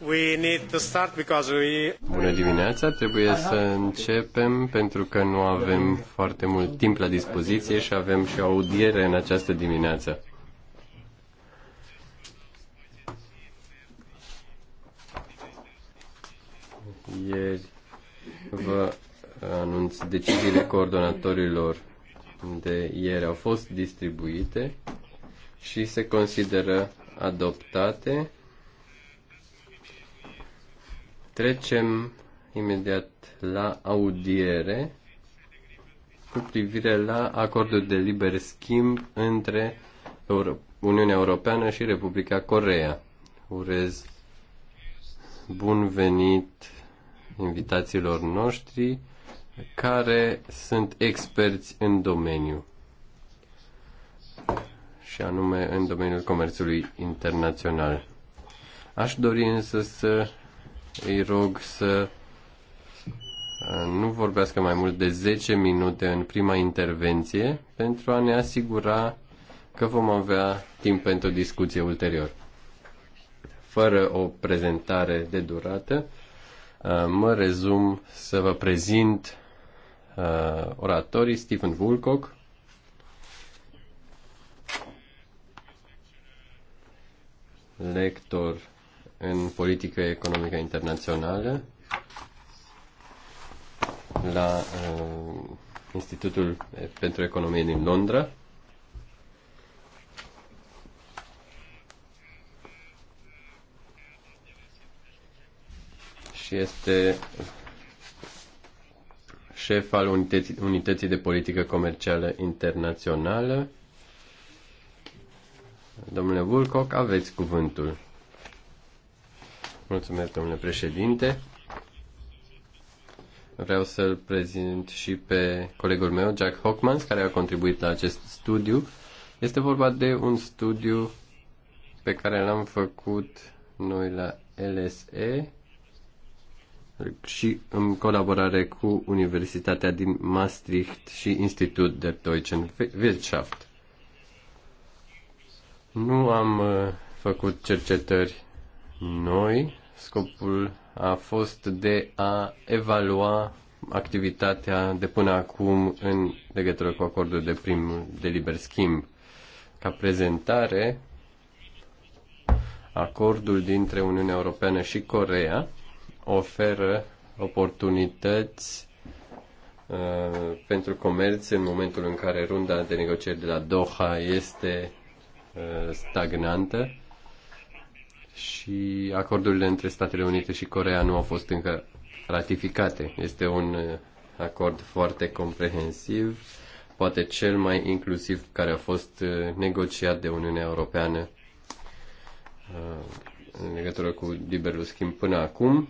We need to start because we... Bună dimineața, trebuie să începem pentru că nu avem foarte mult timp la dispoziție și avem și o audiere în această dimineață. Ieri vă anunț deciziile coordonatorilor de ieri au fost distribuite și se consideră adoptate. Trecem imediat la audiere cu privire la acordul de liber schimb între Euro- Uniunea Europeană și Republica Corea. Urez bun venit invitațiilor noștri care sunt experți în domeniu și anume în domeniul comerțului internațional. Aș dori însă să îi rog să uh, nu vorbească mai mult de 10 minute în prima intervenție pentru a ne asigura că vom avea timp pentru discuție ulterior. Fără o prezentare de durată, uh, mă rezum să vă prezint uh, oratorii Stephen Woolcock, lector în politică economică internațională la uh, Institutul pentru Economie din Londra. Și este șef al unității, unității de politică comercială internațională Domnule Vulcoc, aveți cuvântul. Mulțumesc, domnule președinte. Vreau să-l prezint și pe colegul meu, Jack Hockmans, care a contribuit la acest studiu. Este vorba de un studiu pe care l-am făcut noi la LSE și în colaborare cu Universitatea din Maastricht și Institut de Deutschen Wirtschaft. Nu am uh, făcut cercetări noi. Scopul a fost de a evalua activitatea de până acum în legătură cu acordul de prim de liber schimb. Ca prezentare, acordul dintre Uniunea Europeană și Corea oferă oportunități uh, pentru comerț în momentul în care runda de negocieri de la Doha este Uh, stagnantă și acordurile între Statele Unite și Corea nu au fost încă ratificate. Este un uh, acord foarte comprehensiv, poate cel mai inclusiv care a fost uh, negociat de Uniunea Europeană în legătură cu liberul schimb până acum.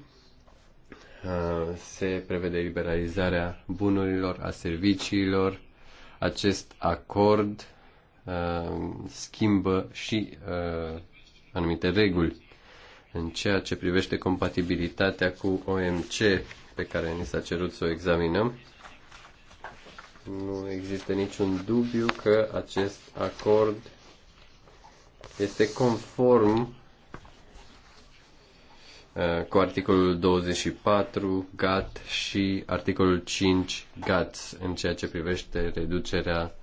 Se prevede liberalizarea bunurilor, a serviciilor. Acest acord Uh, schimbă și uh, anumite reguli. În ceea ce privește compatibilitatea cu OMC pe care ni s-a cerut să o examinăm, nu există niciun dubiu că acest acord este conform uh, cu articolul 24 GAT și articolul 5 GATS în ceea ce privește reducerea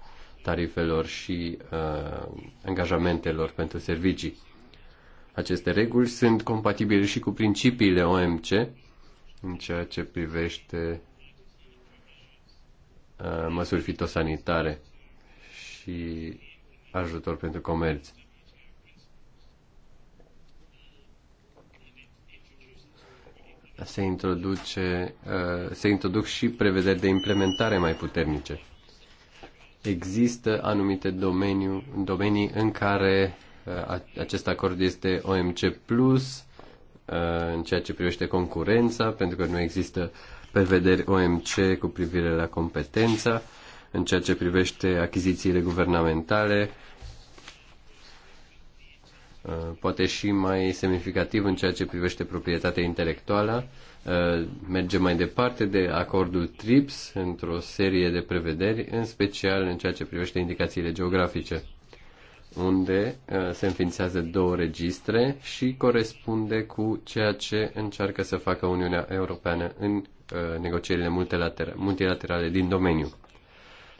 tarifelor și uh, angajamentelor pentru servicii. Aceste reguli sunt compatibile și cu principiile OMC în ceea ce privește uh, măsuri fitosanitare și ajutor pentru comerț. Se, introduce, uh, se introduc și prevederi de implementare mai puternice există anumite domeniu, domenii în care uh, acest acord este OMC plus uh, în ceea ce privește concurența, pentru că nu există prevederi OMC cu privire la competența, în ceea ce privește achizițiile guvernamentale, uh, poate și mai semnificativ în ceea ce privește proprietatea intelectuală, Uh, merge mai departe de acordul TRIPS într-o serie de prevederi, în special în ceea ce privește indicațiile geografice, unde uh, se înființează două registre și corespunde cu ceea ce încearcă să facă Uniunea Europeană în uh, negocierile multilaterale din domeniu.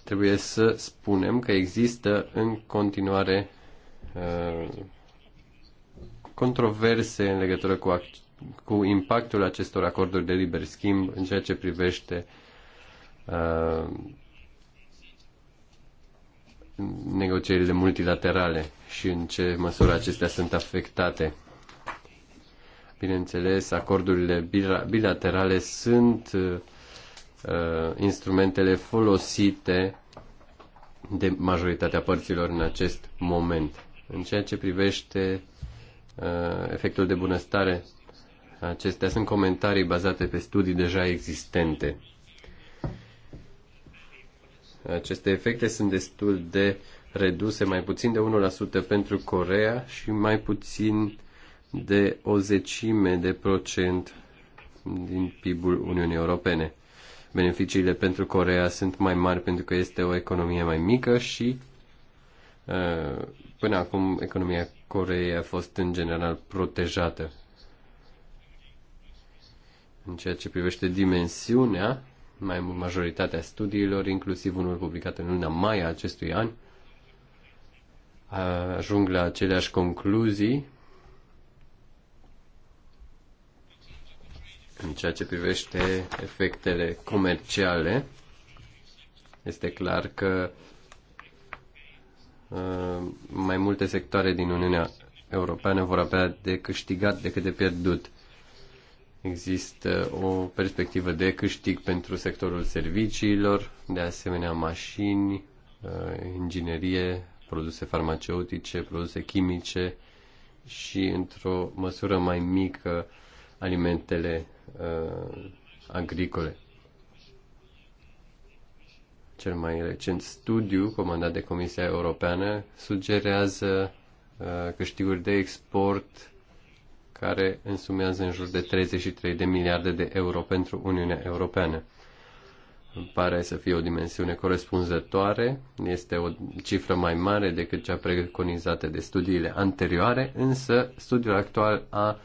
Trebuie să spunem că există în continuare controverse în legătură cu cu impactul acestor acorduri de liber schimb în ceea ce privește uh, negocierile multilaterale și în ce măsură acestea sunt afectate. Bineînțeles, acordurile bilaterale sunt uh, instrumentele folosite de majoritatea părților în acest moment. În ceea ce privește uh, efectul de bunăstare Acestea sunt comentarii bazate pe studii deja existente. Aceste efecte sunt destul de reduse, mai puțin de 1% pentru Corea și mai puțin de o zecime de procent din PIB-ul Uniunii Europene. Beneficiile pentru Corea sunt mai mari pentru că este o economie mai mică și uh, până acum economia Coreei a fost în general protejată. În ceea ce privește dimensiunea, mai majoritatea studiilor, inclusiv unul publicat în luna mai a acestui an, ajung la aceleași concluzii în ceea ce privește efectele comerciale. Este clar că uh, mai multe sectoare din Uniunea Europeană vor avea de câștigat decât de pierdut. Există o perspectivă de câștig pentru sectorul serviciilor, de asemenea mașini, uh, inginerie, produse farmaceutice, produse chimice și, într-o măsură mai mică, alimentele uh, agricole. Cel mai recent studiu comandat de Comisia Europeană sugerează uh, câștiguri de export care însumează în jur de 33 de miliarde de euro pentru Uniunea Europeană. Pare să fie o dimensiune corespunzătoare, este o cifră mai mare decât cea preconizată de studiile anterioare, însă studiul actual a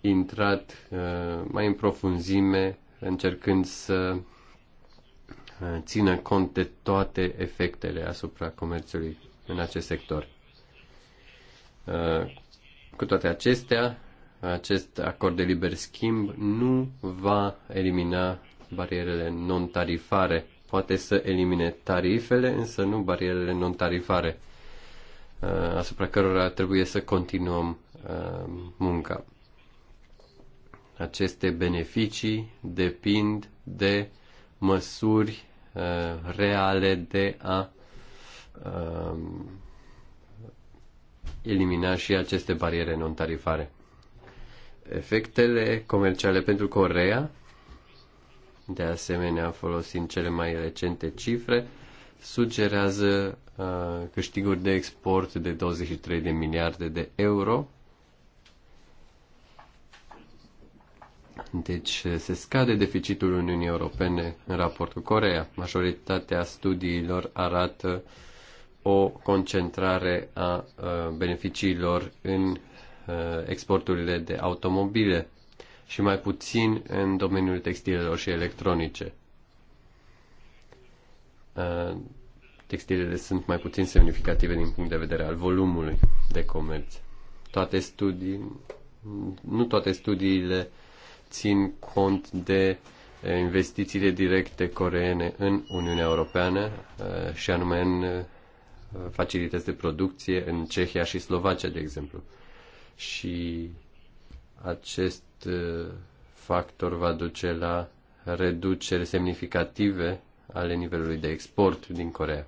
intrat uh, mai în profunzime, încercând să uh, țină cont de toate efectele asupra comerțului în acest sector. Uh, cu toate acestea, acest acord de liber schimb nu va elimina barierele non-tarifare. Poate să elimine tarifele, însă nu barierele non-tarifare, uh, asupra cărora trebuie să continuăm uh, munca. Aceste beneficii depind de măsuri uh, reale de a elimina și aceste bariere non-tarifare efectele comerciale pentru Corea, de asemenea folosind cele mai recente cifre, sugerează uh, câștiguri de export de 23 de miliarde de euro. Deci se scade deficitul Uniunii Europene în raport cu Corea. Majoritatea studiilor arată o concentrare a uh, beneficiilor în Uh, exporturile de automobile și mai puțin în domeniul textilelor și electronice. Uh, textilele sunt mai puțin semnificative din punct de vedere al volumului de comerț. Toate studii, nu toate studiile țin cont de uh, investițiile directe coreene în Uniunea Europeană și anume în facilități de producție în Cehia și Slovacia, de exemplu și acest uh, factor va duce la reduceri semnificative ale nivelului de export din Corea.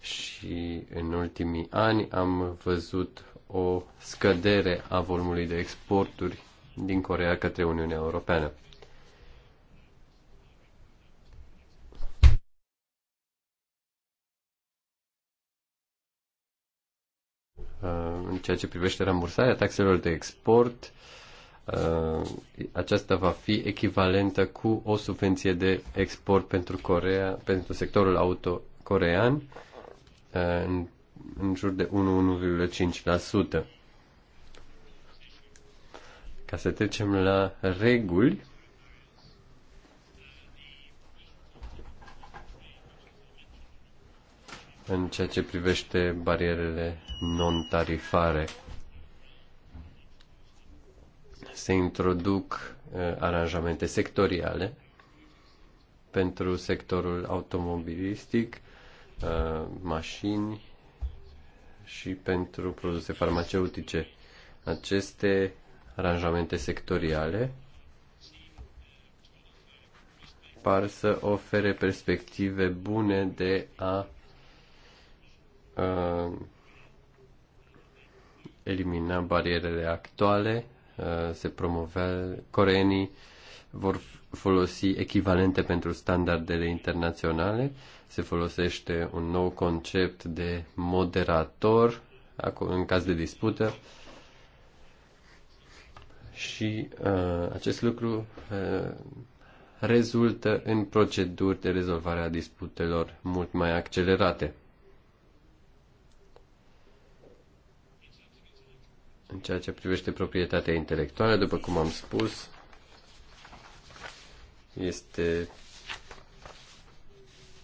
Și în ultimii ani am văzut o scădere a volumului de exporturi din Corea către Uniunea Europeană. Uh, în ceea ce privește rambursarea taxelor de export, uh, aceasta va fi echivalentă cu o subvenție de export pentru, Corea, pentru sectorul auto corean uh, în, în jur de 1,5%. Ca să trecem la reguli, în ceea ce privește barierele non-tarifare. Se introduc uh, aranjamente sectoriale pentru sectorul automobilistic, uh, mașini și pentru produse farmaceutice. Aceste aranjamente sectoriale par să ofere perspective bune de a uh, elimina barierele actuale, uh, se promovea coreenii vor folosi echivalente pentru standardele internaționale, se folosește un nou concept de moderator în caz de dispută și uh, acest lucru uh, rezultă în proceduri de rezolvare a disputelor mult mai accelerate. În ceea ce privește proprietatea intelectuală, după cum am spus, este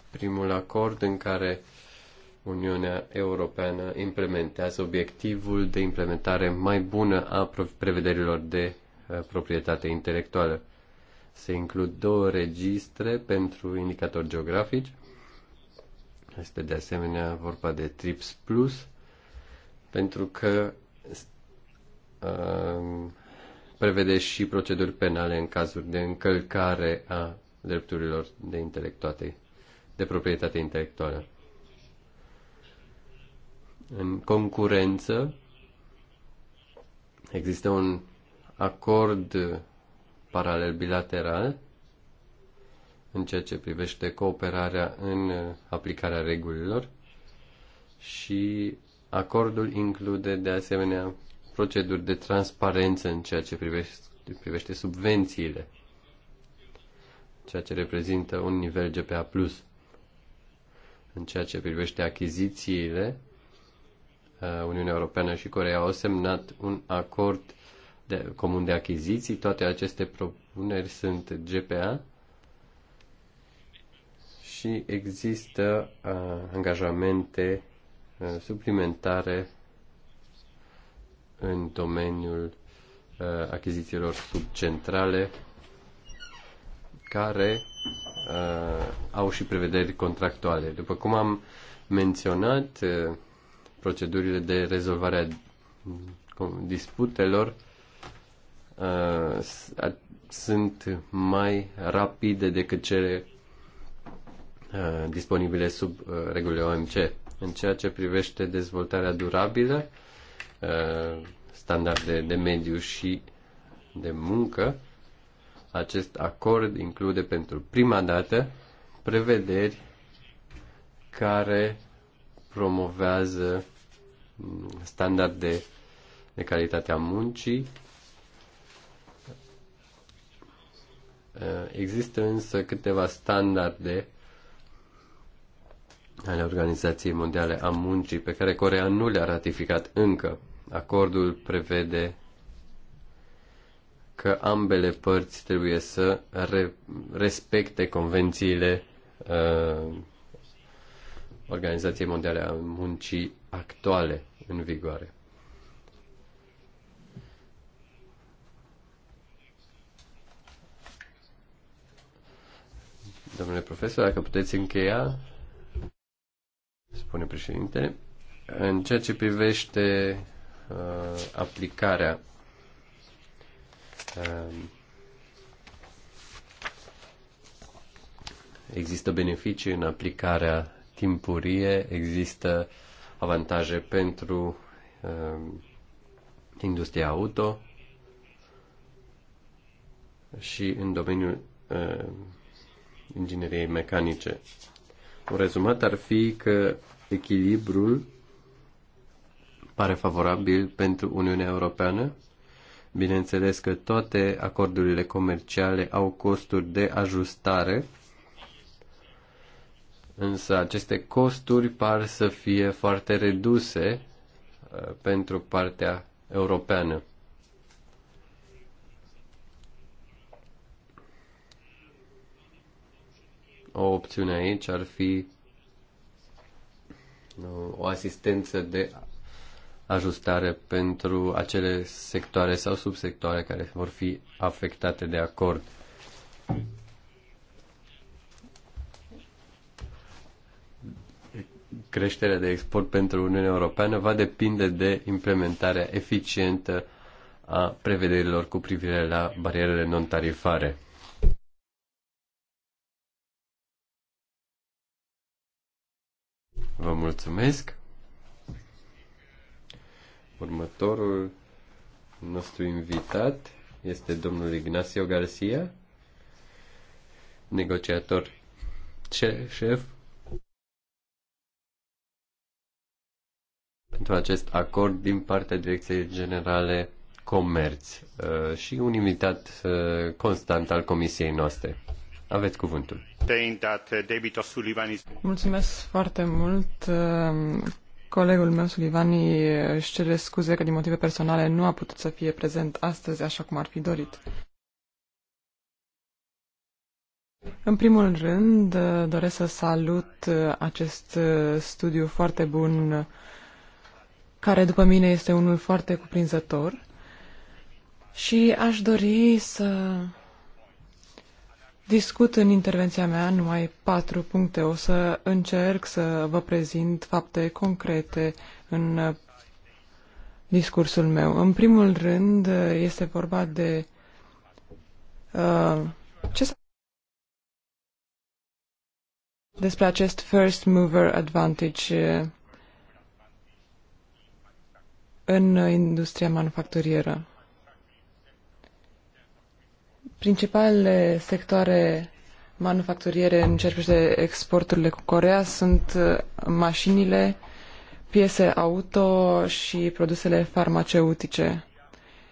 primul acord în care Uniunea Europeană implementează obiectivul de implementare mai bună a prevederilor de uh, proprietate intelectuală. Se includ două registre pentru indicatori geografici. Este de asemenea vorba de TRIPS Plus, pentru că Uh, prevede și proceduri penale în cazuri de încălcare a drepturilor de intelectuate, de proprietate intelectuală. În concurență există un acord paralel bilateral în ceea ce privește cooperarea în aplicarea regulilor și acordul include de asemenea proceduri de transparență în ceea ce privește, privește subvențiile, ceea ce reprezintă un nivel GPA+. În ceea ce privește achizițiile, uh, Uniunea Europeană și Coreea au semnat un acord de, comun de achiziții. Toate aceste propuneri sunt GPA și există uh, angajamente uh, suplimentare în domeniul uh, achizițiilor subcentrale care uh, au și prevederi contractuale. După cum am menționat, uh, procedurile de rezolvare a disputelor uh, sunt mai rapide decât cele uh, disponibile sub uh, regulile OMC. În ceea ce privește dezvoltarea durabilă, Uh, standarde de mediu și de muncă. Acest acord include pentru prima dată prevederi care promovează standarde de calitate a muncii. Uh, există însă câteva standarde ale Organizației Mondiale a Muncii pe care Corea nu le-a ratificat încă. Acordul prevede că ambele părți trebuie să re- respecte convențiile uh, Organizației Mondiale a Muncii actuale în vigoare. Domnule profesor, dacă puteți încheia, spune președintele, în ceea ce privește Uh, aplicarea um, există beneficii în aplicarea timpurie, există avantaje pentru uh, industria auto și în domeniul uh, ingineriei mecanice. Un rezumat ar fi că echilibrul pare favorabil pentru Uniunea Europeană. Bineînțeles că toate acordurile comerciale au costuri de ajustare, însă aceste costuri par să fie foarte reduse uh, pentru partea europeană. O opțiune aici ar fi o asistență de ajustare pentru acele sectoare sau subsectoare care vor fi afectate de acord. Creșterea de export pentru Uniunea Europeană va depinde de implementarea eficientă a prevederilor cu privire la barierele non-tarifare. Vă mulțumesc! Următorul nostru invitat este domnul Ignacio Garcia, negociator șef pentru acest acord din partea Direcției Generale Comerț uh, și un invitat uh, constant al comisiei noastre. Aveți cuvântul. Uh, Mulțumesc foarte mult. Colegul meu, Sulivani, își cere scuze că din motive personale nu a putut să fie prezent astăzi așa cum ar fi dorit. În primul rând, doresc să salut acest studiu foarte bun, care după mine este unul foarte cuprinzător. Și aș dori să discut în intervenția mea numai patru puncte. O să încerc să vă prezint fapte concrete în uh, discursul meu. În primul rând uh, este vorba de uh, ce despre acest first mover advantage uh, în industria manufacturieră. Principalele sectoare manufacturiere în ce privește exporturile cu Corea sunt uh, mașinile, piese auto și produsele farmaceutice.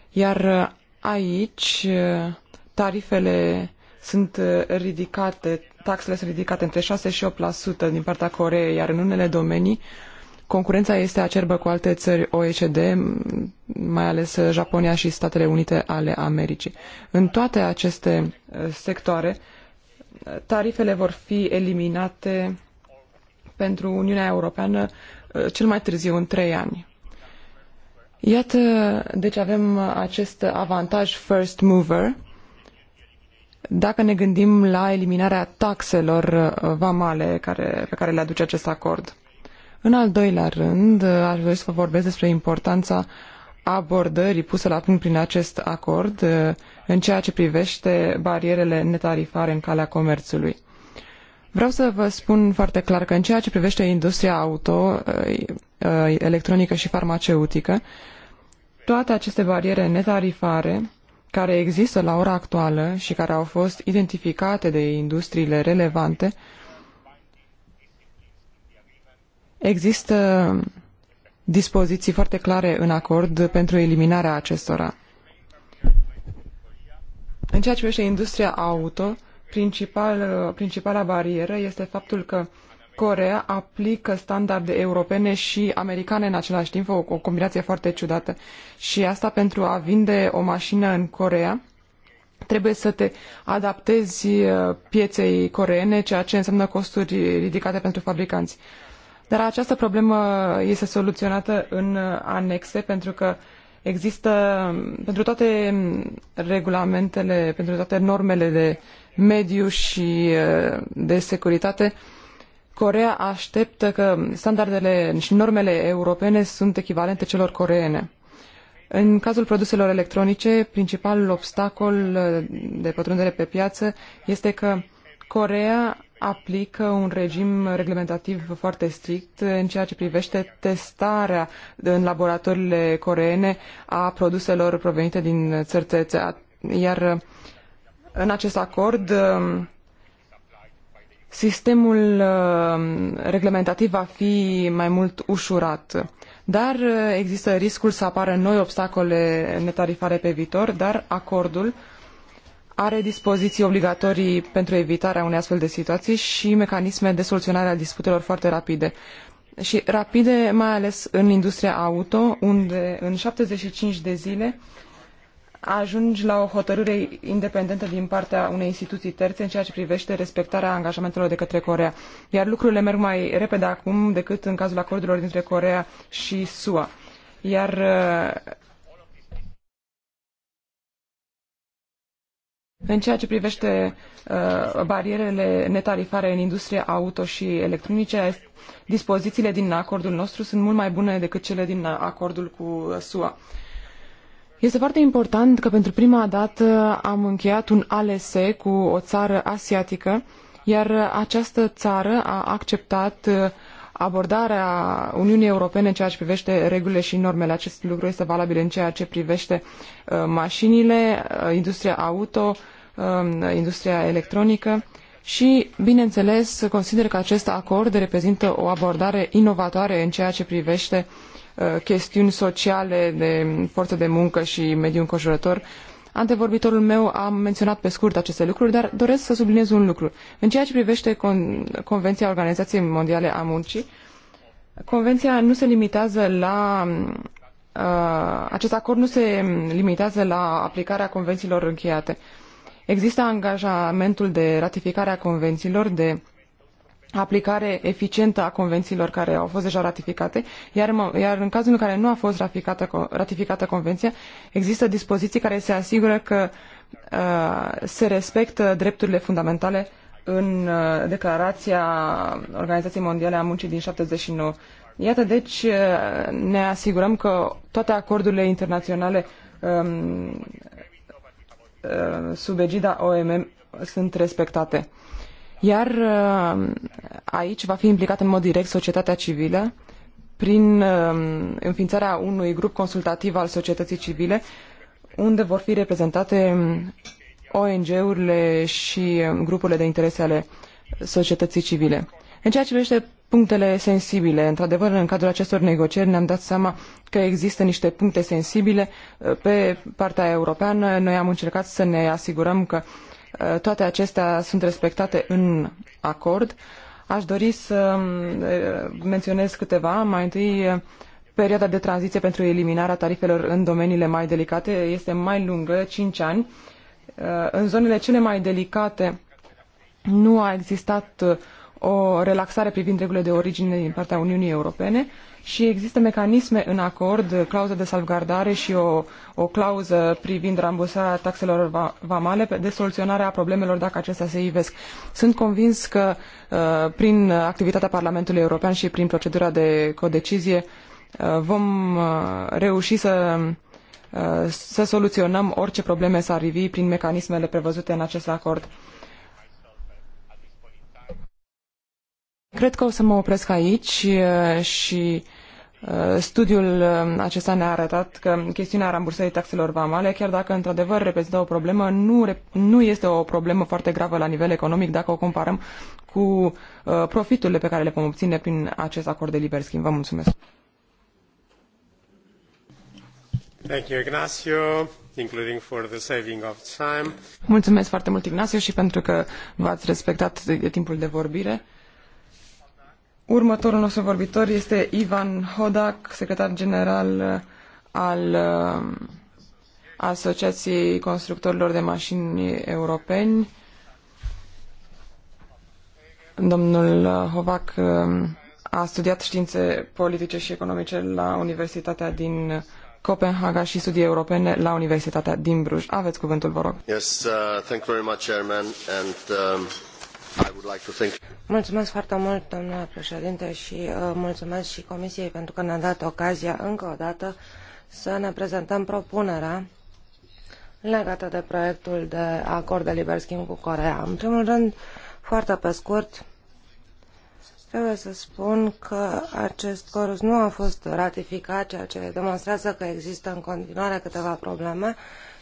Iar uh, aici uh, tarifele sunt ridicate, taxele sunt ridicate între 6 și 8% din partea Coreei, iar în unele domenii Concurența este acerbă cu alte țări OECD, mai ales Japonia și Statele Unite ale Americii. În toate aceste uh, sectoare, uh, tarifele vor fi eliminate pentru Uniunea Europeană uh, cel mai târziu, în trei ani. Iată, deci avem acest avantaj first mover dacă ne gândim la eliminarea taxelor vamale care, pe care le aduce acest acord. În al doilea rând, aș dori să vă vorbesc despre importanța abordării puse la punct prin acest acord uh, în ceea ce privește barierele netarifare în calea comerțului. Vreau să vă spun foarte clar că în ceea ce privește industria auto, uh, uh, electronică și farmaceutică, toate aceste bariere netarifare care există la ora actuală și care au fost identificate de industriile relevante Există dispoziții foarte clare în acord pentru eliminarea acestora. În ceea ce privește industria auto, principal, principala barieră este faptul că Coreea aplică standarde europene și americane în același timp, o, o combinație foarte ciudată. Și asta pentru a vinde o mașină în Coreea, trebuie să te adaptezi uh, pieței coreene, ceea ce înseamnă costuri ridicate pentru fabricanți. Dar această problemă este soluționată în anexe pentru că există pentru toate regulamentele, pentru toate normele de mediu și uh, de securitate, Corea așteptă că standardele și normele europene sunt echivalente celor coreene. În cazul produselor electronice, principalul obstacol uh, de pătrundere pe piață este că Corea aplică un regim reglementativ foarte strict în ceea ce privește testarea în laboratoarele coreene a produselor provenite din țări terțe. Iar în acest acord, sistemul uh, reglementativ va fi mai mult ușurat. Dar există riscul să apară noi obstacole netarifare pe viitor, dar acordul are dispoziții obligatorii pentru evitarea unei astfel de situații și mecanisme de soluționare a disputelor foarte rapide. Și rapide, mai ales în industria auto, unde în 75 de zile ajungi la o hotărâre independentă din partea unei instituții terțe în ceea ce privește respectarea angajamentelor de către Corea. Iar lucrurile merg mai repede acum decât în cazul acordurilor dintre Corea și SUA. Iar În ceea ce privește uh, barierele netarifare în industria auto și electronice, dispozițiile din acordul nostru sunt mult mai bune decât cele din acordul cu uh, SUA. Este foarte important că pentru prima dată am încheiat un ALS cu o țară asiatică, iar această țară a acceptat uh, abordarea Uniunii Europene în ceea ce privește regulile și normele. Acest lucru este valabil în ceea ce privește uh, mașinile, uh, industria auto, um, uh, industria electronică și, bineînțeles, consider că acest acord reprezintă o abordare inovatoare în ceea ce privește chestiuni sociale de forță de muncă și mediu înconjurător, Antevorbitorul meu a menționat pe scurt aceste lucruri, dar doresc să subliniez un lucru. În ceea ce privește con Convenția Organizației Mondiale a Muncii, Convenția nu se limitează la Uh, acest acord nu se limitează la aplicarea convențiilor încheiate. Există angajamentul de ratificare a convențiilor, de aplicare eficientă a convențiilor care au fost deja ratificate, iar, iar în cazul în care nu a fost ratificată, ratificată convenția, există dispoziții care se asigură că uh, se respectă drepturile fundamentale în uh, declarația Organizației Mondiale a Muncii din 79. Iată, deci, uh, ne asigurăm că toate acordurile internaționale um, uh, sub egida OMM sunt respectate. Iar uh, aici va fi implicată în mod direct societatea civilă prin uh, înființarea unui grup consultativ al societății civile unde vor fi reprezentate um, ONG-urile și um, grupurile de interese ale societății civile. În ceea ce privește punctele sensibile, într-adevăr, în cadrul acestor negocieri ne-am dat seama că există niște puncte sensibile uh, pe partea europeană. Noi am încercat să ne asigurăm că uh, Eh, toate acestea sunt respectate în acord. Aș dori să eh, menționez câteva. Mai întâi, perioada de tranziție pentru eliminarea tarifelor în domeniile mai delicate este mai lungă, 5 ani. Eh, în zonele cele mai delicate nu a existat o relaxare privind regulile de origine din partea Uniunii Europene și există mecanisme în acord, clauze de salvgardare și o, o clauză privind rambursarea taxelor vamale de soluționarea problemelor dacă acestea se ivesc. Sunt convins că uh, prin activitatea Parlamentului European și prin procedura de codecizie uh, vom uh, reuși să să soluționăm orice probleme s-ar prin mecanismele prevăzute în acest acord. Cred că o să mă opresc aici uh, și uh, studiul uh, acesta ne-a arătat că chestiunea rambursării taxelor vamale, chiar dacă într-adevăr reprezintă o problemă, nu, nu este o problemă foarte gravă la nivel economic dacă o comparăm cu profiturile pe care le vom obține prin acest acord de liber schimb. Vă mulțumesc! Thank you, Ignacio, including for the saving of time. Mulțumesc foarte mult, Ignacio, și pentru că v-ați respectat timpul de vorbire. Următorul nostru vorbitor este Ivan Hodak, secretar general al um, Asociației Constructorilor de Mașini Europeni. Domnul Hovac um, a studiat științe politice și economice la Universitatea din Copenhaga și studii europene la Universitatea din Bruj. Aveți cuvântul, vă rog. Yes, uh, thank you very much, Chairman, and um, Mulțumesc foarte mult, domnule președinte, și uh, mulțumesc și Comisiei pentru că ne-a dat ocazia încă o dată să ne prezentăm propunerea legată de proiectul de acord de liber schimb cu Coreea. În primul rând, foarte pe scurt, trebuie să spun că acest corus nu a fost ratificat, ceea ce demonstrează că există în continuare câteva probleme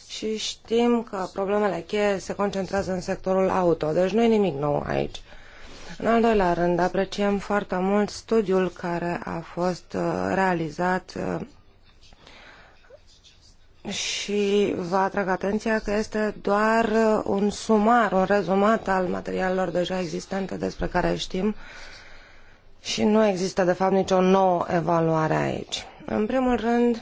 și știm că problemele cheie se concentrează în sectorul auto, deci nu e nimic nou aici. În al doilea rând, apreciem foarte mult studiul care a fost uh, realizat uh, și vă atrag atenția că este doar uh, un sumar, un rezumat al materialelor deja existente despre care știm și nu există de fapt nicio nouă evaluare aici. În primul rând,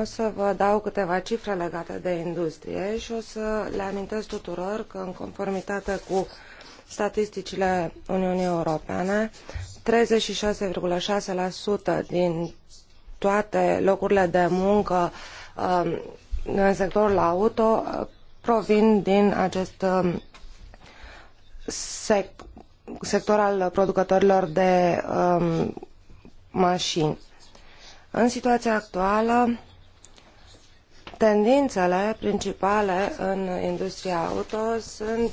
o să vă dau câteva cifre legate de industrie și o să le amintesc tuturor că în conformitate cu statisticile Uniunii Europene, 36,6% din toate locurile de muncă um, în sectorul auto provin din acest um, sector al producătorilor de um, mașini. În situația actuală, Tendințele principale în industria auto sunt,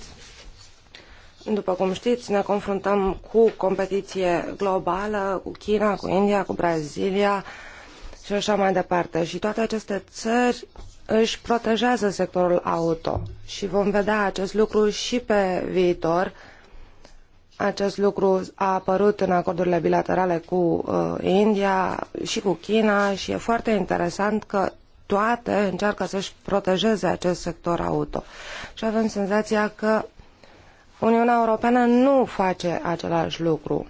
după cum știți, ne confruntăm cu competiție globală, cu China, cu India, cu Brazilia și așa mai departe. Și toate aceste țări își protejează sectorul auto și vom vedea acest lucru și pe viitor. Acest lucru a apărut în acordurile bilaterale cu uh, India și cu China și e foarte interesant că toate încearcă să-și protejeze acest sector auto. Și avem senzația că Uniunea Europeană nu face același lucru.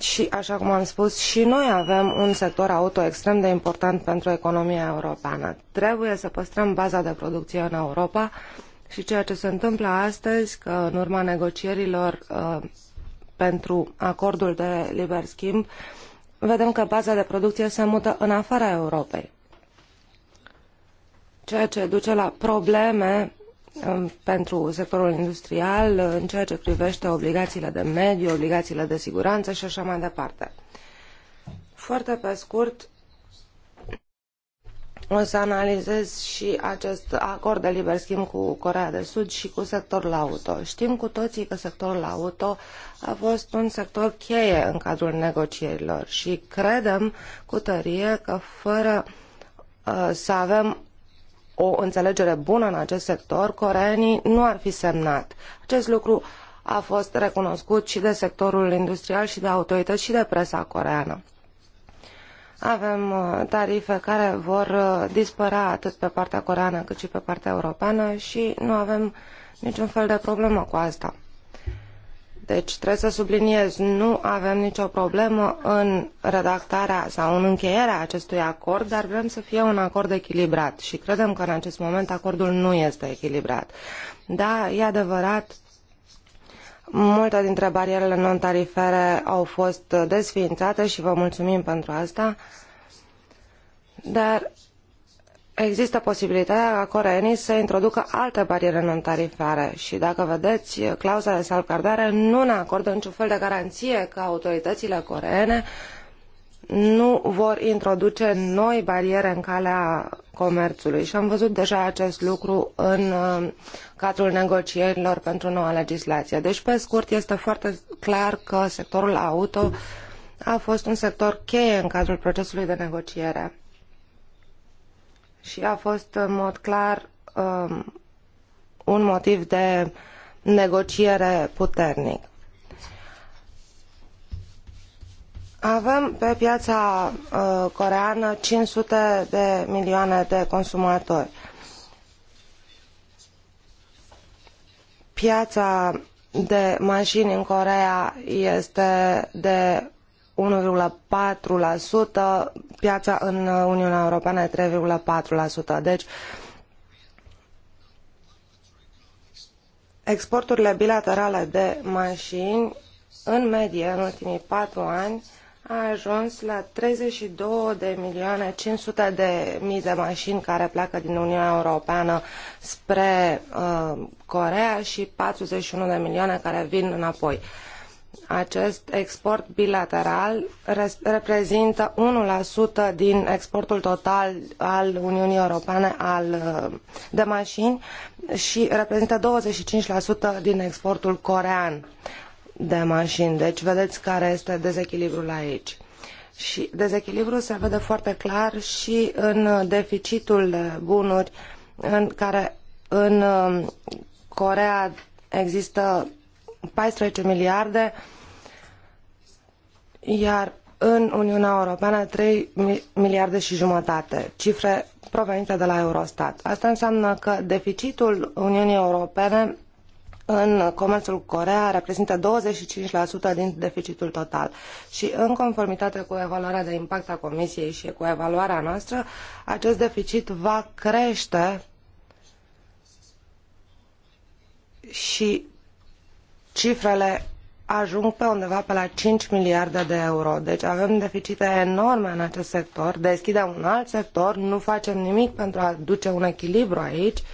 Și, așa cum am spus, și noi avem un sector auto extrem de important pentru economia europeană. Trebuie să păstrăm baza de producție în Europa și ceea ce se întâmplă astăzi, că în urma negocierilor uh, pentru acordul de liber schimb, uh, vedem că baza de producție se mută în afara Europei, ceea ce duce la probleme um, pentru sectorul industrial în ceea ce privește obligațiile de mediu, obligațiile de siguranță și așa mai departe. Foarte pe scurt, o să analizez și acest acord de liber schimb cu Coreea de Sud și cu sectorul auto. Știm cu toții că sectorul auto a fost un sector cheie în cadrul negocierilor și credem cu tărie că fără uh, să avem o înțelegere bună în acest sector, coreenii nu ar fi semnat. Acest lucru a fost recunoscut și de sectorul industrial și de autorități și de presa coreeană. Avem uh, tarife care vor uh, dispărea atât pe partea coreană cât și pe partea europeană și nu avem niciun fel de problemă cu asta. Deci trebuie să subliniez, nu avem nicio problemă în redactarea sau în încheierea acestui acord, dar vrem să fie un acord echilibrat și credem că în acest moment acordul nu este echilibrat. Da, e adevărat, Multe dintre barierele non-tarifere au fost desființate și vă mulțumim pentru asta, dar există posibilitatea ca coreenii să introducă alte bariere non-tarifare și dacă vedeți, clauza de salvgardare nu ne acordă niciun fel de garanție că autoritățile coreene nu vor introduce noi bariere în calea comerțului și am văzut deja acest lucru în uh, cadrul negocierilor pentru noua legislație. Deci, pe scurt, este foarte clar că sectorul auto a fost un sector cheie în cadrul procesului de negociere și a fost în mod clar um, un motiv de negociere puternic. Avem pe piața uh, coreană 500 de milioane de consumatori. Piața de mașini în Coreea este de 1,4%, piața în Uniunea Europeană e 3,4%. Deci, exporturile bilaterale de mașini, în medie, în ultimii patru ani, a ajuns la 32 de milioane 500 de mii de mașini care pleacă din Uniunea Europeană spre uh, Corea și 41 de milioane care vin înapoi. Acest export bilateral reprezintă 1% din exportul total al Uniunii Europene al, uh, de mașini și reprezintă 25% din exportul corean. Uh, de mașini. Deci vedeți care este dezechilibrul aici. Și dezechilibrul se vede foarte clar și în deficitul de bunuri în care în um, Corea există 14 miliarde, iar în Uniunea Europeană 3 miliarde și jumătate, cifre provenite de la Eurostat. Asta înseamnă că deficitul Uniunii Europene în comerțul Corea reprezintă 25% din deficitul total și în conformitate cu evaluarea de impact a Comisiei și cu evaluarea noastră, acest deficit va crește și cifrele ajung pe undeva pe la 5 miliarde de euro. Deci avem deficite enorme în acest sector, deschidem un alt sector, nu facem nimic pentru a duce un echilibru aici uh,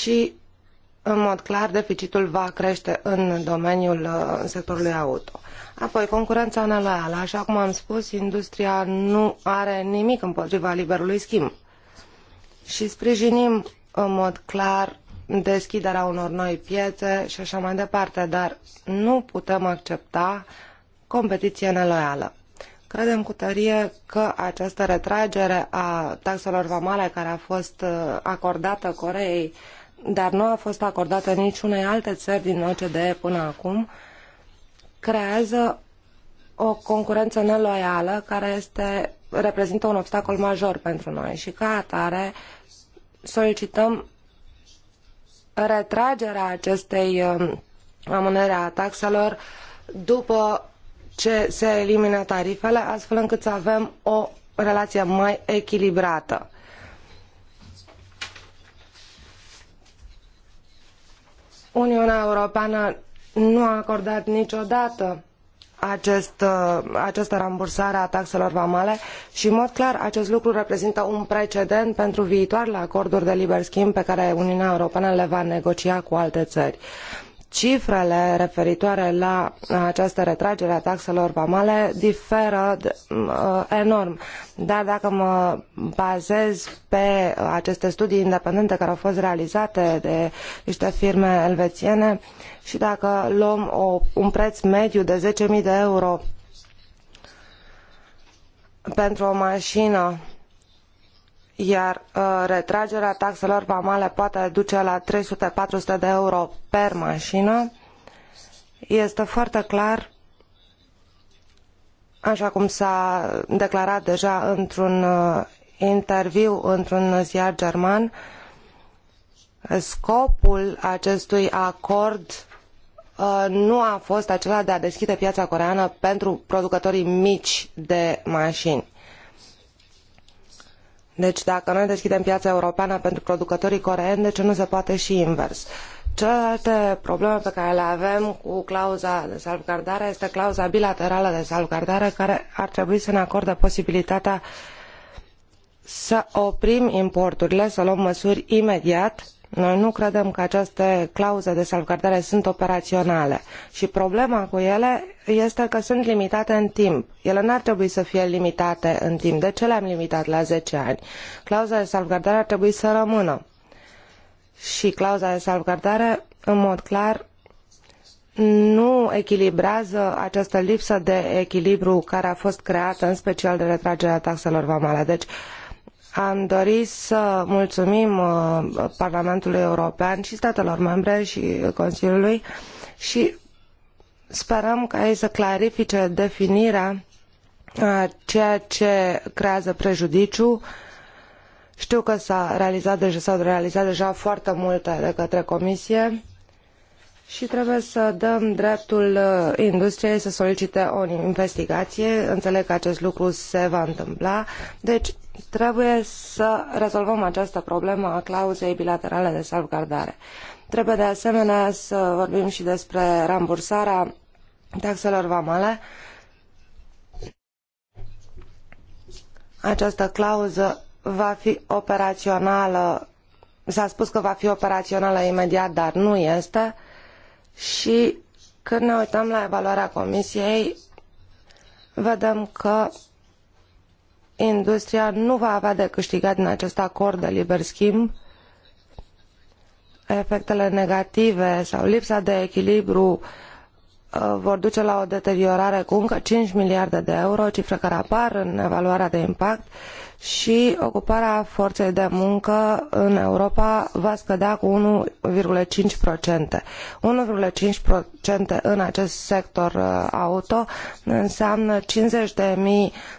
și în mod clar deficitul va crește în domeniul uh, sectorului auto. Apoi, concurența neloială. Așa cum am spus, industria nu are nimic împotriva liberului schimb și sprijinim în mod clar deschiderea unor noi piețe și așa mai departe, dar nu putem accepta competiție neloială. Credem cu tărie că această retragere a taxelor vamale care a fost uh, acordată Coreei uh, dar nu a fost acordată niciunei alte țări din OCDE până acum, creează o concurență neloială care este, reprezintă un obstacol major pentru noi și ca atare solicităm retragerea acestei um, amânări a taxelor după ce se elimină tarifele, astfel încât să avem o relație mai echilibrată. Uniunea Europeană nu a acordat niciodată acest, uh, această rambursare a taxelor vamale și, în mod clar, acest lucru reprezintă un precedent pentru viitoarele acorduri de liber schimb pe care Uniunea Europeană le va negocia cu alte țări cifrele referitoare la această retragere a taxelor vamale diferă uh, enorm. Dar dacă mă bazez pe aceste studii independente care au fost realizate de niște firme elvețiene și dacă luăm o, un preț mediu de 10.000 de euro pentru o mașină iar uh, retragerea taxelor vamale poate duce la 300-400 de euro per mașină, este foarte clar, așa cum s-a declarat deja într-un uh, interviu într-un ziar german, scopul acestui acord uh, nu a fost acela de a deschide piața coreeană pentru producătorii mici de mașini deci dacă noi deschidem piața europeană pentru producătorii coreeni, de ce nu se poate și invers? Celelalte probleme pe care le avem cu clauza de salvgardare este clauza bilaterală de salvgardare care ar trebui să ne acorde posibilitatea să oprim importurile, să luăm măsuri imediat noi nu credem că aceste clauze de salvgardare sunt operaționale și problema cu ele este că sunt limitate în timp. Ele n-ar trebui să fie limitate în timp. De ce le-am limitat la zece ani? Clauza de salvgardare ar trebui să rămână. Și clauza de salvgardare, în mod clar, nu echilibrează această lipsă de echilibru care a fost creată în special de retragerea taxelor vamale. Deci am dori să mulțumim uh, Parlamentului European și statelor membre și Consiliului și sperăm ca ei să clarifice definirea a uh, ceea ce creează prejudiciu. Știu că s-a realizat deja, s-au realizat deja foarte multe de către Comisie și trebuie să dăm dreptul uh, industriei să solicite o investigație. Înțeleg că acest lucru se va întâmpla. Deci trebuie să rezolvăm această problemă a clauzei bilaterale de salvgardare. Trebuie de asemenea să vorbim și despre rambursarea taxelor vamale. Această clauză va fi operațională, s-a spus că va fi operațională imediat, dar nu este. Și când ne uităm la evaluarea comisiei, vedem că industria nu va avea de câștigat din acest acord de liber schimb efectele negative sau lipsa de echilibru uh, vor duce la o deteriorare cu încă cinci miliarde de euro, cifre care apar în evaluarea de impact și ocuparea forței de muncă în Europa va scădea cu 1,5%. 1,5% în acest sector uh, auto înseamnă 50.000 de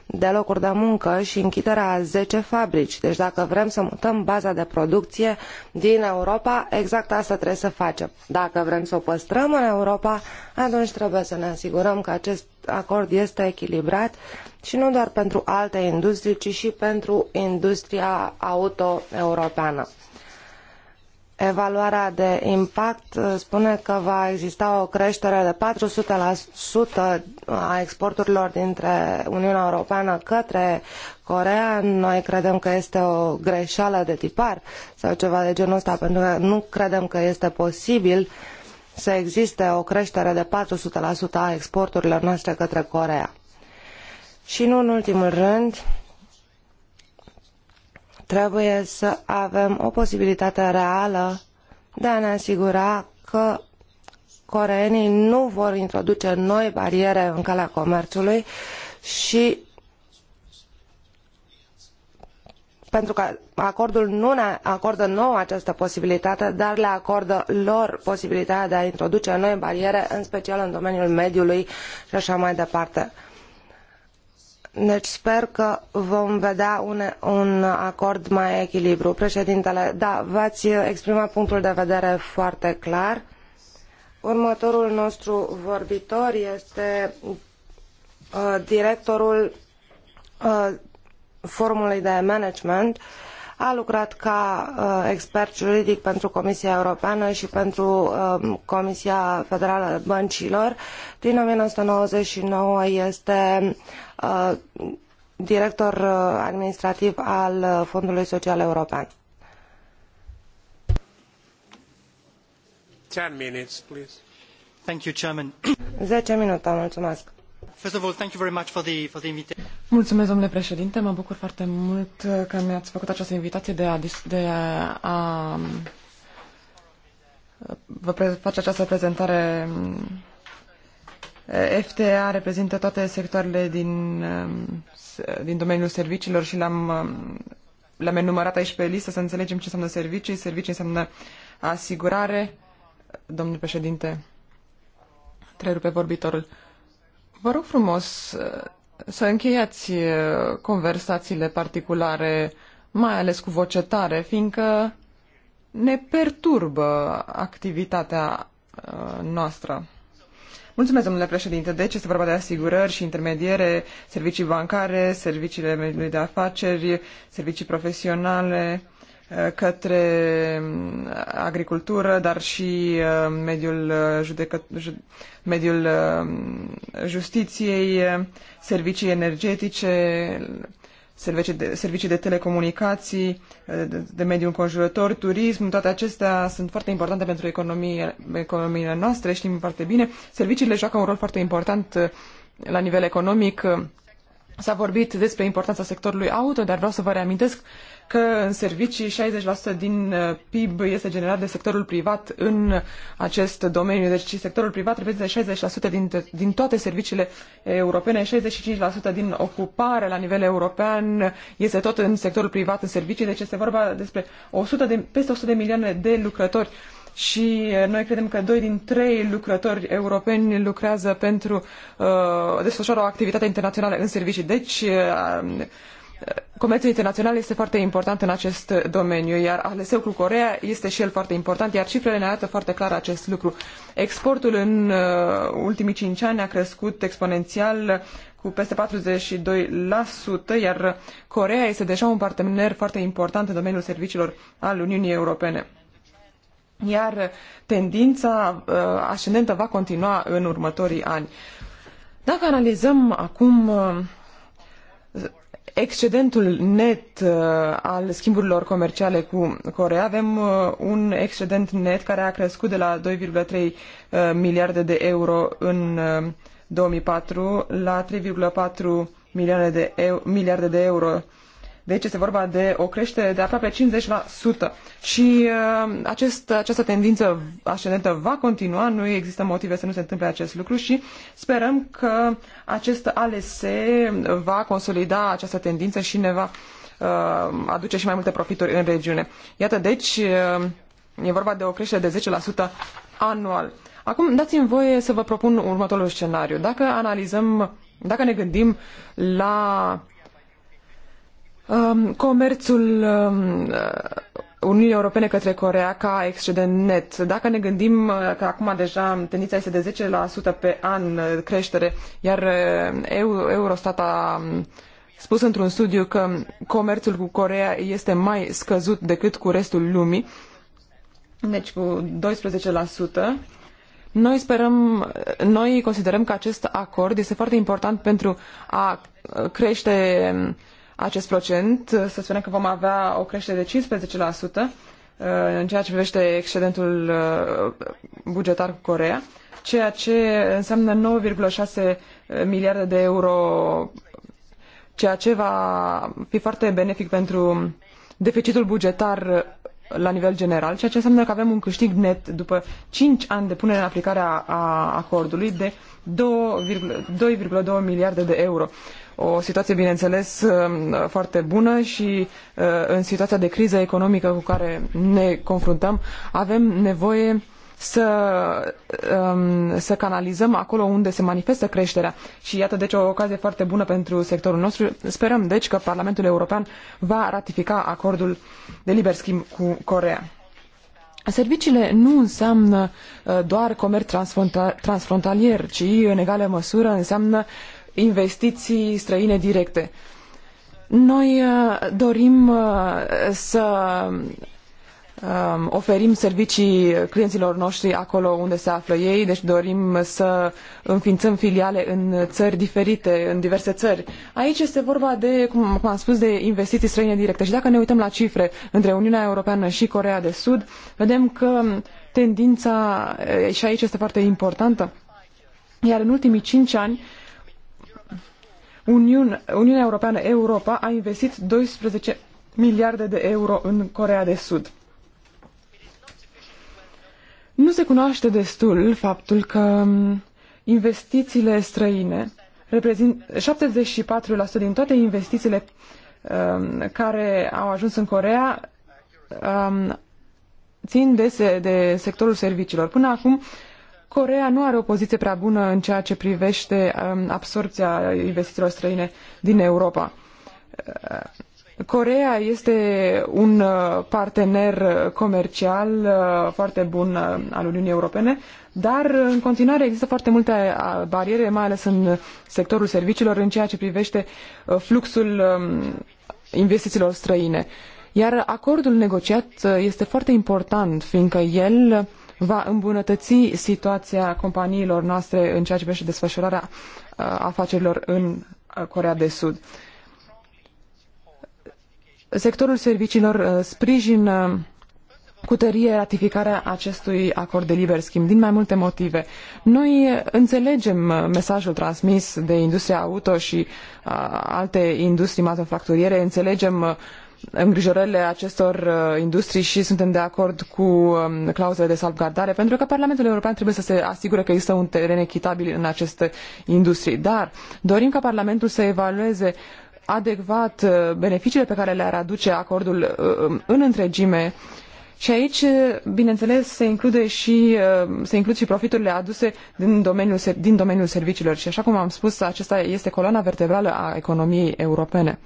de locuri de muncă și închiderea a 10 fabrici. Deci dacă vrem să mutăm baza de producție din Europa, exact asta trebuie să facem. Dacă vrem să o păstrăm în Europa, atunci trebuie să ne asigurăm că acest acord este echilibrat și nu doar pentru alte industrii, ci și pentru industria auto europeană. Evaluarea de impact uh, spune că va exista o creștere de 400% a exporturilor dintre Uniunea Europeană către Coreea. Noi credem că este o greșeală de tipar sau ceva de genul ăsta, pentru că nu credem că este posibil uh, să existe o creștere de 400% a exporturilor noastre către Coreea. Și nu în ultimul rând, trebuie să avem o posibilitate reală de a ne asigura că coreenii nu vor introduce noi bariere în calea comerțului și pentru că acordul nu ne acordă nouă această posibilitate, dar le acordă lor posibilitatea de a introduce noi bariere, în special în domeniul mediului și așa mai departe. Deci sper că vom vedea un, un acord mai echilibru. Președintele, da, v-ați exprimat punctul de vedere foarte clar. Următorul nostru vorbitor este uh, directorul uh, forumului de management uh, a lucrat ca uh, expert juridic pentru Comisia Europeană și pentru um, Comisia Federală a Băncilor. Din 1999 este uh, director uh, administrativ al Fondului Social European. 10 minutes, please. Thank you, Chairman. 10 minute, mulțumesc. First of all, thank you very much for the, for the invitation. Mulțumesc, domnule președinte. Mă bucur foarte mult că mi-ați făcut această invitație de a, de a, a vă face această prezentare. FTA reprezintă toate sectoarele din, din domeniul serviciilor și le-am le-am enumerat aici pe listă să înțelegem ce înseamnă servicii. Servicii înseamnă asigurare. Domnul președinte, pe vorbitorul. Vă rog frumos, să încheiați uh, conversațiile particulare, mai ales cu voce tare, fiindcă ne perturbă activitatea uh, noastră. Mulțumesc, domnule președinte. Deci este vorba de asigurări și intermediere, servicii bancare, serviciile mediului de afaceri, servicii profesionale, către mm, agricultură, dar și uh, mediul, uh, judecă, mediul uh, justiției, servicii energetice, servicii de, servicii de telecomunicații, de, de mediul înconjurător, turism, toate acestea sunt foarte importante pentru economie, economiile noastre, știm foarte bine. Serviciile joacă un rol foarte important la nivel economic. S-a vorbit despre importanța sectorului auto, dar vreau să vă reamintesc că în servicii 60% din uh, PIB este generat de sectorul privat în acest domeniu. Deci sectorul privat reprezintă 60% din, din toate serviciile europene, 65% din ocupare la nivel european este tot în sectorul privat, în servicii. Deci este vorba despre 100 de, peste 100 de milioane de lucrători și uh, noi credem că doi din trei lucrători europeni lucrează pentru, uh, desfășoară o activitate internațională în servicii. Deci, uh, comerțul internațional este foarte important în acest domeniu, iar aleseu cu Coreea este și el foarte important, iar cifrele ne arată foarte clar acest lucru. Exportul în uh, ultimii cinci ani a crescut exponențial cu peste 42%, iar Coreea este deja un partener foarte important în domeniul serviciilor al Uniunii Europene. Iar tendința uh, ascendentă va continua în următorii ani. Dacă analizăm acum uh, excedentul net uh, al schimburilor comerciale cu Coreea, avem uh, un excedent net care a crescut de la 2,3 uh, miliarde de euro în 2004 la 3,4 milioane de miliarde de euro deci este vorba de o creștere de aproape 50%. Și uh, acest, această tendință ascendentă va continua, nu există motive să nu se întâmple acest lucru și sperăm că acest ALS va consolida această tendință și ne va uh, aduce și mai multe profituri în regiune. Iată, deci, uh, e vorba de o creștere de 10% anual. Acum, dați-mi voie să vă propun următorul scenariu. Dacă analizăm, dacă ne gândim la Um, comerțul um, uh, Uniunii Europene către Corea ca excedent net. Dacă ne gândim uh, că acum deja tendința este de 10% pe an uh, creștere, iar Eurostat a um, spus într-un studiu că comerțul cu Corea este mai scăzut decât cu restul lumii, deci cu 12%, noi sperăm, noi considerăm că acest acord este foarte important pentru a crește acest procent, să spunem că vom avea o creștere de 15% uh, în ceea ce privește excedentul uh, bugetar cu Corea, ceea ce înseamnă 9,6 miliarde de euro, ceea ce va fi foarte benefic pentru deficitul bugetar la nivel general, ceea ce înseamnă că avem un câștig net după 5 ani de punere în aplicare a, acordului de 2,2 miliarde de euro o situație, bineînțeles, uh, foarte bună și uh, în situația de criză economică cu care ne confruntăm, avem nevoie să, um, să canalizăm acolo unde se manifestă creșterea. Și iată, deci, o ocazie foarte bună pentru sectorul nostru. Sperăm, deci, că Parlamentul European va ratifica acordul de liber schimb cu Coreea. Serviciile nu înseamnă uh, doar comerț transfrontalier, ci în egală măsură înseamnă investiții străine directe. Noi uh, dorim uh, să um, oferim servicii clienților noștri acolo unde se află ei, deci dorim să înființăm filiale în țări diferite, în diverse țări. Aici este vorba de, cum am spus, de investiții străine directe și dacă ne uităm la cifre între Uniunea Europeană și Coreea de Sud, vedem că tendința, și aici este foarte importantă, iar în ultimii cinci ani Uniunea Europeană, Europa, a investit 12 miliarde de euro în Corea de Sud. Nu se cunoaște destul faptul că um, investițiile străine reprezintă 74% din toate investițiile um, care au ajuns în Corea um, țin de, se, de sectorul serviciilor. Până acum, Corea nu are o poziție prea bună în ceea ce privește um, absorpția investițiilor străine din Europa. Uh, Corea este un uh, partener comercial uh, foarte bun al Uniunii Europene, dar în continuare există foarte multe bariere, mai ales în sectorul serviciilor, în ceea ce privește fluxul um, investițiilor străine. Iar acordul negociat este foarte important, fiindcă el va îmbunătăți situația companiilor noastre în ceea ce privește desfășurarea uh, afacerilor în uh, Corea de Sud. Sectorul serviciilor uh, sprijină cu tărie ratificarea acestui acord de liber schimb din mai multe motive. Noi înțelegem mesajul transmis de industria auto și alte industrii manufacturiere, înțelegem îngrijorările acestor uh, industrii și suntem de acord cu um, clauzele de salvgardare, pentru că Parlamentul European trebuie să se asigure că există un teren echitabil în aceste industrii. Dar dorim ca Parlamentul să evalueze adecvat uh, beneficiile pe care le-ar aduce acordul uh, um, în întregime și aici, bineînțeles, se, include și, se includ și profiturile aduse din domeniul, din domeniul serviciilor și, așa cum am spus, acesta este coloana vertebrală a economiei europene.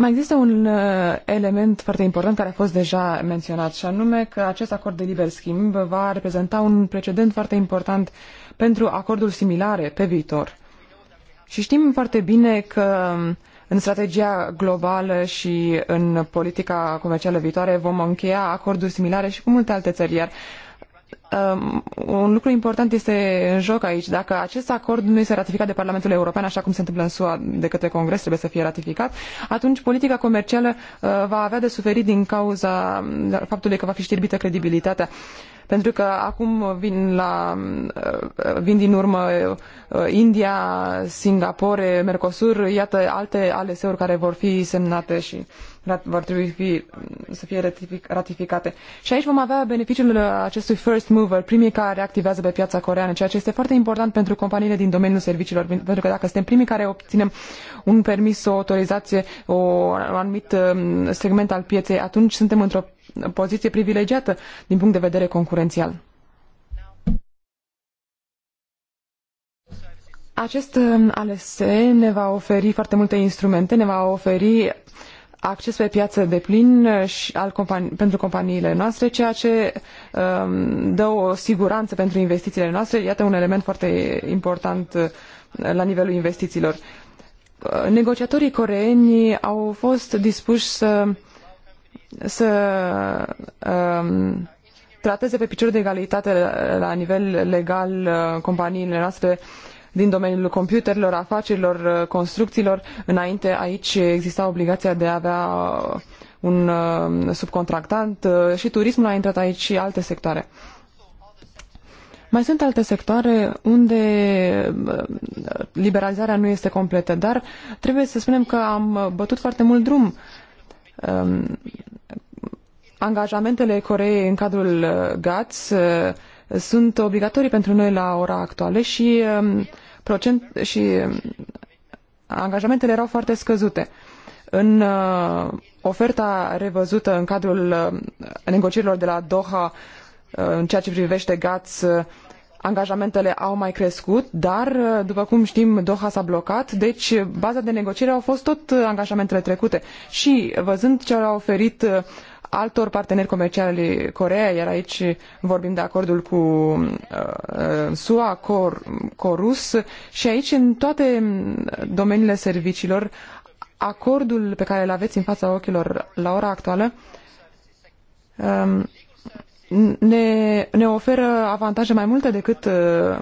Mai există un uh, element foarte important care a fost deja menționat și anume că acest acord de liber schimb va reprezenta un precedent foarte important pentru acorduri similare pe viitor. Și știm foarte bine că um, în strategia globală și în politica comercială viitoare vom încheia acorduri similare și cu multe alte țări, iar Um, un lucru important este în joc aici. Dacă acest acord nu este ratificat de Parlamentul European, așa cum se întâmplă în SUA de către Congres, trebuie să fie ratificat, atunci politica comercială uh, va avea de suferit din cauza um, faptului că va fi știrbită credibilitatea. Pentru că acum vin, la, uh, vin din urmă uh, India, Singapore, Mercosur, iată alte ALS-uri care vor fi semnate și vor trebui fi, să fie ratificate. Și aici vom avea beneficiul acestui first move mover, primii care activează pe piața coreană, ceea ce este foarte important pentru companiile din domeniul serviciilor, pentru că dacă suntem primii care obținem un permis, o autorizație, o, un anumit um, segment al pieței, atunci suntem într-o poziție privilegiată din punct de vedere concurențial. Acest um, ALS ne va oferi foarte multe instrumente, ne va oferi acces pe piață de plin uh, și al companii, pentru companiile noastre, ceea ce um, dă o siguranță pentru investițiile noastre. Iată un element foarte important uh, la nivelul investițiilor. Uh, negociatorii coreeni au fost dispuși să, să um, trateze pe picior de egalitate la, la nivel legal companiile noastre uh, din domeniul computerelor, afacerilor, uh, construcțiilor. Înainte aici exista obligația de a avea uh, un uh, subcontractant și turismul a intrat aici și alte sectoare. Mai sunt alte sectoare unde liberalizarea nu este completă, dar trebuie să spunem că am bătut foarte mult drum. Um, angajamentele Coreei în cadrul GATS sunt obligatorii pentru noi la ora actuală și, um, procent, și um, angajamentele erau foarte scăzute. În uh, oferta revăzută în cadrul uh, negocierilor de la Doha uh, în ceea ce privește GATS, angajamentele au mai crescut, dar, după cum știm, Doha s-a blocat, deci baza de negociere au fost tot angajamentele trecute. Și văzând ce au oferit altor parteneri comerciali ale Coreei, iar aici vorbim de acordul cu uh, uh, SUA, Cor, Corus, și aici în toate domeniile serviciilor, acordul pe care îl aveți în fața ochilor la ora actuală um, ne, ne oferă avantaje mai multe decât, uh,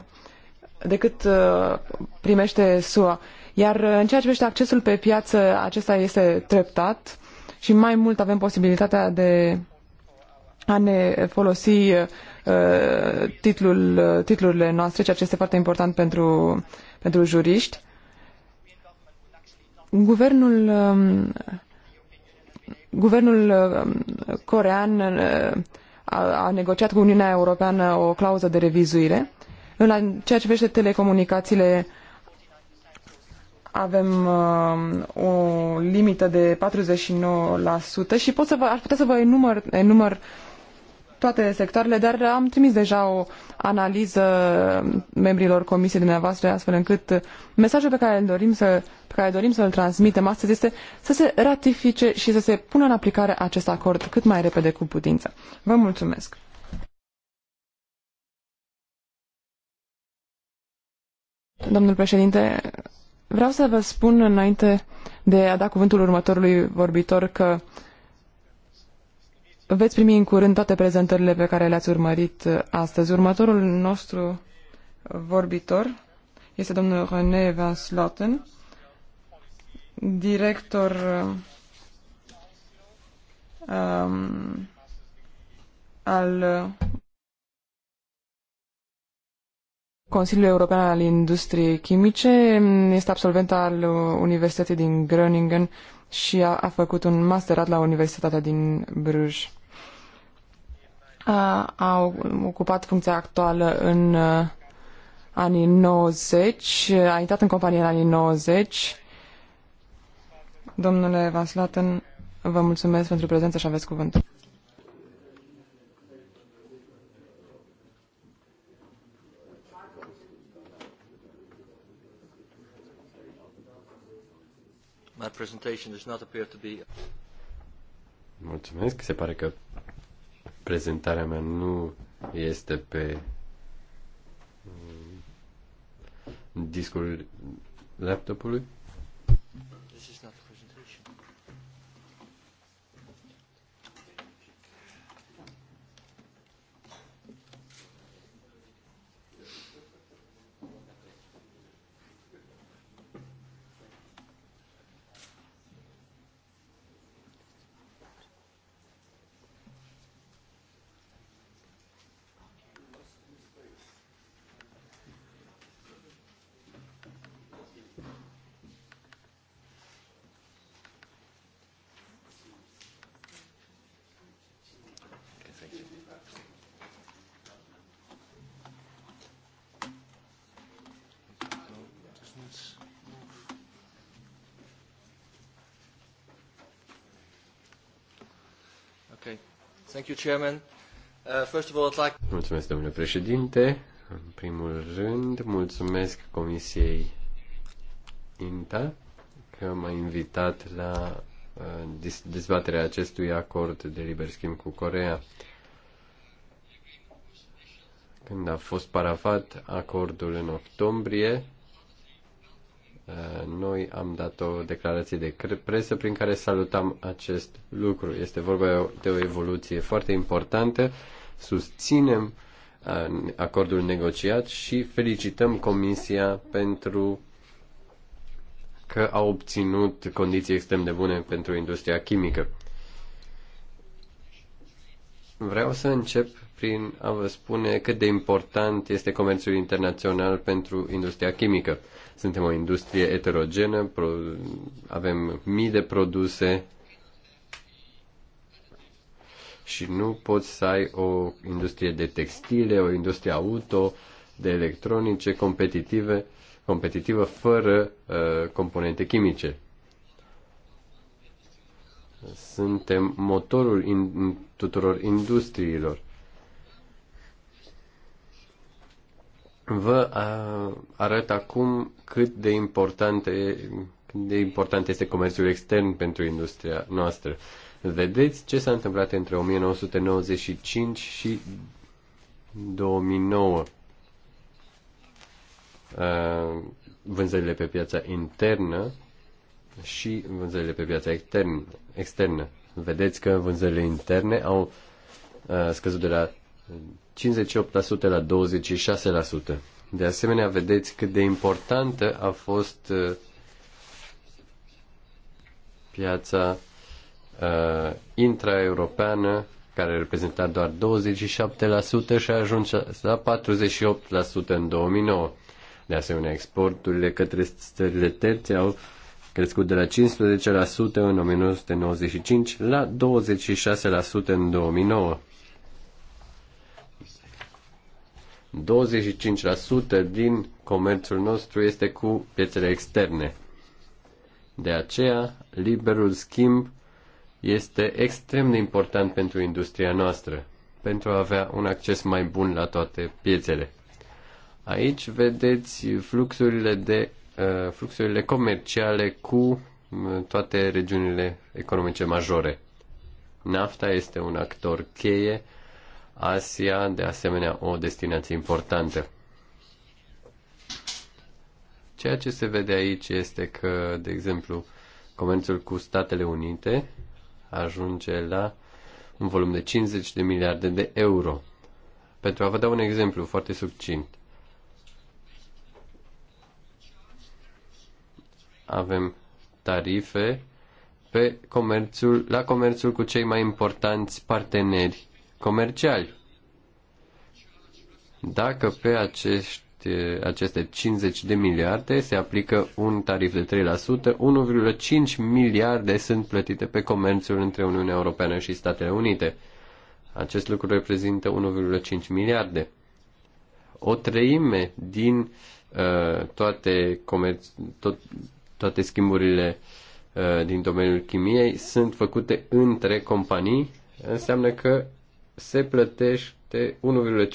decât uh, primește SUA. Iar în ceea ce privește accesul pe piață, acesta este treptat și mai mult avem posibilitatea de a ne folosi uh, titlul, uh, titlurile noastre, ceea ce este foarte important pentru, pentru juriști. Guvernul, um, guvernul um, corean uh, a, a negociat cu Uniunea Europeană o clauză de revizuire. În ceea ce privește telecomunicațiile, avem uh, o limită de 49% și pot să vă, ar putea să vă enumăr, enumăr toate sectoarele, dar am trimis deja o analiză membrilor comisiei dumneavoastră, astfel încât mesajul pe care îl dorim să, pe care dorim să-l transmitem astăzi este să se ratifice și să se pună în aplicare acest acord cât mai repede cu putință. Vă mulțumesc! Domnul președinte, Vreau să vă spun înainte de a da cuvântul următorului vorbitor că veți primi în curând toate prezentările pe care le-ați urmărit uh, astăzi. Următorul nostru vorbitor este domnul René Van Sloten, director uh, um, al Consiliul European al Industriei Chimice mm, este absolvent al Universității din Groningen și a, a făcut un masterat la Universitatea din Bruges. A, a ocupat funcția actuală în uh, anii 90, a intrat în companie în anii 90. Domnule Van vă mulțumesc pentru prezență și aveți cuvântul. My presentation does not appear to be... Mulțumesc, se pare că prezentarea mea nu este pe mm, discul laptopului. Okay. Thank you, Chairman. Uh, first of all, I'd like... Mulțumesc, domnule președinte. În primul rând, mulțumesc Comisiei INTA că m-a invitat la uh, dezbaterea acestui acord de liber schimb cu Corea. Când a fost parafat acordul în octombrie, noi am dat o declarație de presă prin care salutam acest lucru. Este vorba de o evoluție foarte importantă. Susținem acordul negociat și felicităm Comisia pentru că a obținut condiții extrem de bune pentru industria chimică. Vreau să încep prin a vă spune cât de important este comerțul internațional pentru industria chimică. Suntem o industrie eterogenă, avem mii de produse și nu poți să ai o industrie de textile, o industrie auto, de electronice competitive, competitivă fără uh, componente chimice. Suntem motorul in, tuturor industriilor. Vă arăt acum cât de importante cât de important este comerțul extern pentru industria noastră. Vedeți ce s-a întâmplat între 1995 și 2009. Vânzările pe piața internă și vânzările pe piața extern, externă. Vedeți că vânzările interne au uh, scăzut de la 58% la 26%. De asemenea, vedeți cât de importantă a fost uh, piața uh, intraeuropeană, care reprezenta doar 27% și a ajuns la 48% în 2009. De asemenea, exporturile către țările terțe au crescut de la 15% în 1995 la 26% în 2009. 25% din comerțul nostru este cu piețele externe. De aceea, liberul schimb este extrem de important pentru industria noastră, pentru a avea un acces mai bun la toate piețele. Aici vedeți fluxurile de Uh, fluxurile comerciale cu uh, toate regiunile economice majore. NAFTA este un actor cheie, Asia, de asemenea, o destinație importantă. Ceea ce se vede aici este că, de exemplu, comerțul cu Statele Unite ajunge la un volum de 50 de miliarde de euro. Pentru a vă da un exemplu foarte succint, avem tarife pe comerțul, la comerțul cu cei mai importanți parteneri comerciali. Dacă pe acești aceste 50 de miliarde se aplică un tarif de 3%, 1,5 miliarde sunt plătite pe comerțul între Uniunea Europeană și Statele Unite. Acest lucru reprezintă 1,5 miliarde. O treime din uh, toate comerț, tot, toate schimburile uh, din domeniul chimiei sunt făcute între companii, înseamnă că se plătește 1,5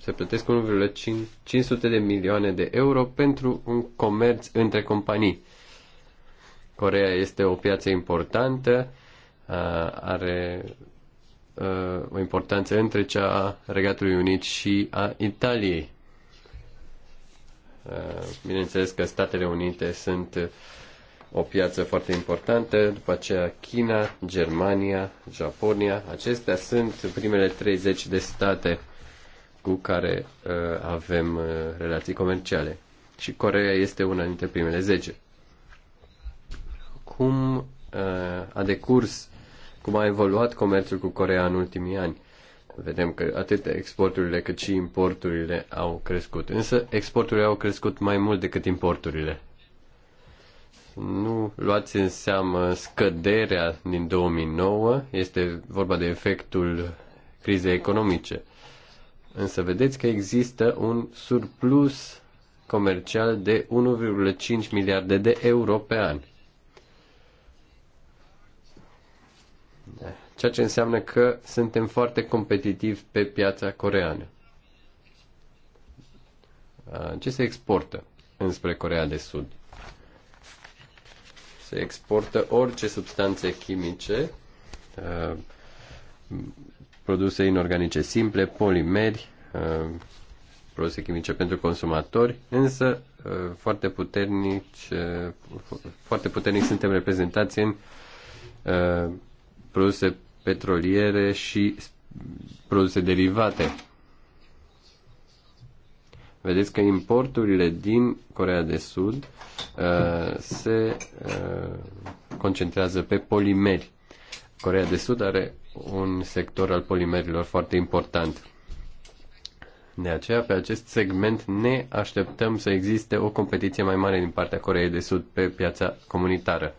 se plătesc 1,5 de milioane de euro pentru un comerț între companii. Corea este o piață importantă, uh, are uh, o importanță între cea a Regatului Unit și a Italiei. Uh, bineînțeles că Statele Unite sunt uh, o piață foarte importantă, după aceea China, Germania, Japonia. Acestea sunt primele 30 de state cu care uh, avem relații comerciale. Și Corea este una dintre primele 10. Cum a decurs, cum a evoluat comerțul cu Corea în ultimii ani? Vedem că atât exporturile cât și importurile au crescut. Însă exporturile au crescut mai mult decât importurile. Nu luați în seamă scăderea din 2009, este vorba de efectul crizei economice. Însă vedeți că există un surplus comercial de 1,5 miliarde de euro pe an ceea ce înseamnă că suntem foarte competitivi pe piața coreană. Uh, ce se exportă înspre Corea de Sud? Se exportă orice substanțe chimice, uh, produse inorganice simple, polimeri, uh, produse chimice pentru consumatori, însă foarte puternici, foarte puternic suntem reprezentați în produse petroliere și produse derivate. Vedeți că importurile din Corea de Sud uh, se uh, concentrează pe polimeri. Corea de Sud are un sector al polimerilor foarte important. De aceea, pe acest segment ne așteptăm să existe o competiție mai mare din partea Coreei de Sud pe piața comunitară.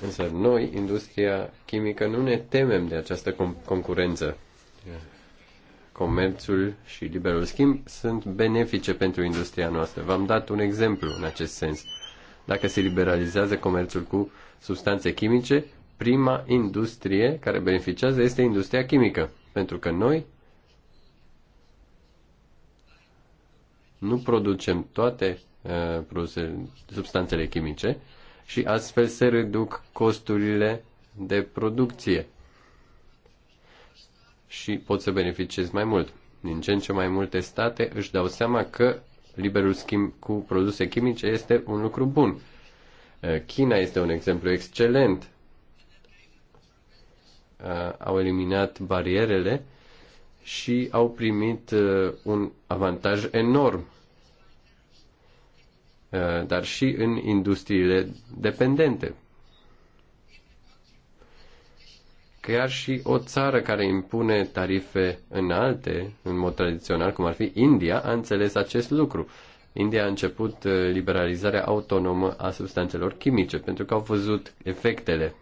Însă noi, industria chimică, nu ne temem de această concurență. Comerțul și liberul schimb sunt benefice pentru industria noastră. V-am dat un exemplu în acest sens. Dacă se liberalizează comerțul cu substanțe chimice, prima industrie care beneficiază este industria chimică, pentru că noi nu producem toate uh, produse, substanțele chimice, și astfel se reduc costurile de producție și pot să beneficiezi mai mult. Din ce în ce mai multe state își dau seama că liberul schimb cu produse chimice este un lucru bun. China este un exemplu excelent. Au eliminat barierele și au primit un avantaj enorm Uh, dar și în industriile dependente. Chiar și o țară care impune tarife înalte, în mod tradițional, cum ar fi India, a înțeles acest lucru. India a început uh, liberalizarea autonomă a substanțelor chimice, pentru că au văzut efectele.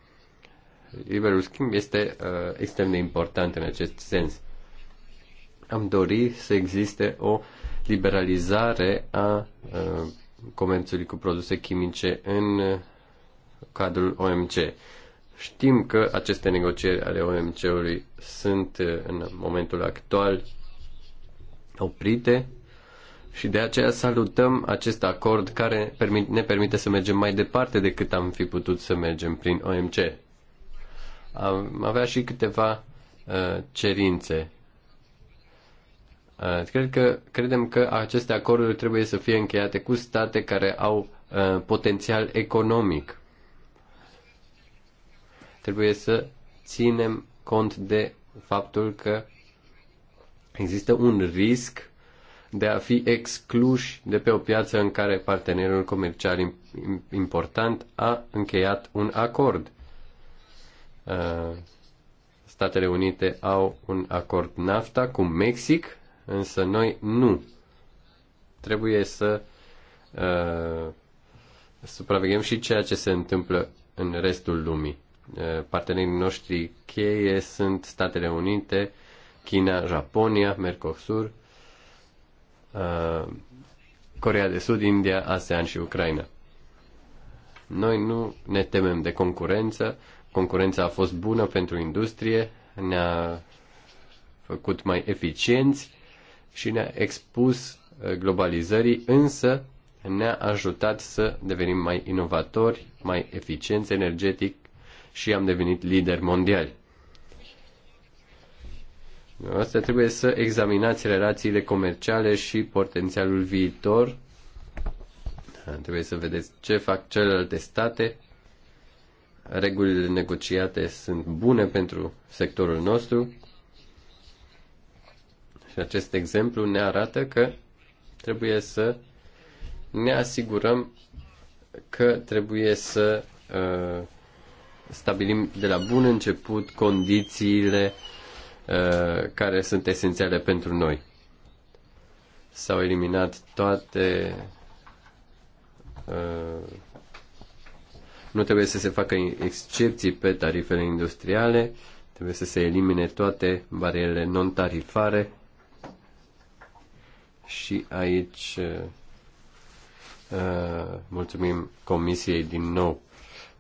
Liberul schimb este uh, extrem de important în acest sens. Am dorit să existe o liberalizare a uh, comerțului cu produse chimice în cadrul OMC. Știm că aceste negocieri ale OMC-ului sunt uh, în momentul actual oprite și de aceea salutăm acest acord care ne permite să mergem mai departe decât am fi putut să mergem prin OMC. Am avea și câteva uh, cerințe Uh, cred că, credem că aceste acorduri trebuie să fie încheiate cu state care au uh, potențial economic. Trebuie să ținem cont de faptul că există un risc de a fi excluși de pe o piață în care partenerul comercial important a încheiat un acord. Uh, Statele Unite au un acord NAFTA cu Mexic însă noi nu. Trebuie să uh, supraveghem și ceea ce se întâmplă în restul lumii. Uh, partenerii noștri cheie sunt Statele Unite, China, Japonia, Mercosur, uh, Corea de Sud, India, ASEAN și Ucraina. Noi nu ne temem de concurență. Concurența a fost bună pentru industrie, ne-a făcut mai eficienți și ne-a expus uh, globalizării, însă ne-a ajutat să devenim mai inovatori, mai eficienți energetic și am devenit lideri mondiali. Asta trebuie să examinați relațiile comerciale și potențialul viitor. Trebuie să vedeți ce fac celelalte state. Regulile negociate sunt bune pentru sectorul nostru și acest exemplu ne arată că trebuie să ne asigurăm că trebuie să uh, stabilim de la bun început condițiile uh, care sunt esențiale pentru noi. S-au eliminat toate. Uh, nu trebuie să se facă excepții pe tarifele industriale, trebuie să se elimine toate barierele non-tarifare și aici uh, uh, mulțumim Comisiei din nou.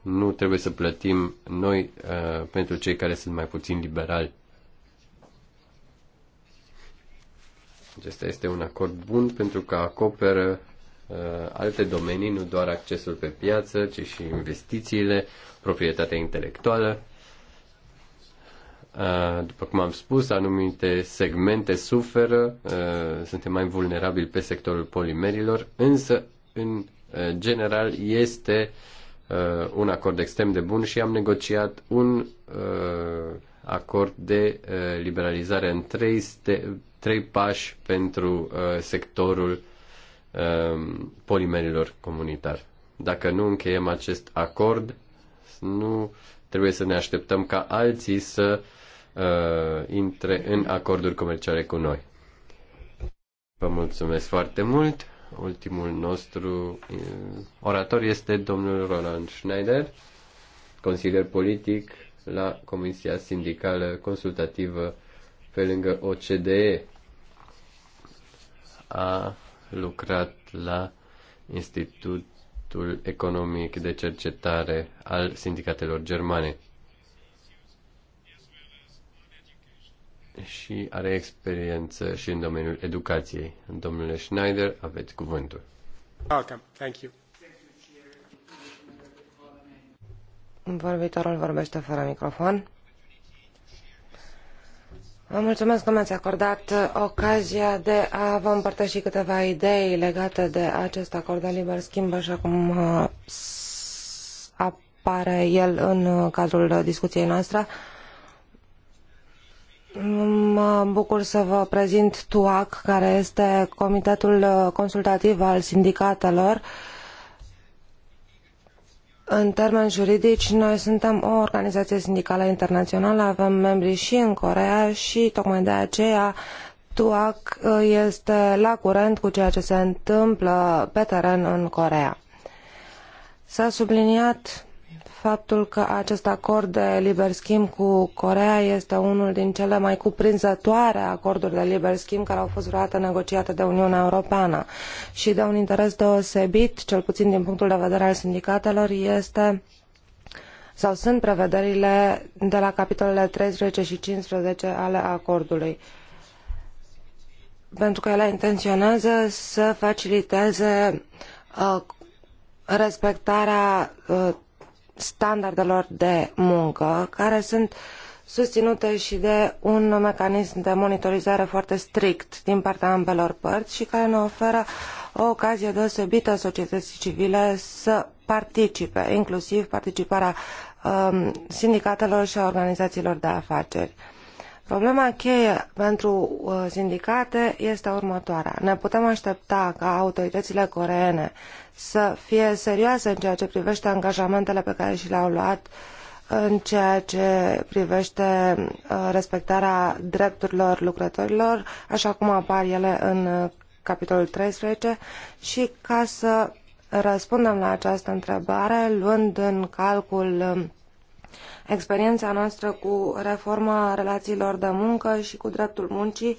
Nu trebuie să plătim noi uh, pentru cei care sunt mai puțin liberali. Acesta este un acord bun pentru că acoperă uh, alte domenii, nu doar accesul pe piață, ci și investițiile, proprietatea intelectuală după cum am spus, anumite segmente suferă, suntem mai vulnerabili pe sectorul polimerilor, însă, în general, este un acord extrem de bun și am negociat un acord de liberalizare în trei, trei pași pentru sectorul polimerilor comunitar. Dacă nu încheiem acest acord, nu trebuie să ne așteptăm ca alții să uh, intre în acorduri comerciale cu noi. Vă mulțumesc foarte mult. Ultimul nostru uh, orator este domnul Roland Schneider, consilier politic la Comisia Sindicală Consultativă pe lângă OCDE. A lucrat la Institutul Economic de Cercetare al Sindicatelor Germane. și are experiență și în domeniul educației. Domnule Schneider, aveți cuvântul. Welcome. Thank you. Vorbitorul vorbește fără microfon. Vă mulțumesc că mi-ați acordat ocazia de a vă împărtăși câteva idei legate de acest acord de liber schimb, așa cum uh, apare el în uh, cadrul discuției noastre. Mă bucur să vă prezint TUAC, care este Comitetul Consultativ al Sindicatelor. În termeni juridici, noi suntem o organizație sindicală internațională, avem membri și în Coreea și tocmai de aceea TUAC uh, este la curent cu ceea ce se întâmplă pe teren în Coreea. S-a subliniat faptul că acest acord de liber schimb cu Coreea este unul din cele mai cuprinzătoare acorduri de liber schimb care au fost vreodată negociate de Uniunea Europeană. Și de un interes deosebit, cel puțin din punctul de vedere al sindicatelor, este sau sunt prevederile de la capitolele 13 și 15 ale acordului pentru că ele intenționează să faciliteze uh, respectarea uh, standardelor de muncă, care sunt susținute și de un mecanism de monitorizare foarte strict din partea ambelor părți și care ne oferă o ocazie deosebită societății civile să participe, inclusiv participarea um, sindicatelor și a organizațiilor de afaceri. Problema cheie pentru uh, sindicate este următoarea. Ne putem aștepta ca autoritățile coreene să fie serioase în ceea ce privește angajamentele pe care și le-au luat în ceea ce privește uh, respectarea drepturilor lucrătorilor, așa cum apar ele în uh, capitolul 13, și ca să răspundem la această întrebare, luând în calcul um, experiența noastră cu reforma relațiilor de muncă și cu dreptul muncii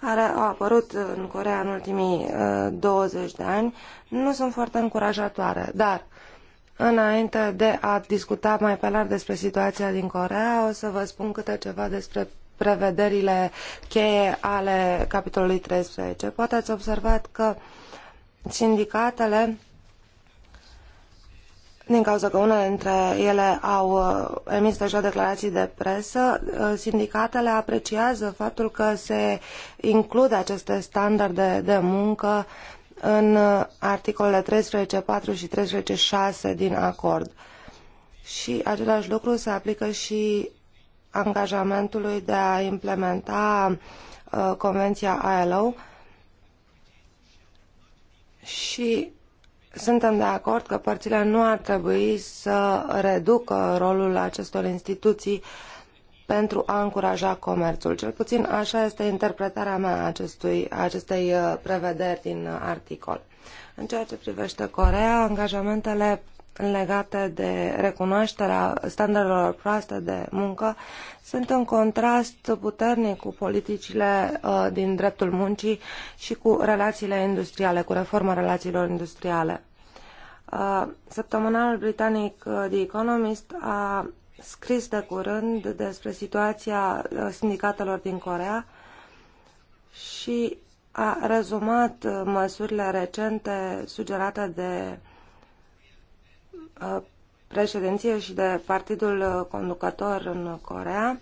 care au apărut în Corea în ultimii 20 uh, de ani nu sunt foarte încurajatoare, dar Înainte de a discuta mai pe larg despre situația din Corea, o să vă spun câte ceva despre prevederile cheie ale capitolului 13. Poate ați observat că sindicatele din cauza că unele dintre ele au uh, emis deja declarații de presă, uh, sindicatele apreciază faptul că se includ aceste standarde de muncă în uh, articolele 13.4 și 13.6 din acord. Și același lucru se aplică și angajamentului de a implementa uh, Convenția ILO și suntem de acord că părțile nu ar trebui să reducă rolul acestor instituții pentru a încuraja comerțul. Cel puțin așa este interpretarea mea acestui, acestei uh, prevederi din articol. În ceea ce privește Corea, angajamentele legate de recunoașterea standardelor proaste de muncă sunt în contrast puternic cu politicile uh, din dreptul muncii și cu relațiile industriale, cu reforma relațiilor industriale. Săptămânalul britanic uh, The Economist a scris de curând despre situația uh, sindicatelor din Corea și a rezumat uh, măsurile recente sugerate de președinție și de partidul conducător în Corea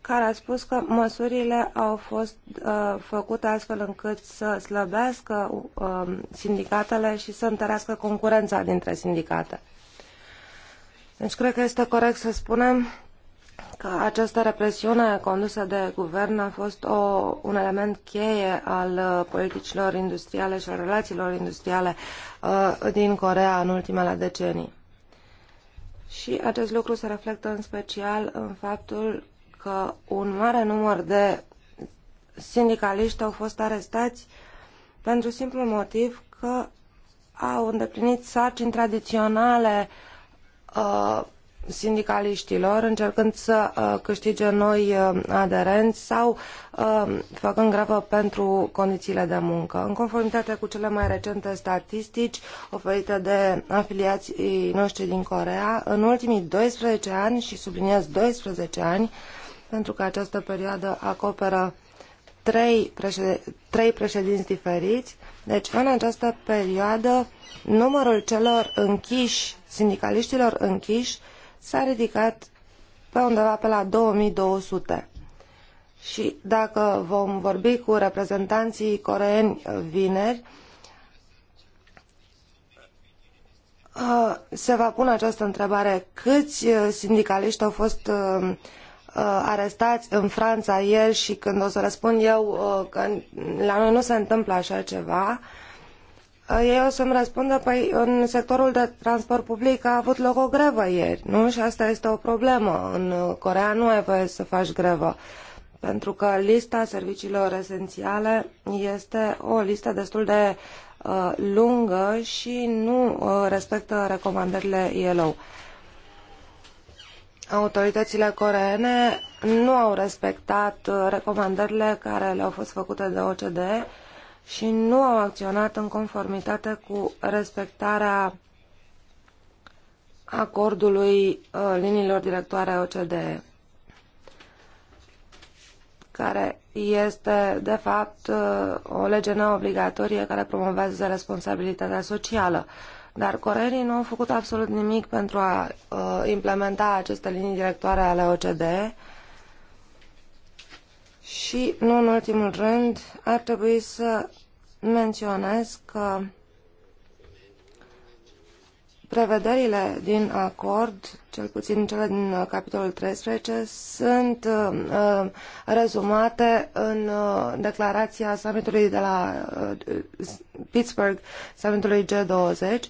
care a spus că măsurile au fost uh, făcute astfel încât să slăbească uh, sindicatele și să întărească concurența dintre sindicate. Deci cred că este corect să spunem că această represiune condusă de guvern a fost o, un element cheie al uh, politicilor industriale și al relațiilor industriale uh, din Corea în ultimele decenii. Și acest lucru se reflectă în special în faptul că un mare număr de sindicaliști au fost arestați pentru simplu motiv că au îndeplinit sarcini tradiționale uh, sindicaliștilor, încercând să uh, câștige noi uh, aderenți sau uh, făcând grevă pentru condițiile de muncă. În conformitate cu cele mai recente statistici oferite de afiliații noștri din Corea, în ultimii 12 ani, și subliniez 12 ani, uh, pentru că această perioadă acoperă trei, președin- trei președinți diferiți. Deci, în această perioadă, numărul celor închiși, sindicaliștilor închiși, s-a ridicat pe undeva pe la 2200. Și dacă vom vorbi cu reprezentanții coreeni vineri, uh, se va pune această întrebare. Câți uh, sindicaliști au fost uh, Uh, arestați în Franța ieri și când o să răspund eu uh, că la noi nu se întâmplă așa ceva, uh, ei o să-mi răspundă, păi în sectorul de transport public a avut loc o grevă ieri, nu? Și asta este o problemă. În Corea nu ai voie să faci grevă, pentru că lista serviciilor esențiale este o listă destul de uh, lungă și nu uh, respectă recomandările ILO. Uh, autoritățile coreene nu au respectat uh, recomandările care le-au fost făcute de OCDE și nu au acționat în conformitate cu respectarea acordului uh, liniilor directoare OCDE, care este, de fapt, uh, o lege neobligatorie care promovează responsabilitatea socială. Uh, dar coreenii nu au făcut absolut nimic pentru a uh, implementa aceste linii directoare ale OCDE și, nu în ultimul rând, ar trebui să menționez că Prevederile din acord, cel puțin cele din uh, capitolul 13, sunt uh, uh, rezumate în uh, declarația summitului de la uh, Pittsburgh, summitului G20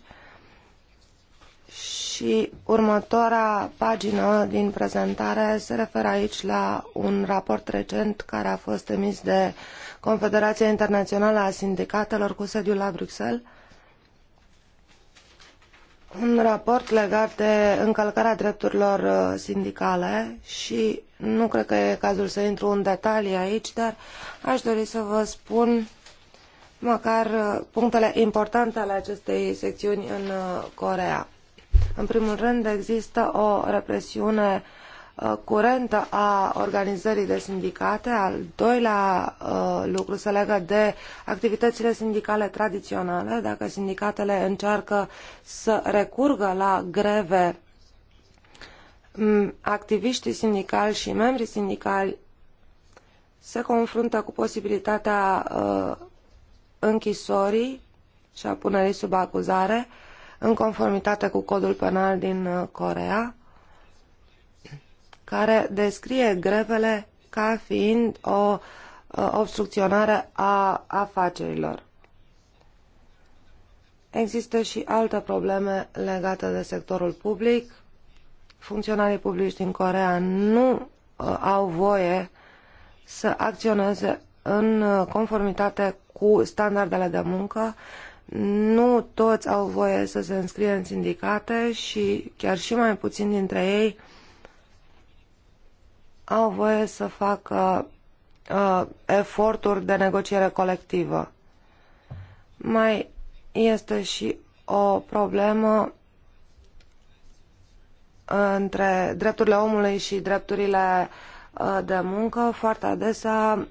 și următoarea pagină din prezentare se referă aici la un raport recent care a fost emis de Confederația Internațională a Sindicatelor cu sediul la Bruxelles un raport legat de încălcarea drepturilor uh, sindicale și nu cred că e cazul să intru în detalii aici, dar aș dori să vă spun măcar uh, punctele importante ale acestei secțiuni în uh, Corea. În primul rând, există o represiune uh, Uh, curent a organizării de sindicate. Al doilea uh, lucru se legă de activitățile sindicale tradiționale. Dacă sindicatele încearcă să recurgă la greve, activiștii sindicali și membrii sindicali se confruntă cu posibilitatea uh, închisorii și a punerii sub acuzare în conformitate cu codul penal din Corea care descrie grevele ca fiind o obstrucționare a afacerilor. Există și alte probleme legate de sectorul public. Funcționarii publici din Corea nu uh, au voie să acționeze în uh, conformitate cu standardele de muncă. Nu toți au voie să se înscrie în sindicate și chiar și mai puțin dintre ei uh, au voie să facă uh, eforturi de negociere colectivă. Mai este și o problemă uh, între drepturile omului și drepturile uh, de muncă. Foarte adesea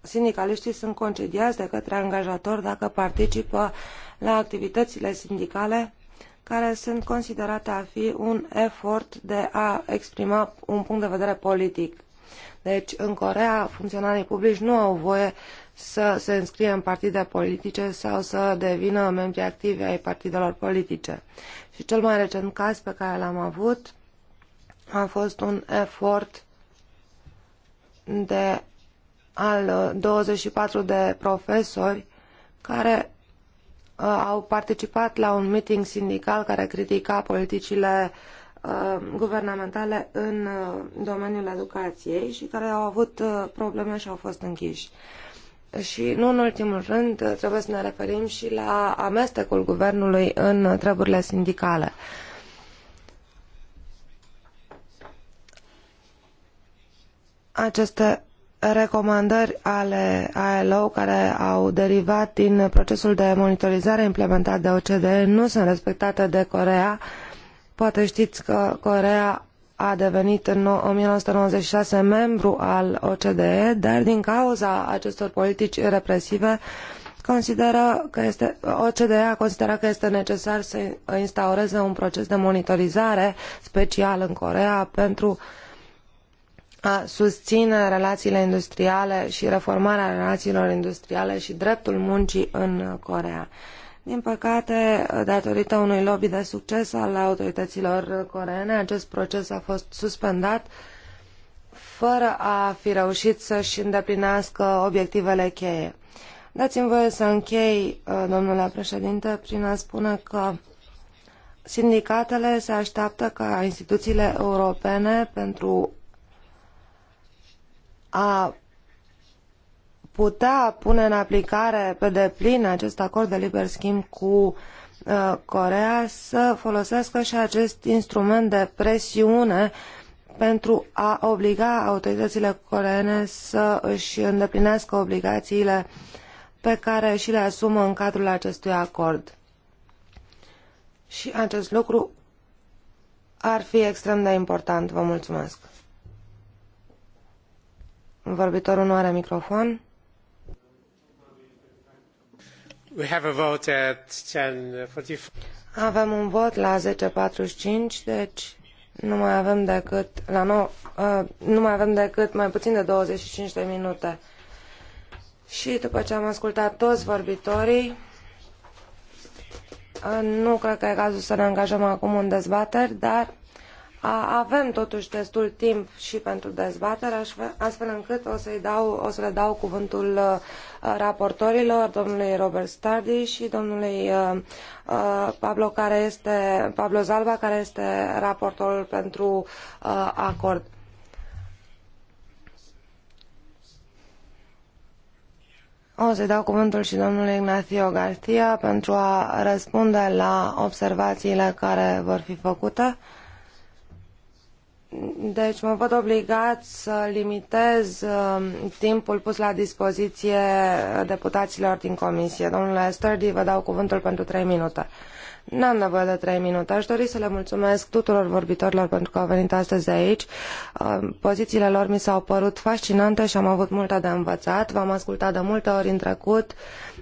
sindicaliștii sunt concediați de către angajator dacă participă la activitățile sindicale care sunt considerate a fi un efort de a exprima un punct de vedere politic. Deci, în Corea, funcționarii publici nu au voie să se înscrie în partide politice sau să devină membri activi ai partidelor politice. Și cel mai recent caz pe care l-am avut a fost un efort de al 24 de profesori care Uh, au participat la un meeting sindical care critica politicile uh, guvernamentale în uh, domeniul educației și care au avut probleme și au fost închiși. Și nu în ultimul rând trebuie să ne referim și la amestecul guvernului în treburile sindicale. Aceste recomandări ale ILO care au derivat din procesul de monitorizare implementat de OCDE nu sunt respectate de Coreea. Poate tii că Coreea a devenit în 1996 membru al OCDE, dar din cauza acestor politici represive consideră că este, OCDE a considerat că este necesar să instaureze un proces de monitorizare special în Coreea pentru uh, a susține relațiile industriale și reformarea relațiilor industriale și dreptul muncii în Corea. Din păcate, datorită unui lobby de succes al autorităților coreene, acest proces a fost suspendat fără a fi reușit să-și îndeplinească obiectivele cheie. Dați-mi voie să închei, domnule președinte, prin a spune că sindicatele se așteaptă ca instituțiile europene pentru a putea pune în aplicare pe deplin acest acord de liber schimb cu uh, Coreea să folosească și acest instrument de presiune pentru a obliga autoritățile coreene să își îndeplinească obligațiile pe care și le asumă în cadrul acestui acord. Și acest lucru ar fi extrem de important. Vă mulțumesc! Vorbitorul nu are microfon. We have a vote at 10.45. Uh, avem un vot la 10.45, deci nu mai avem decât la nou, uh, nu mai avem decât mai puțin de 25 de minute. Și după ce am ascultat toți vorbitorii, uh, nu cred că e cazul să ne angajăm acum în dezbateri, dar avem totuși destul timp și pentru dezbatere, astfel încât o, să-i dau, o să le dau cuvântul uh, raportorilor, domnului Robert Stardi și domnului uh, uh, Pablo, care este, Pablo Zalba, care este raportorul pentru acord. O să-i dau cuvântul și domnului Ignacio Garcia pentru a răspunde la observațiile care vor fi făcute. Deci mă văd obligat să limitez uh, timpul pus la dispoziție deputaților din comisie. Domnule Sturdy, vă dau cuvântul pentru trei minute. Nu am nevoie de trei minute. Aș dori să le mulțumesc tuturor vorbitorilor pentru că au venit astăzi aici. Uh, pozițiile lor mi s-au părut fascinante și am avut multe de învățat. V-am ascultat de multe ori în trecut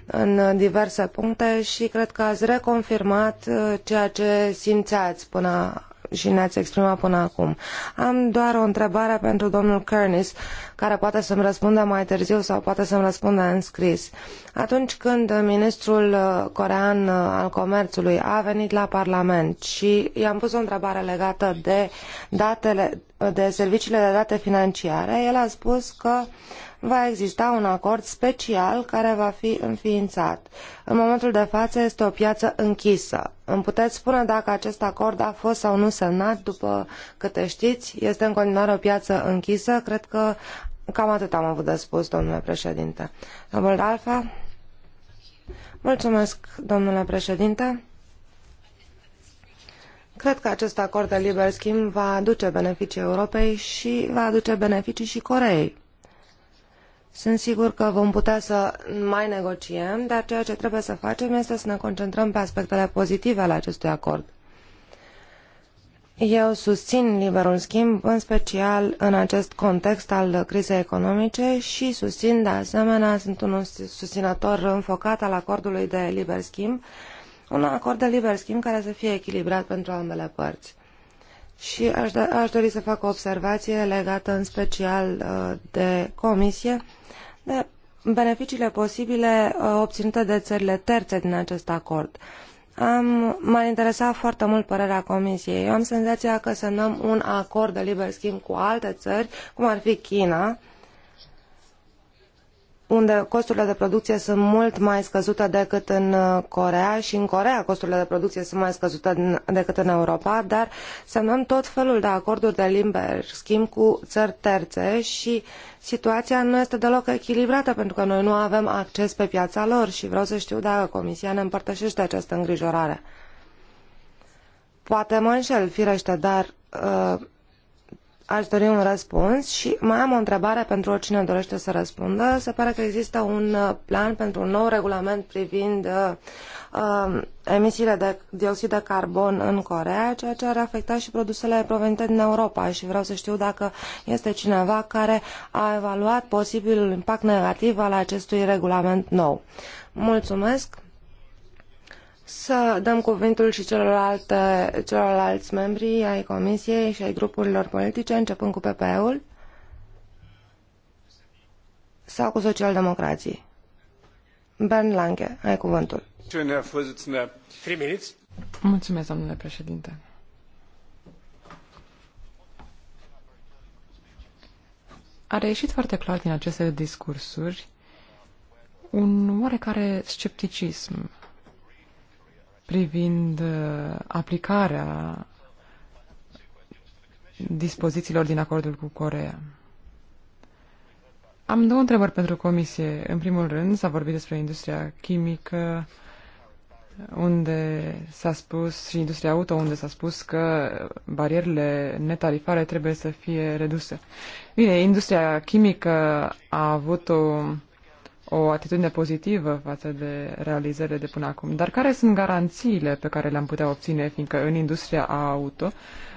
în diverse puncte și cred că ați reconfirmat uh, ceea ce simțeați până și ne-ați exprimat până acum. Am doar o întrebare pentru domnul Kernis, care poate să-mi răspundă mai târziu sau poate să-mi răspundă în scris. Atunci când ministrul uh, corean uh, al comerțului a venit la Parlament și i-am pus o întrebare legată de datele, de serviciile de date financiare, el a spus că uh, va exista un acord special care va fi înființat. În momentul de față este o piață închisă. Îmi puteți spune dacă acest acord a fost sau nu semnat, după câte știți, este în continuare o piață închisă. Cred că cam atât am avut de spus, domnule președinte. Domnul Alfa? Mulțumesc, domnule președinte. Cred că acest acord de liber schimb va aduce beneficii Europei și va aduce beneficii și Coreei. Sunt sigur că vom putea să mai negociem, dar ceea ce trebuie să facem este să ne concentrăm pe aspectele pozitive ale acestui acord. Eu susțin liberul schimb, în special în acest context al crizei economice și susțin, de asemenea, sunt un susținător înfocat al acordului de liber schimb, un acord de liber schimb care să fie echilibrat pentru ambele părți. Și aș, da- aș dori să fac o observație legată în special uh, de comisie, de beneficiile posibile uh, obținute de țările terțe din acest acord. Am, m-a interesat foarte mult părerea Comisiei. Eu am senzația că semnăm un acord de liber schimb cu alte țări, cum ar fi China, uh, unde costurile de producție sunt mult mai scăzute decât în uh, Corea și în Corea costurile de producție sunt mai scăzute decât în Europa, dar semnăm tot felul de acorduri de liber schimb cu țări terțe și situația nu este deloc echilibrată pentru că noi nu avem acces pe piața lor și vreau să știu dacă Comisia ne împărtășește această îngrijorare. Poate mă înșel, firește, dar uh, Aș dori un răspuns și mai am o întrebare pentru oricine dorește să răspundă. Se pare că există un uh, plan pentru un nou regulament privind uh, um, emisiile de dioxid de carbon în Corea, ceea ce ar afecta și produsele provenite din Europa și vreau să știu dacă este cineva care a evaluat posibilul impact negativ al acestui regulament nou. Mulțumesc! să dăm cuvântul și celorlalte, celorlalți membri ai Comisiei și ai grupurilor politice, începând cu PPE-ul sau cu socialdemocrații. Bernd Lange, ai cuvântul. Mulțumesc, domnule președinte. A reieșit foarte clar din aceste discursuri un oarecare scepticism privind uh, aplicarea dispozițiilor din acordul cu Corea. Am două întrebări pentru comisie. În primul rând, s-a vorbit despre industria chimică, unde s-a spus, și industria auto, unde s-a spus că barierele netarifare trebuie să fie reduse. Bine, industria chimică a avut o o atitudine pozitivă față de realizările de până acum. Dar care sunt garanțiile pe care le-am putea obține, fiindcă în industria auto,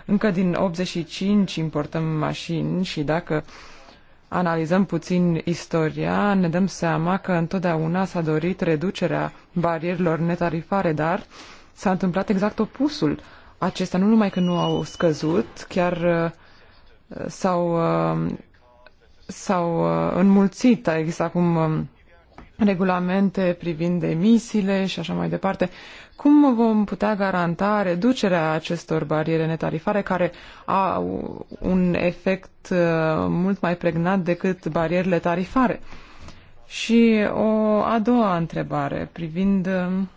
încă din 85 importăm mașini și dacă analizăm puțin istoria, ne dăm seama că întotdeauna s-a dorit reducerea barierilor netarifare, dar s-a întâmplat exact opusul. Acestea nu numai că nu au scăzut, chiar uh, s-au uh, s-au uh, înmulțit, exact cum um, regulamente privind emisiile și așa mai departe. Cum vom putea garanta reducerea acestor bariere netarifare care au un efect uh, mult mai pregnant decât barierele tarifare? Și o a doua întrebare privind um,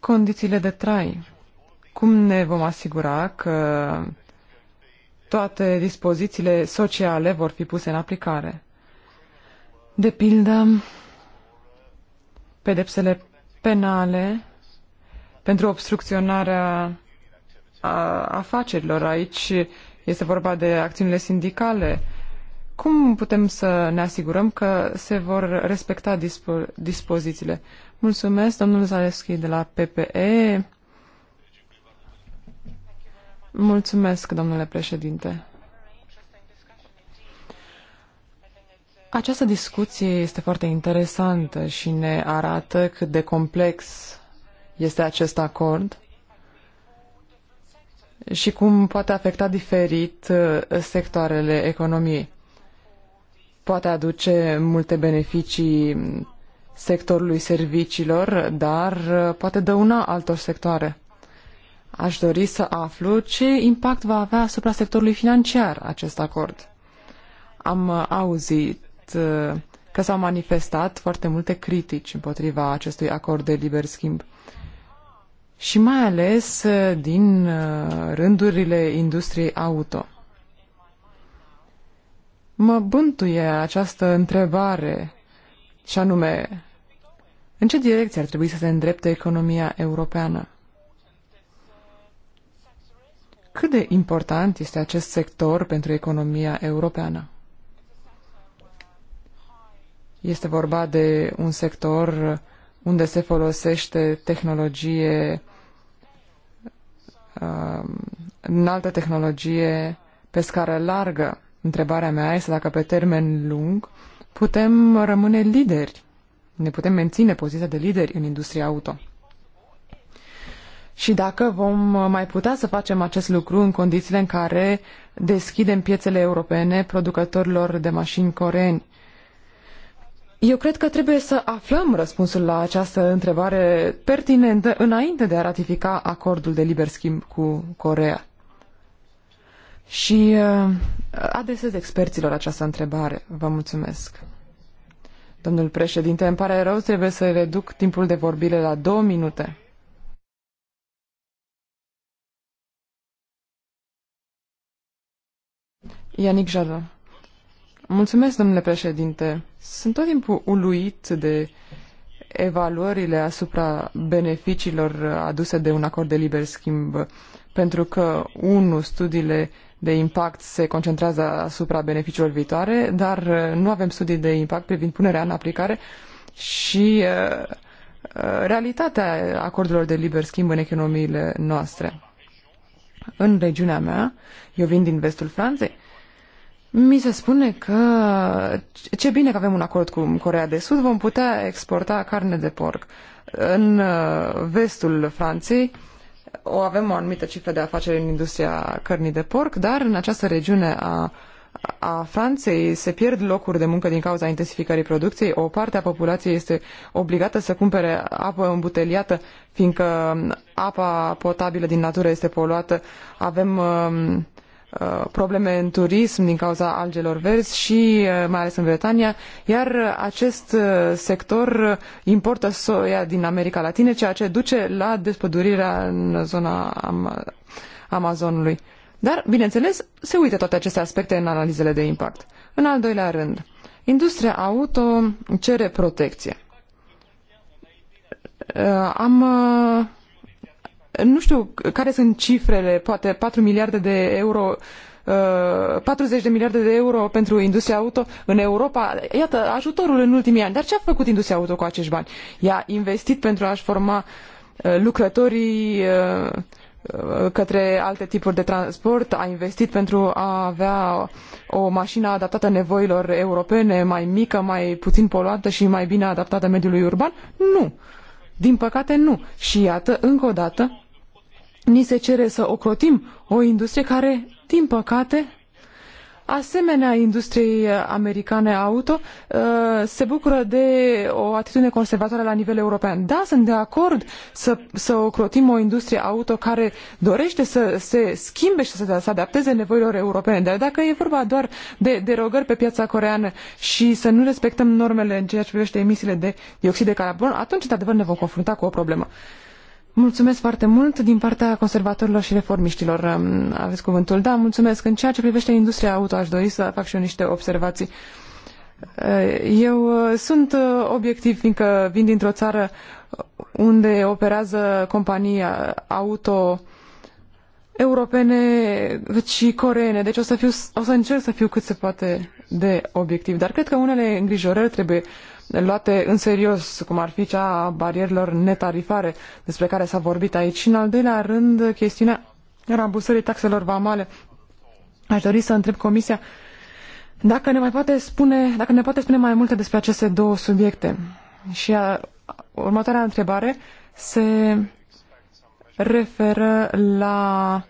condițiile de trai. Cum ne vom asigura că toate dispozițiile sociale vor fi puse în aplicare. De pildă, pedepsele penale pentru obstrucționarea afacerilor. Aici este vorba de acțiunile sindicale. Cum putem să ne asigurăm că se vor respecta dispo- dispozițiile? Mulțumesc, domnul Zaleschi de la PPE. Mulțumesc, domnule președinte. Această discuție este foarte interesantă și ne arată cât de complex este acest acord și cum poate afecta diferit uh, sectoarele economiei. Poate aduce multe beneficii sectorului serviciilor, dar uh, poate dăuna altor sectoare. Aș dori să aflu ce impact va avea asupra sectorului financiar acest acord. Am uh, auzit uh, că s-au manifestat foarte multe critici împotriva acestui acord de liber schimb și mai ales uh, din rândurile industriei auto. Mă bântuie această întrebare și anume, în ce direcție ar trebui să se îndrepte economia europeană? cât de important este acest sector pentru economia europeană. Este vorba de un sector unde se folosește tehnologie, um, înaltă tehnologie pe scară largă. Întrebarea mea este dacă pe termen lung putem rămâne lideri, ne putem menține poziția de lideri în industria auto și dacă vom uh, mai putea să facem acest lucru în condițiile în care deschidem piețele europene producătorilor de mașini coreeni. Eu cred că trebuie să aflăm răspunsul la această întrebare pertinentă înainte de a ratifica acordul de liber schimb cu Corea. Și uh, adresez experților această întrebare. Vă mulțumesc. Domnul președinte, îmi pare rău, trebuie să reduc timpul de vorbire la două minute. Ianic Jadot. Mulțumesc, domnule președinte. Sunt tot timpul uluit de evaluările asupra beneficiilor aduse de un acord de liber schimb, pentru că, unu, studiile de impact se concentrează asupra beneficiilor viitoare, dar uh, nu avem studii de impact privind punerea în aplicare și uh, uh, realitatea acordurilor de liber schimb în economiile noastre. În regiunea mea, eu vin din vestul Franței, mi se spune că ce bine că avem un acord cu Corea de Sud, vom putea exporta carne de porc. În uh, vestul Franței o avem o anumită cifră de afaceri în industria cărnii de porc, dar în această regiune a a Franței se pierd locuri de muncă din cauza intensificării producției, o parte a populației este obligată să cumpere apă îmbuteliată, fiindcă apa potabilă din natură este poluată. Avem uh, Uh, probleme în turism din cauza algelor verzi și uh, mai ales în Bretania, iar acest uh, sector importă soia din America Latină, ceea ce duce la despădurirea în zona Am Amazonului. Dar, bineînțeles, se uită toate aceste aspecte în analizele de impact. În al doilea rând, industria auto cere protecție. Am nu știu care sunt cifrele, poate patru miliarde de euro uh, patruzeci de miliarde de euro pentru industria auto în Europa. Iată, ajutorul în ultimii ani. Dar ce a făcut industria auto cu acești bani? i a investit pentru a-și forma uh, lucrătorii uh, către alte tipuri de transport, a investit pentru a avea o mașină adaptată nevoilor europene, mai mică, mai puțin poluantă și mai bine adaptată mediului urban? Nu. Din păcate nu. Și iată, încă o dată, ni se cere să ocrotim o industrie care, din păcate, asemenea industriei uh, americane auto, uh, se bucură de o atitudine conservatoare la nivel european. Da, sunt de acord să, să ocrotim o industrie auto care dorește să se schimbe și să se adapteze nevoilor europene, dar dacă e vorba doar de derogări pe piața coreană și să nu respectăm normele în ceea ce privește emisiile de dioxid de carbon, atunci, într-adevăr, ne vom confrunta cu o problemă. Mulțumesc foarte mult din partea conservatorilor și reformiștilor. Um, aveți cuvântul. Da, mulțumesc. În ceea ce privește industria auto, aș dori să fac și eu niște observații. Uh, eu uh, sunt uh, obiectiv, fiindcă vin dintr-o țară unde operează companii auto europene și coreene, deci o să, fiu, o să încerc să fiu cât se poate de obiectiv. Dar cred că unele îngrijorări trebuie uh, luate în serios, cum ar fi cea a barierilor netarifare despre care s-a vorbit aici. Și în al doilea rând, chestiunea rambursării taxelor vamale. Aș dori să întreb Comisia dacă ne mai poate spune, dacă ne poate spune mai multe despre aceste două subiecte. Și a, următoarea întrebare se referă la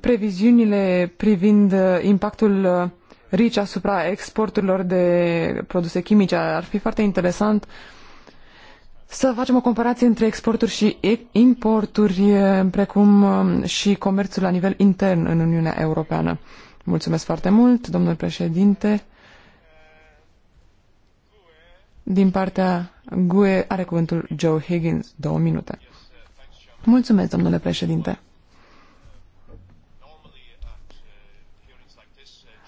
previziunile privind uh, impactul uh, rici asupra exporturilor de produse chimice. Ar fi foarte interesant să facem o comparație între exporturi și importuri, precum um, și comerțul la nivel intern în Uniunea Europeană. Mulțumesc foarte mult, domnule președinte. Din partea GUE are cuvântul Joe Higgins, două minute. Mulțumesc, domnule președinte.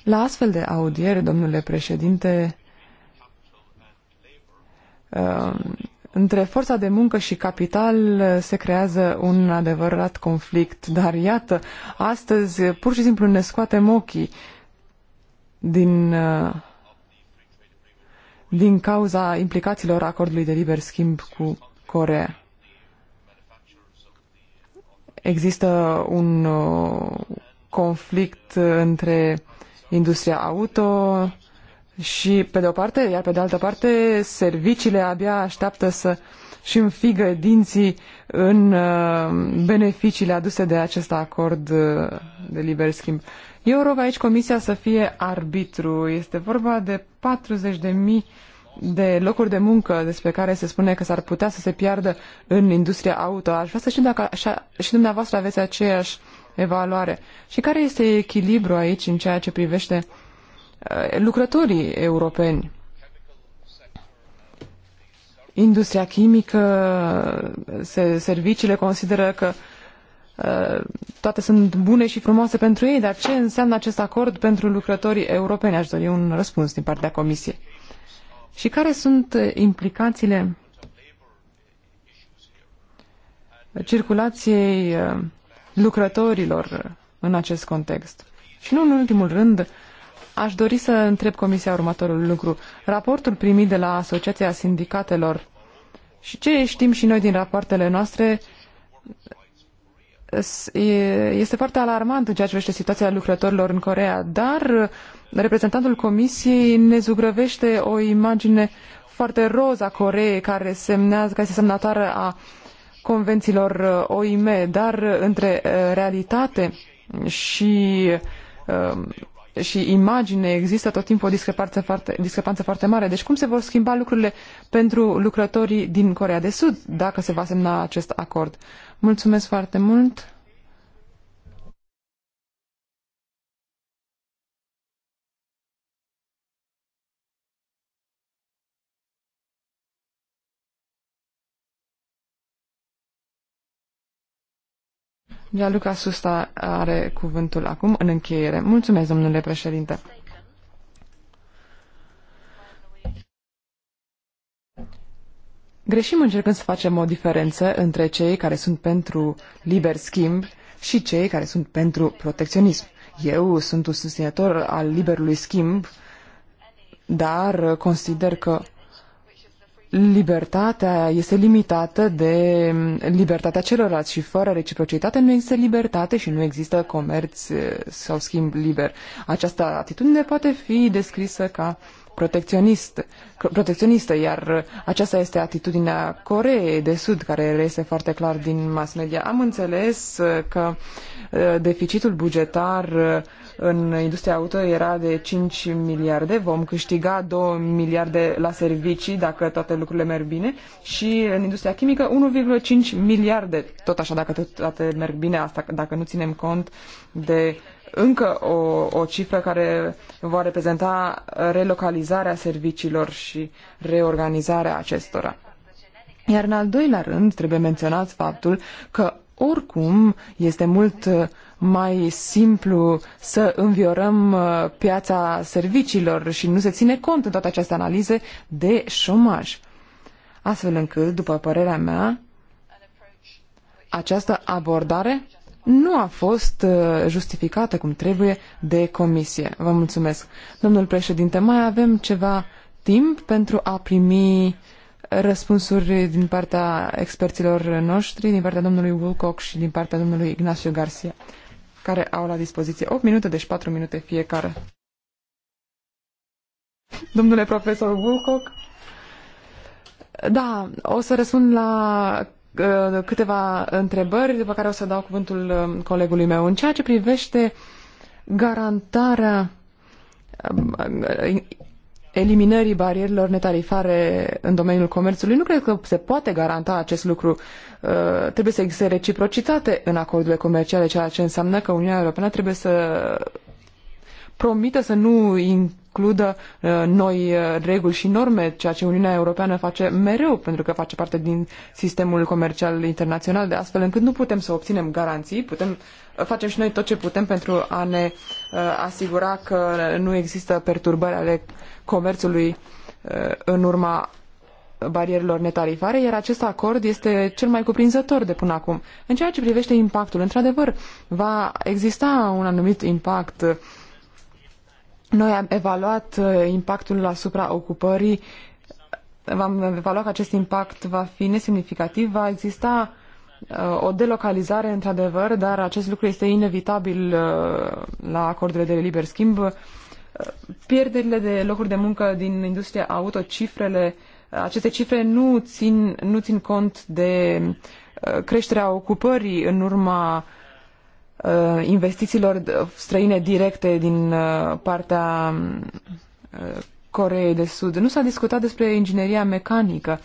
La astfel de audiere, domnule președinte, uh, între forța de muncă și capital uh, se creează un adevărat conflict, dar iată, astăzi pur și simplu ne scoatem ochii din, uh, din cauza implicațiilor acordului de liber schimb cu Corea. Există un conflict între uh, industria auto și pe de o parte, iar pe de altă parte, serviciile abia așteaptă să și înfigă dinții în uh, beneficiile aduse de acest acord uh, de liber schimb. Eu rog aici comisia să fie arbitru. Este vorba de 40.000 de locuri de muncă despre care se spune că s-ar putea să se piardă în industria auto. Aș vrea să știu dacă așa, și dumneavoastră aveți aceeași evaluare. Și care este echilibru aici în ceea ce privește uh, lucrătorii europeni? Industria chimică, uh, serviciile consideră că uh, toate sunt bune și frumoase pentru ei, dar ce înseamnă acest acord pentru lucrătorii europeni? Aș dori un răspuns din partea Comisiei. Și care sunt implicațiile circulației lucrătorilor în acest context. Și nu în ultimul rând, aș dori să întreb Comisia următorul lucru. Raportul primit de la Asociația Sindicatelor și ce știm și noi din rapoartele noastre este foarte alarmant în ceea ce vește situația lucrătorilor în Corea, dar reprezentantul Comisiei ne zugrăvește o imagine foarte roz a Coreei, care, semnează, care este semnatoare a uh, convențiilor uh, OIM, dar uh, între uh, realitate și, și imagine există tot timpul o discrepanță foarte, discrepanță foarte mare. Deci cum se vor schimba lucrurile pentru lucrătorii din Corea de Sud dacă se va semna acest acord? Mulțumesc foarte mult! Gianluca Susta are cuvântul acum în încheiere. Mulțumesc, domnule președinte. Greșim încercând să facem o diferență între cei care sunt pentru liber schimb și cei care sunt pentru protecționism. Eu sunt un susținător al liberului schimb, dar consider că libertatea este limitată de libertatea celorlalți și fără reciprocitate nu există libertate și nu există comerț eh, sau schimb liber. Această atitudine poate fi descrisă ca protecționist, protecționistă, iar aceasta este atitudinea Coreei de Sud, care reiese foarte clar din mass media. Am înțeles că uh, deficitul bugetar uh, în industria auto era de 5 miliarde, vom câștiga 2 miliarde la servicii dacă toate lucrurile merg bine și în industria chimică 1,5 miliarde, tot așa dacă toate merg bine, asta dacă nu ținem cont de uh, încă o, o cifră care va reprezenta relocalizarea serviciilor și reorganizarea acestora. Iar în al doilea rând trebuie menționat faptul că oricum este mult mai simplu să înviorăm uh, piața serviciilor și nu se ține cont în toată această analize de șomaj. Astfel încât, după părerea mea, această abordare nu a fost uh, justificată cum trebuie de comisie. Vă mulțumesc. Domnul președinte, mai avem ceva timp pentru a primi răspunsuri din partea experților noștri, din partea domnului Wilcox și din partea domnului Ignacio Garcia, care au la dispoziție 8 minute, deci 4 minute fiecare. Domnule profesor Wilcox, da, o să răspund la câteva întrebări, după care o să dau cuvântul um, colegului meu. În ceea ce privește garantarea um, uh, eliminării barierilor netarifare în domeniul comerțului, nu cred că se poate garanta acest lucru. Uh, trebuie să existe reciprocitate în acordurile comerciale, ceea ce înseamnă că Uniunea Europeană trebuie să promită să nu includă uh, noi uh, reguli și norme, ceea ce Uniunea Europeană face mereu, pentru că face parte din sistemul comercial internațional, de astfel încât nu putem să obținem garanții, putem uh, facem și noi tot ce putem pentru a ne asigura că nu există perturbări ale comerțului în urma barierelor netarifare, iar acest acord este cel mai cuprinzător de până acum. În ceea ce privește impactul, într-adevăr, va exista un anumit impact noi am evaluat uh, impactul asupra ocupării, am evaluat că acest impact va fi nesemnificativ, va exista uh, o delocalizare într-adevăr, dar acest lucru este inevitabil uh, la acordurile de liber schimb. Pierderile de locuri de muncă din industria auto, cifrele, aceste cifre nu țin, nu țin cont de creșterea ocupării în urma Uh, investițiilor străine directe din uh, partea uh, Coreei de Sud. Nu s-a discutat despre ingineria mecanică,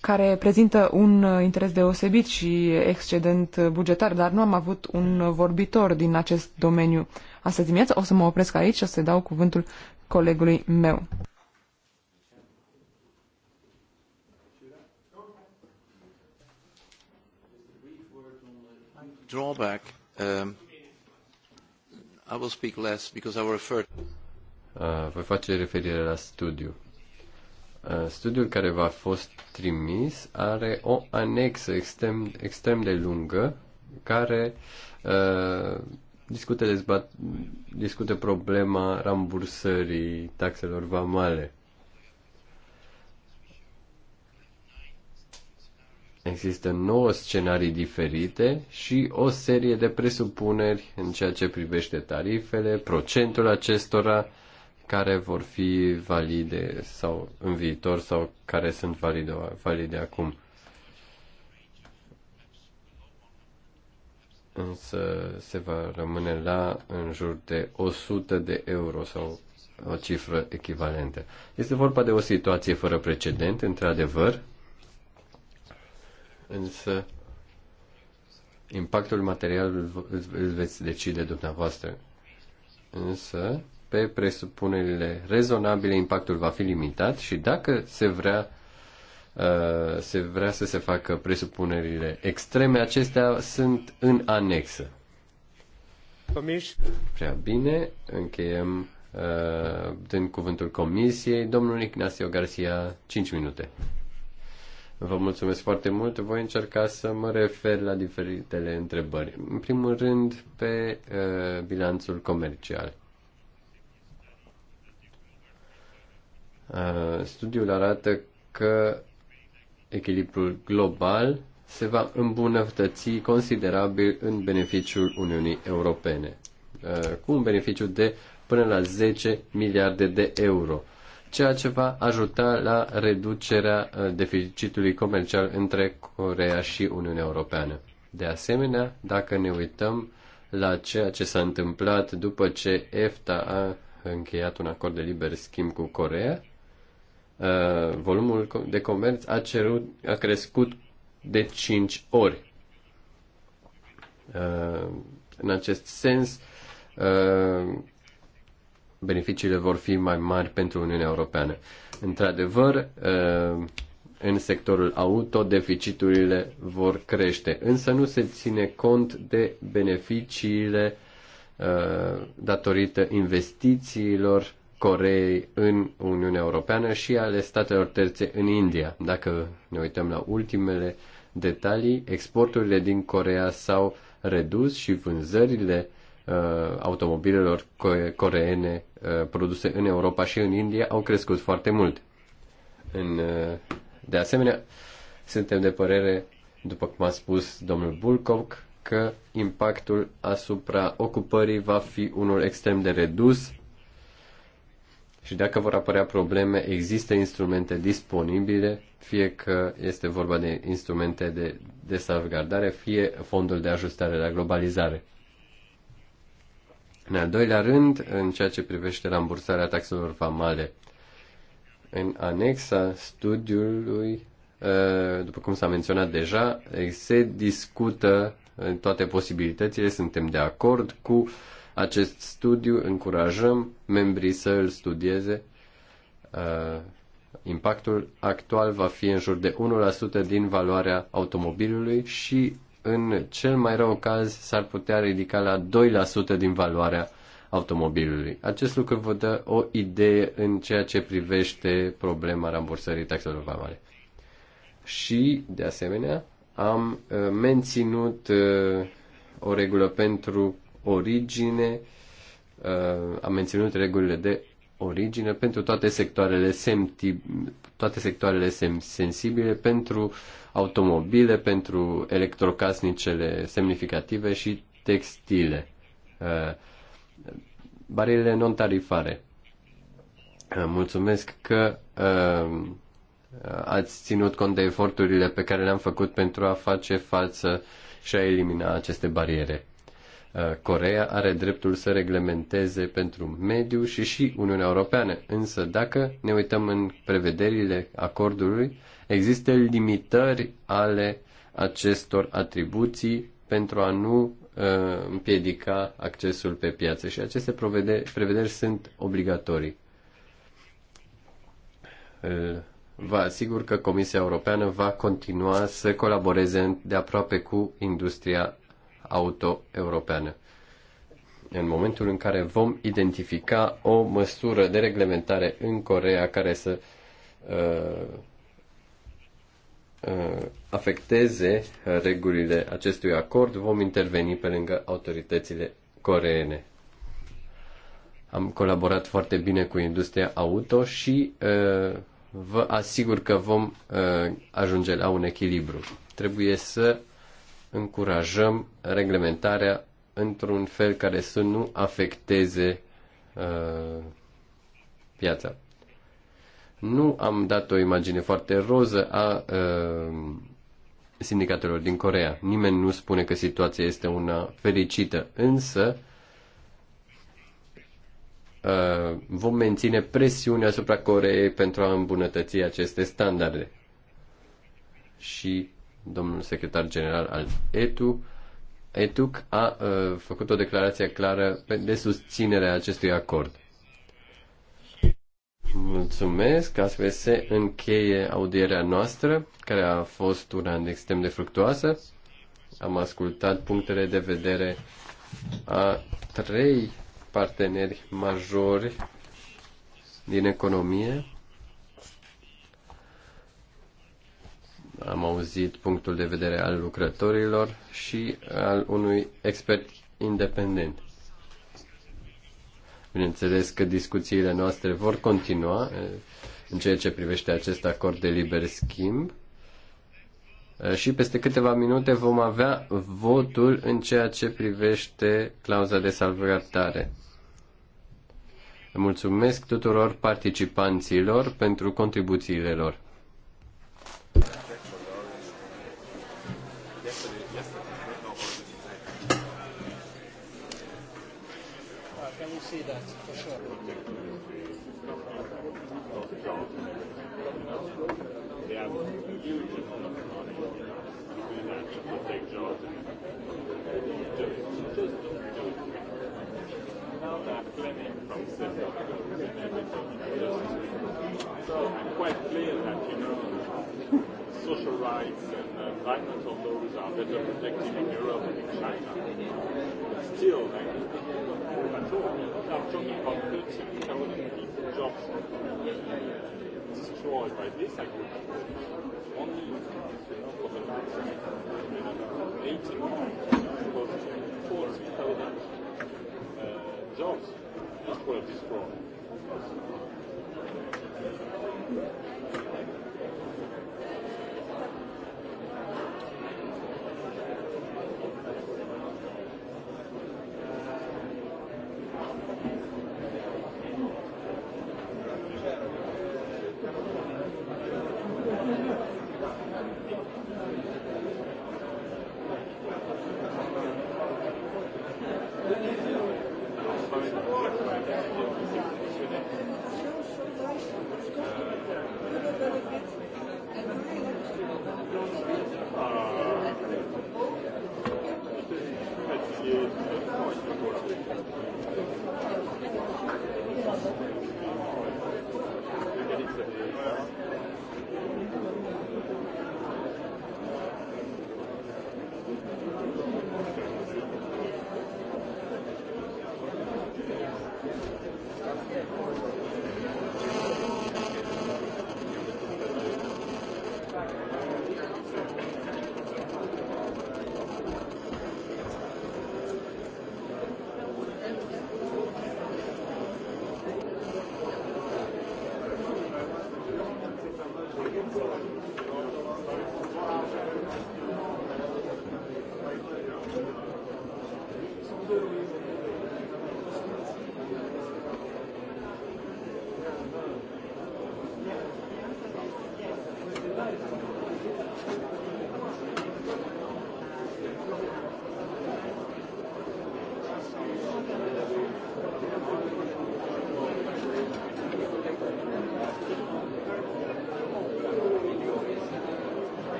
care prezintă un interes deosebit și excedent bugetar, dar nu am avut un vorbitor din acest domeniu. Astăzi dimineața o să mă opresc aici și o să dau cuvântul colegului meu. drawback, um, I will speak less because I will refer. Uh, voi face referire la studiu. Uh, studiul care v-a fost trimis are o anexă extrem, extrem de lungă care uh, discută, dezbat, discută problema rambursării taxelor vamale. Există nouă scenarii diferite și o serie de presupuneri în ceea ce privește tarifele, procentul acestora care vor fi valide sau în viitor sau care sunt valide, valide acum. Însă se va rămâne la în jur de 100 de euro sau o cifră echivalentă. Este vorba de o situație fără precedent, într-adevăr, însă impactul material îl veți decide dumneavoastră. Însă, pe presupunerile rezonabile, impactul va fi limitat și dacă se vrea, uh, se vrea să se facă presupunerile extreme, acestea sunt în anexă. Prea bine, încheiem uh, cuvântul comisiei. Domnul Ignacio Garcia, 5 minute. Vă mulțumesc foarte mult. Voi încerca să mă refer la diferitele întrebări. În primul rând, pe uh, bilanțul comercial. Uh, studiul arată că echilibrul global se va îmbunătăți considerabil în beneficiul Uniunii Europene, uh, cu un beneficiu de până la 10 miliarde de euro ceea ce va ajuta la reducerea uh, deficitului comercial între Corea și Uniunea Europeană. De asemenea, dacă ne uităm la ceea ce s-a întâmplat după ce EFTA a încheiat un acord de liber schimb cu Corea, uh, volumul de comerț a, cerut, a crescut de 5 ori. Uh, în acest sens, beneficiile vor fi mai mari pentru Uniunea Europeană. Într-adevăr, uh, în sectorul auto, deficiturile vor crește, însă nu se ține cont de beneficiile uh, datorită investițiilor Coreei în Uniunea Europeană și ale statelor terțe în India. Dacă ne uităm la ultimele detalii, exporturile din Corea s-au redus și vânzările uh, automobilelor coreene Uh, produse în Europa și în India au crescut foarte mult. În, uh, de asemenea, suntem de părere, după cum a spus domnul Bulcov, că impactul asupra ocupării va fi unul extrem de redus și dacă vor apărea probleme, există instrumente disponibile, fie că este vorba de instrumente de, de salvgardare, fie fondul de ajustare la globalizare. În al doilea rând, în ceea ce privește rambursarea taxelor famale, în anexa studiului, ă, după cum s-a menționat deja, se discută ă, toate posibilitățile, suntem de acord cu acest studiu, încurajăm membrii să îl studieze. Ă, impactul actual va fi în jur de 1% din valoarea automobilului și în cel mai rău caz s-ar putea ridica la 2% din valoarea automobilului. Acest lucru vă dă o idee în ceea ce privește problema rambursării taxelor vamale. Și, de asemenea, am uh, menținut uh, o regulă pentru origine, uh, am menținut regulile de origine pentru toate sectoarele, semti, toate sectoarele sem, sensibile, pentru automobile, pentru electrocasnicele semnificative și textile. Uh, barierele non-tarifare. Uh, mulțumesc că uh, ați ținut cont de eforturile pe care le-am făcut pentru a face față și a elimina aceste bariere. Uh, Coreea are dreptul să reglementeze pentru mediu și și Uniunea Europeană, însă dacă ne uităm în prevederile acordului, există limitări ale acestor atribuții pentru a nu uh, împiedica accesul pe piață și aceste prevederi, prevederi sunt obligatorii. Uh, vă asigur că Comisia Europeană va continua să colaboreze de aproape cu industria auto-europeană. În momentul în care vom identifica o măsură de reglementare în Corea care să uh, uh, afecteze regulile acestui acord, vom interveni pe lângă autoritățile coreene. Am colaborat foarte bine cu industria auto și uh, vă asigur că vom uh, ajunge la un echilibru. Trebuie să încurajăm reglementarea într-un fel care să nu afecteze uh, piața. Nu am dat o imagine foarte roză a uh, sindicatelor din Corea. Nimeni nu spune că situația este una fericită, însă uh, vom menține presiunea asupra Coreei pentru a îmbunătăți aceste standarde. Și domnul secretar general al ETU, ETUC a uh, făcut o declarație clară de susținere a acestui acord. Mulțumesc, astfel se încheie audierea noastră, care a fost una extrem de fructuoasă. Am ascultat punctele de vedere a trei parteneri majori din economie Am auzit punctul de vedere al lucrătorilor și al unui expert independent. Bineînțeles că discuțiile noastre vor continua în ceea ce privește acest acord de liber schimb și peste câteva minute vom avea votul în ceea ce privește clauza de salvgardare. Mulțumesc tuturor participanților pentru contribuțiile lor. So I'm quite clear that, you know, social rights and uh, environmental laws are better protected in Europe than in China. But still, like, at all, I'm talking about 13,000 people jobs uh, destroyed by this agreement. Only, you know, for the last 18 months, it was 40,000 Jones, nu for this call.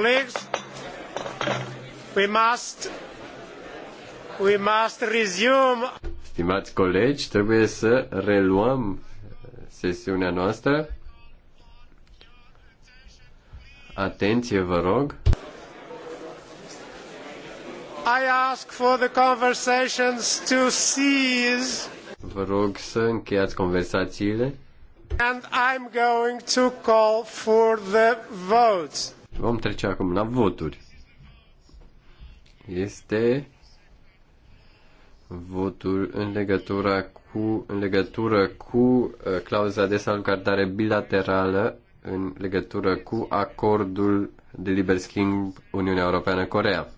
colleagues, we must, we must resume. Stimați colegi, trebuie să reluăm sesiunea noastră. Atenție, vă rog. I ask for the conversations to cease. Vă rog să încheiați conversațiile. And I'm going to call for the votes. Vom trece acum la voturi. Este votul în legătură cu, în legătură cu uh, clauza de salvgardare bilaterală în legătură cu acordul de liber schimb Uniunea Europeană-Corea.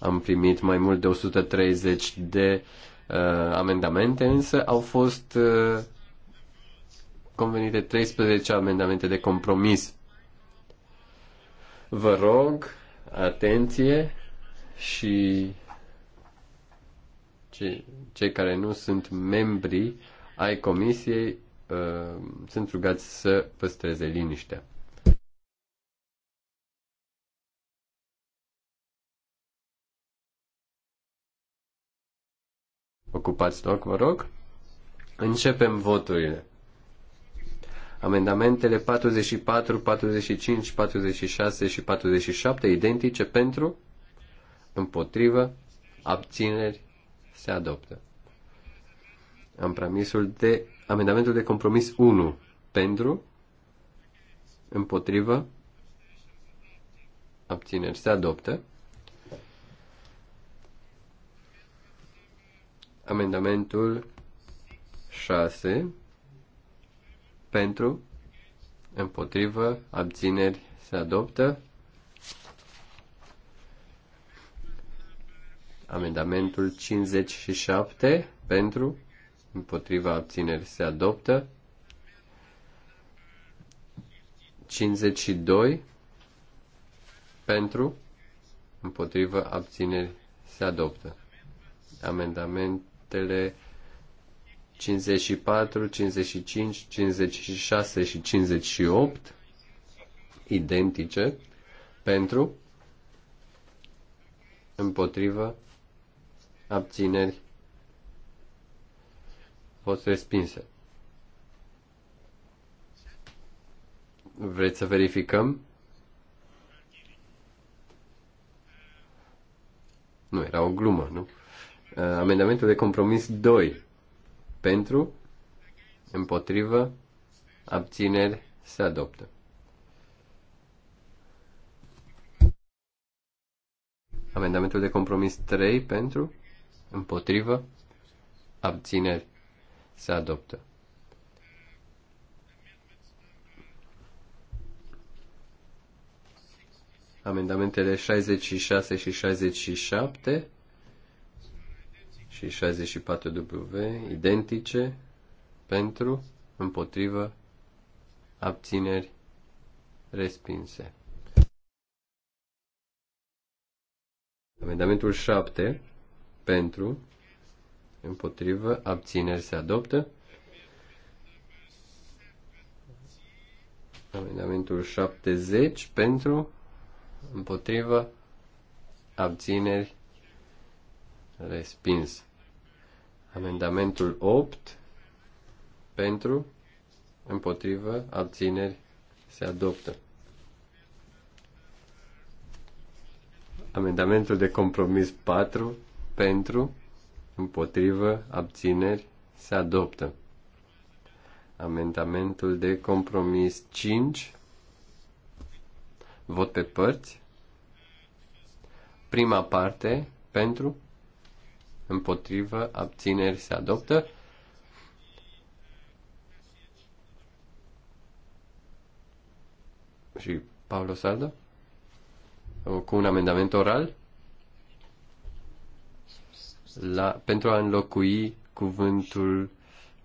Am primit mai mult de 130 de uh, amendamente, însă au fost uh, convenite 13 amendamente de compromis. Vă rog, atenție și ce, cei care nu sunt membri ai comisiei uh, sunt rugați să păstreze liniștea. Ocupați loc, vă rog. Începem voturile. Amendamentele 44, 45, 46 și 47 identice pentru, împotrivă, abțineri, se adoptă. Ampramisul de, amendamentul de compromis 1 pentru, împotrivă, abțineri, se adoptă. Amendamentul 6 pentru, împotrivă, abțineri se adoptă. Amendamentul 57 pentru, împotriva abțineri se adoptă. 52 pentru, împotriva abțineri se adoptă. Amendamentele 54, 55, 56 și 58 identice pentru împotrivă abțineri fost respinse. Vreți să verificăm? Nu, era o glumă, nu? Amendamentul de compromis 2. Pentru, împotrivă, abțineri, se adoptă. Amendamentul de compromis 3 pentru, împotrivă, abțineri, se adoptă. Amendamentele 66 și 67 și 64W identice pentru, împotrivă, abțineri respinse. Amendamentul 7 pentru, împotrivă, abțineri se adoptă. Amendamentul 70 pentru, împotrivă, abțineri respinse. Amendamentul 8 pentru, împotrivă, abțineri se adoptă. Amendamentul de compromis 4 pentru, împotrivă, abțineri se adoptă. Amendamentul de compromis 5 vot pe părți. Prima parte pentru împotrivă, abțineri se adoptă. Și Paulo Saldo? Cu un amendament oral? La, pentru a înlocui cuvântul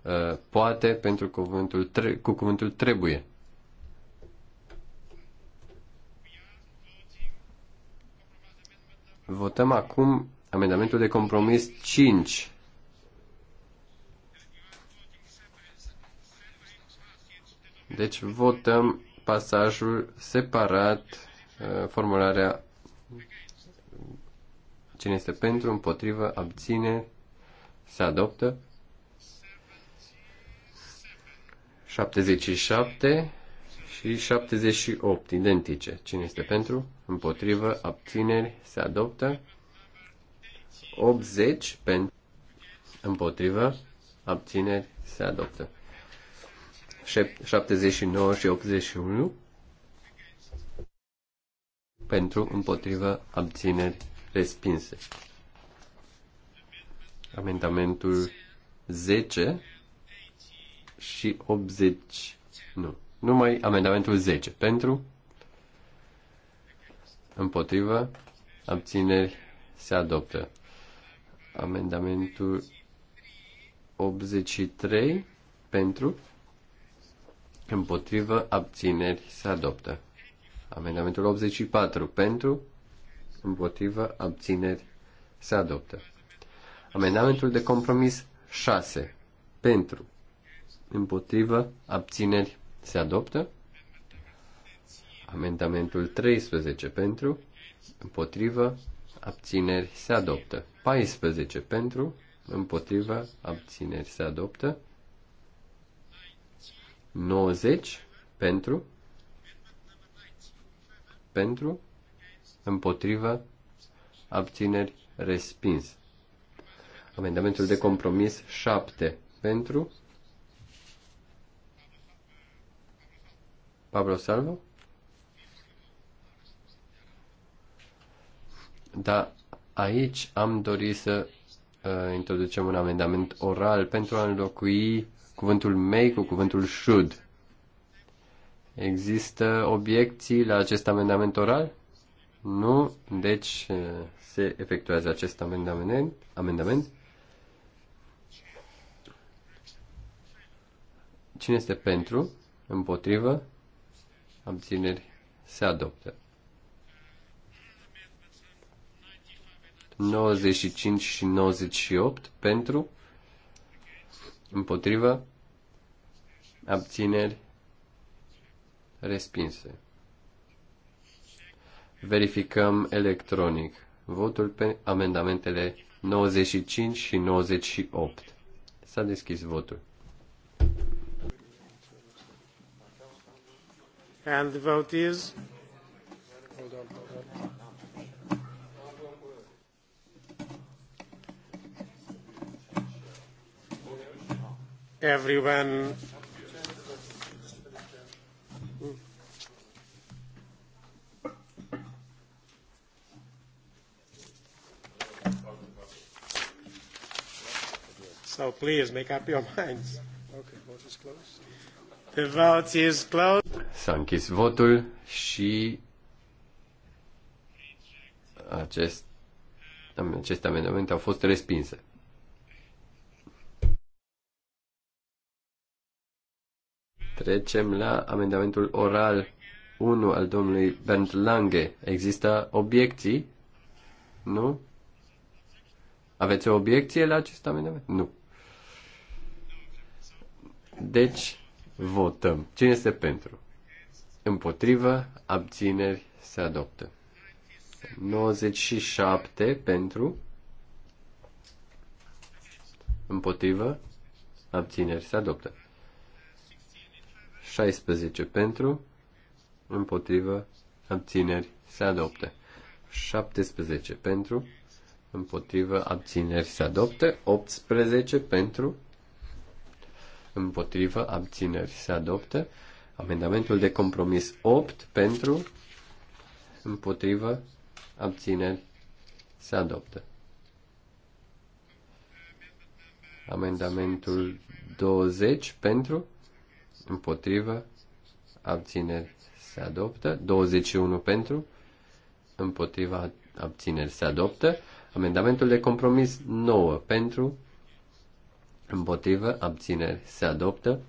uh, poate pentru cuvântul tre- cu cuvântul trebuie. Votăm acum Amendamentul de compromis 5. Deci votăm pasajul separat, uh, formularea cine este pentru, împotrivă, abține, se adoptă. 77 și 78 identice. Cine este pentru? Împotrivă, abțineri, se adoptă. 80 pentru împotrivă, abțineri se adoptă. 79 și 81 pentru împotrivă, abțineri respinse. Amendamentul 10 și 80. Nu. Numai amendamentul 10. Pentru împotrivă, abțineri se adoptă. Amendamentul 83 pentru, împotrivă, abțineri se adoptă. Amendamentul 84 pentru, împotrivă, abțineri se adoptă. Amendamentul de compromis 6 pentru, împotrivă, abțineri se adoptă. Amendamentul 13 pentru, împotrivă, abțineri se adoptă. 14 pentru, împotriva, abțineri se adoptă. 90 pentru, pentru, împotriva, abțineri respins. Amendamentul de compromis 7 pentru, Pablo Salvo? dar aici am dorit să uh, introducem un amendament oral pentru a înlocui cuvântul may cu cuvântul should. Există obiecții la acest amendament oral? Nu, deci uh, se efectuează acest amendament. amendament. Cine este pentru? Împotrivă? Abțineri? Se adoptă. 95 și 98 pentru, împotrivă, abțineri, respinse. Verificăm electronic votul pe amendamentele 95 și 98. S-a deschis votul. And the vote is... Hold on, hold on. everyone. So please make up your minds. Okay, vote is closed. The vote is closed. S-a închis votul și acest, acest amendament a fost respinse. Trecem la amendamentul oral 1 al domnului Bernd Lange. Există obiecții? Nu? Aveți o obiecție la acest amendament? Nu. Deci, votăm. Cine este pentru? Împotrivă, abțineri, se adoptă. 97 pentru, împotrivă, abțineri, se adoptă. 16 pentru, împotrivă, abțineri, se adoptă. 17 pentru, împotrivă, abțineri, se adoptă. 18 pentru, împotrivă, abțineri, se adoptă. Amendamentul de compromis 8 pentru, împotrivă, abțineri, se adoptă. Amendamentul 20 pentru, împotrivă, abțineri se adoptă, 21 pentru, împotriva, abțineri se adoptă, amendamentul de compromis 9 pentru, împotrivă, abțineri se adoptă,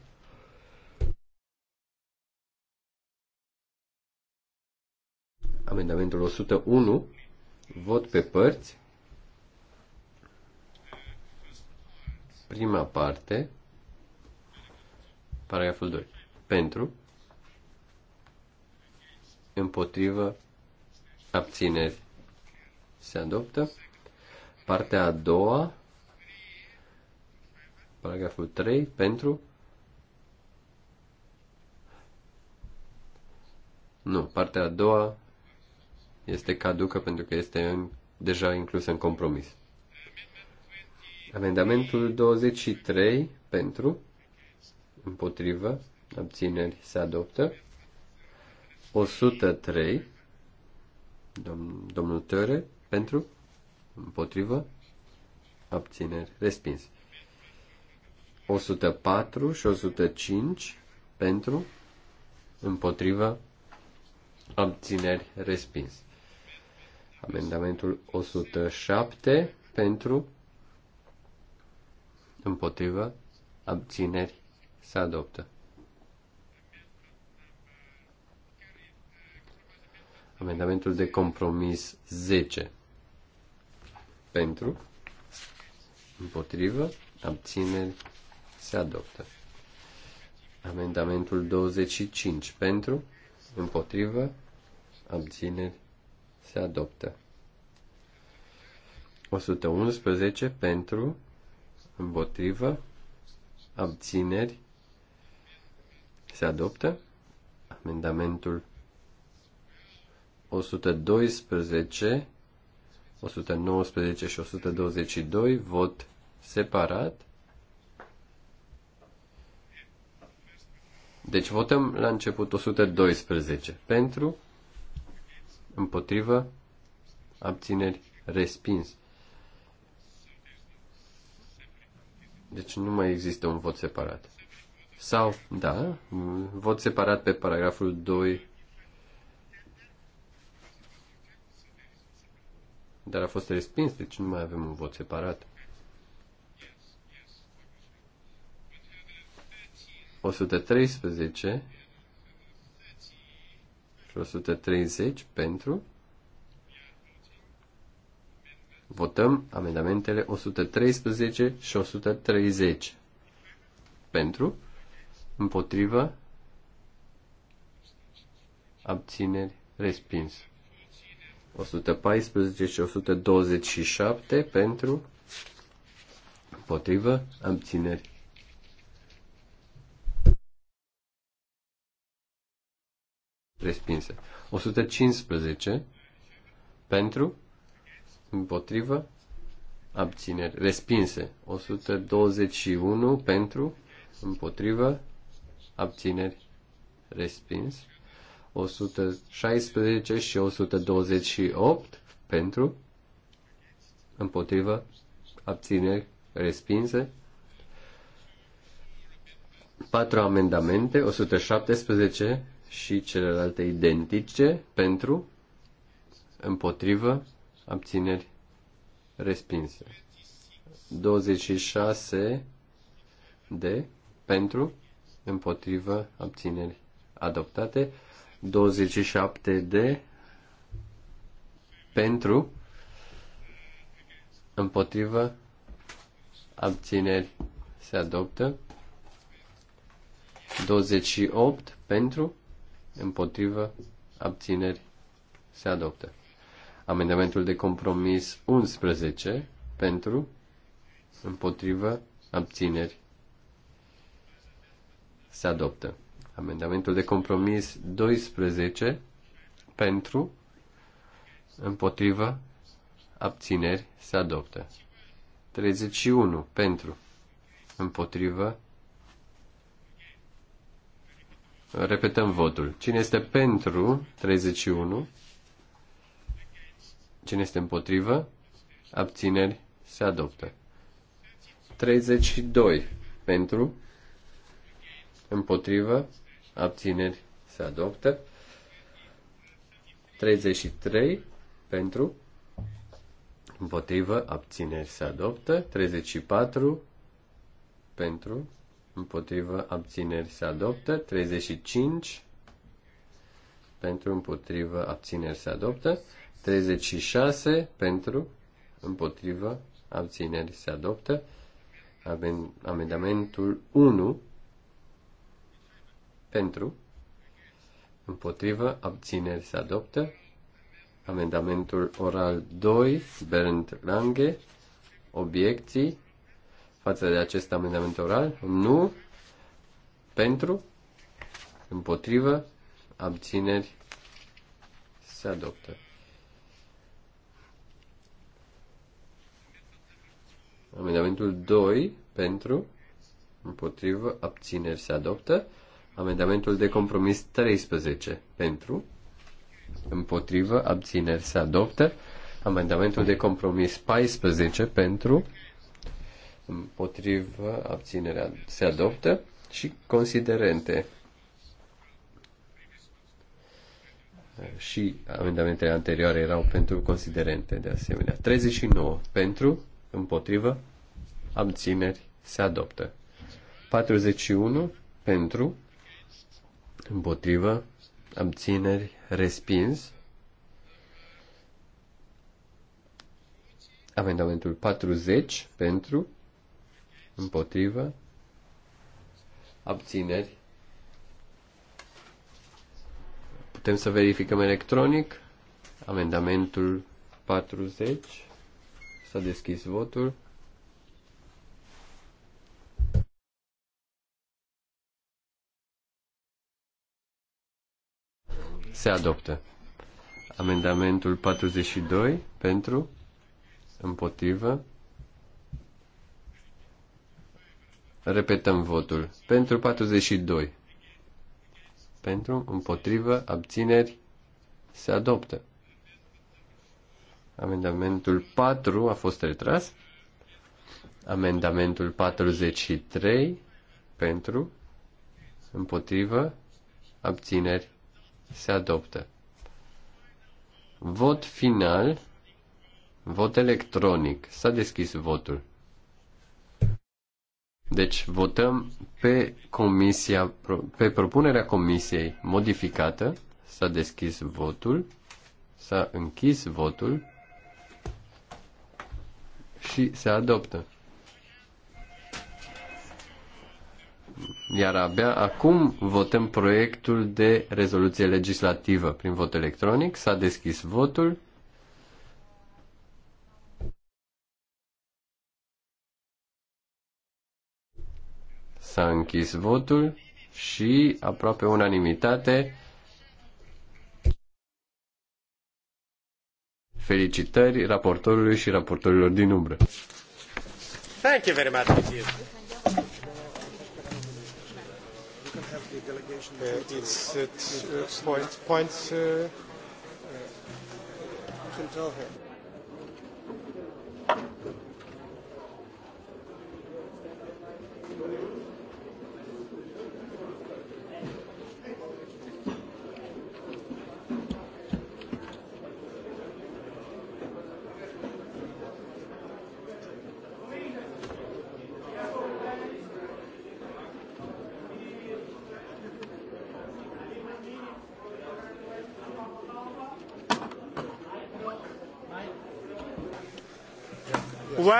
amendamentul 101, vot pe părți, prima parte, Paragraful 2. Pentru, împotrivă, abțineri. Se adoptă. Partea a doua, paragraful 3, pentru, nu, partea a doua este caducă pentru că este în, deja inclusă în compromis. Amendamentul 23 pentru împotrivă, abțineri se adoptă. 103, dom- domnul Tăre, pentru, împotrivă, abțineri, respins. 104 și 105 pentru, împotrivă, abțineri, respins. Amendamentul 107 pentru, împotrivă, abțineri, se adoptă. Amendamentul de compromis 10. Pentru. Împotrivă. Abțineri. Se adoptă. Amendamentul 25. Pentru. Împotrivă. Abțineri. Se adoptă. 111 pentru, împotrivă, abțineri, se adoptă. Amendamentul 112, 119 și 122, vot separat. Deci votăm la început 112. Pentru, împotrivă, abțineri, respins. Deci nu mai există un vot separat. Sau, da, vot separat pe paragraful 2. Dar a fost respins, deci nu mai avem un vot separat. 113 și 130 pentru. Votăm amendamentele 113 și 130 pentru. Împotrivă. Abțineri. Respins. 114 și 127 pentru. Împotrivă. Abțineri. Respinse. 115 pentru. Împotrivă abțineri, respinse, 121 pentru, împotrivă, abțineri, respins. 116 și 128 pentru, împotrivă, abțineri, respinse. Patru amendamente, 117 și celelalte identice, pentru, împotrivă, abțineri, respinse. 26 de, pentru, împotrivă, abțineri adoptate, 27 de pentru, împotrivă, abțineri se adoptă, 28 pentru, împotrivă, abțineri se adoptă. Amendamentul de compromis 11 pentru, împotrivă, abțineri se adoptă. Amendamentul de compromis 12 pentru, împotrivă, abțineri se adoptă. 31 pentru, împotrivă, Repetăm votul. Cine este pentru 31? Cine este împotrivă? Abțineri se adoptă. 32 pentru împotrivă, abțineri, se adoptă. 33 pentru, împotrivă, abțineri, se adoptă. 34 pentru, împotrivă, abțineri, se adoptă. 35 pentru, împotrivă, abțineri, se adoptă. 36 pentru, împotrivă, abțineri, se adoptă. Amendamentul 1 pentru. Împotrivă. Abțineri se adoptă. Amendamentul oral 2, Bernd Lange. Obiecții față de acest amendament oral? Nu. Pentru. Împotrivă. Abțineri se adoptă. Amendamentul 2 pentru, împotrivă, abțineri se adoptă. Amendamentul de compromis 13 pentru, împotrivă, abțineri se adoptă. Amendamentul de compromis 14 pentru, împotrivă, abținerea se adoptă și considerente. Și amendamentele anterioare erau pentru considerente de asemenea. 39 pentru, împotrivă, abțineri se adoptă. 41 pentru, împotrivă, abțineri, respins. Amendamentul 40 pentru, împotrivă, abțineri. Putem să verificăm electronic amendamentul 40. S-a deschis votul. se adoptă. Amendamentul 42 pentru, împotrivă. Repetăm votul. Pentru 42. Pentru, împotrivă, abțineri, se adoptă. Amendamentul 4 a fost retras. Amendamentul 43 pentru, împotrivă, abțineri, se adoptă. Vot final, vot electronic. S-a deschis votul. Deci votăm pe, comisia, pe propunerea comisiei modificată. S-a deschis votul. S-a închis votul și se adoptă. iar abia acum votăm proiectul de rezoluție legislativă prin vot electronic. S-a deschis votul. S-a închis votul și aproape unanimitate. Felicitări raportorului și raportorilor din umbră. Thank you very much. Uh, it's points. Uh, uh, point, point uh, uh can tell her.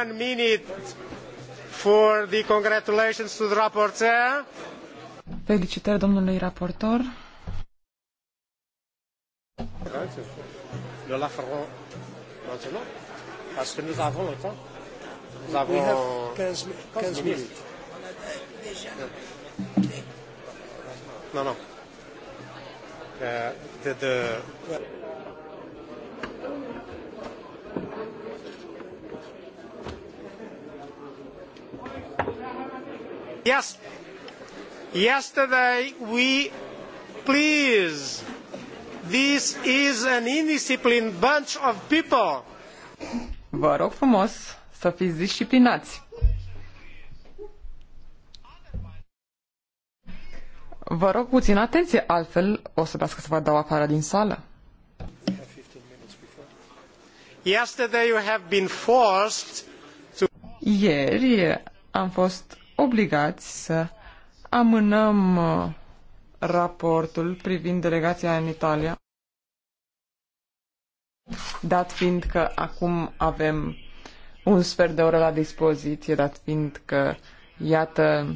one minute for the congratulations to the rapporteur. Felicitări domnului raportor. Le la ferons maintenant, parce que nous avons le temps. Nous avons 15, minutes. Non, non. Uh, de... the... Yes. Yesterday we, please, this is an indisciplined bunch of people. Vă rog frumos să fiți disciplinați. Vă rog puțin atenție, altfel o să vrească să vă dau afară din sală. Yesterday you have been forced to... Ieri am fost obligați să amânăm uh, raportul privind delegația în Italia, dat fiind că acum avem un sfert de oră la dispoziție, dat fiind că, iată,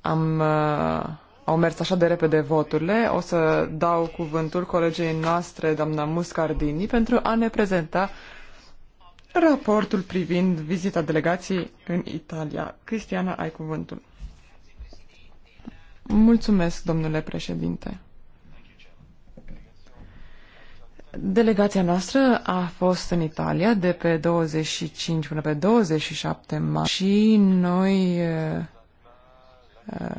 am, uh, au mers așa de repede voturile, o să dau cuvântul colegei noastre, doamna Muscardini, pentru a ne prezenta raportul privind vizita delegației în Italia. Cristiana, ai cuvântul. Mulțumesc, domnule președinte. Delegația noastră a fost în Italia de pe 25 până pe 27 mai și noi Uh,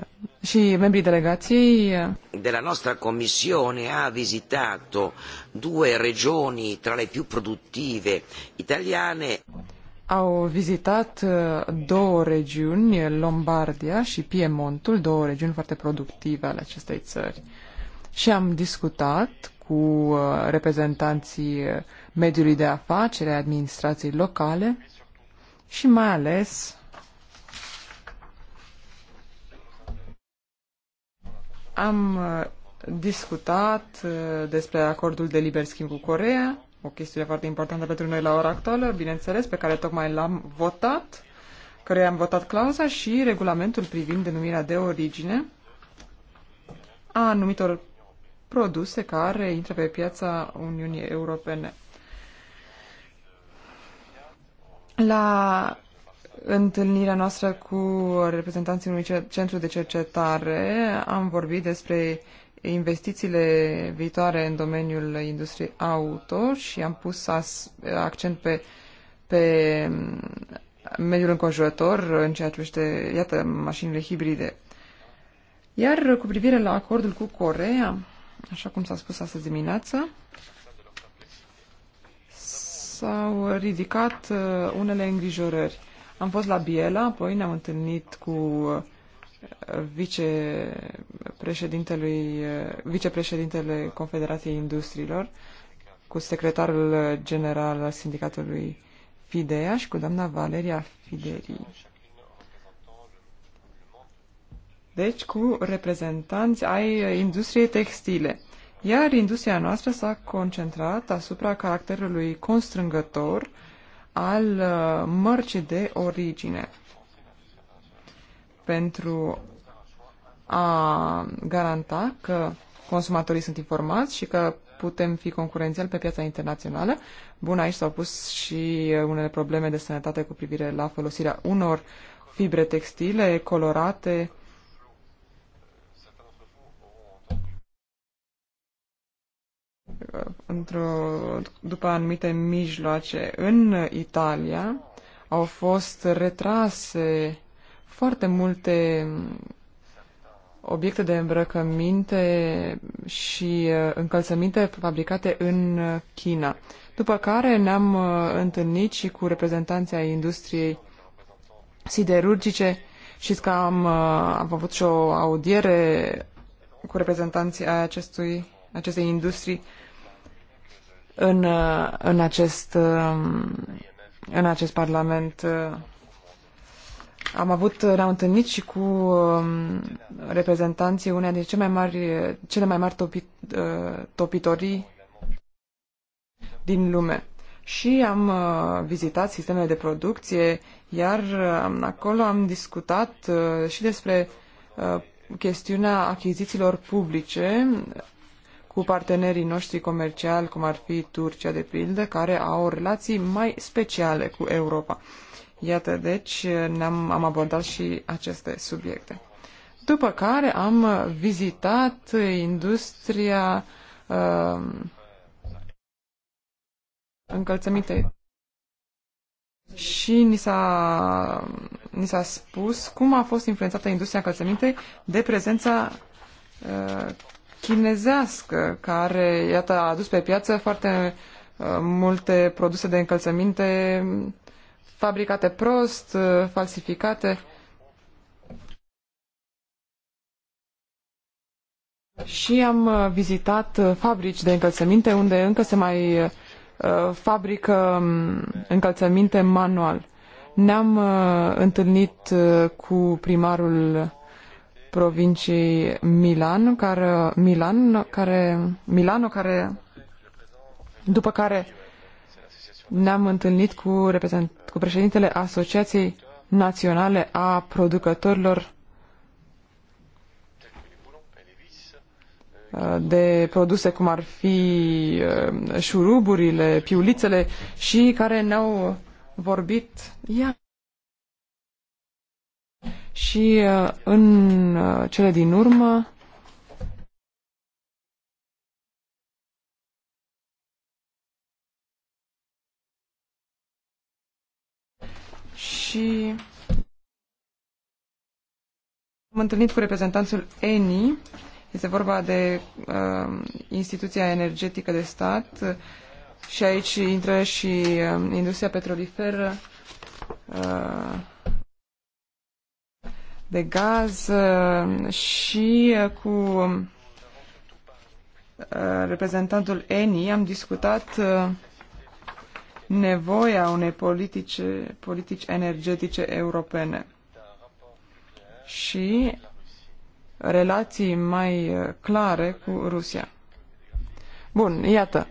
și membrii delegației uh, della nostra commissione ha visitato due regioni tra le più produttive italiane au vizitat uh, două regiuni, Lombardia și Piemontul, două regiuni foarte productive ale acestei țări. Și am discutat cu reprezentanții mediului de afacere, administrației locale și mai ales Am uh, discutat uh, despre acordul de liber schimb cu Corea, o chestiune foarte importantă pentru noi la ora actuală, bineînțeles, pe care tocmai l-am votat, căreia am votat clauza și regulamentul privind denumirea de origine a anumitor produse care intră pe piața Uniunii Europene. La întâlnirea noastră cu reprezentanții unui centru de cercetare am vorbit despre investițiile viitoare în domeniul industriei auto și am pus accent pe, pe mm, mediul înconjurător în ceea ce privește, iată, mașinile hibride. Iar cu privire la acordul cu Corea, așa cum s-a spus astăzi dimineață, s-au ridicat uh, unele îngrijorări. Am fost la Biela, apoi ne-am întâlnit cu uh, vicepreședintelui, uh, vicepreședintele Confederației Industriilor, cu secretarul general al sindicatului Fidea și cu doamna Valeria Fideri. Deci cu reprezentanți ai industriei textile. Iar industria noastră s-a concentrat asupra caracterului constrângător uh, al uh, mărcii de origine pentru a garanta că consumatorii sunt informați și că putem fi concurențiali pe piața internațională. Bun, aici s-au pus și unele probleme de sănătate cu privire la folosirea unor fibre textile colorate într-o, după anumite mijloace în Italia au fost retrase foarte multe obiecte de îmbrăcăminte și uh, încălțăminte fabricate în China. După care ne-am uh, întâlnit și cu reprezentanții ai industriei siderurgice. și că am, uh, am avut și o audiere cu reprezentanții acestui, acestei industrii în, în, acest, în acest Parlament. Am avut, ne-am întâlnit și cu um, reprezentanții uneia dintre cele mai mari, cele mai mari topi, uh, topitorii din lume. Și am uh, vizitat sistemele de producție, iar um, acolo am discutat uh, și despre chestiunea achizițiilor publice cu partenerii noștri comerciali, cum ar fi Turcia, de pildă, care au relații mai speciale cu Europa. Iată, deci, am am abordat și aceste subiecte. După care am vizitat industria uh, încălțămintei și ni s-a, ni s-a spus cum a fost influențată industria încălțămintei de prezența uh, chinezească care, iată, a adus pe piață foarte uh, multe produse de încălțăminte fabricate prost, uh, falsificate. Și am uh, vizitat fabrici de încălțăminte unde încă se mai fabrică um, încălțăminte manual. Ne-am întâlnit cu primarul provincii Milan, care, Milan, care, Milano, care, după care ne-am întâlnit cu, reprezent, cu președintele Asociației Naționale a Producătorilor uh, de produse cum ar fi uh, șuruburile, piulițele și care ne-au vorbit. Ia și uh, în uh, cele din urmă și am întâlnit cu reprezentanțul ENI, este vorba de uh, instituția energetică de stat și aici intră și uh, industria petroliferă. Uh, de gaz uh, și uh, cu uh, reprezentantul ENI am discutat nevoia unei politici, politici energetice europene și relații mai clare cu Rusia. Bun, iată.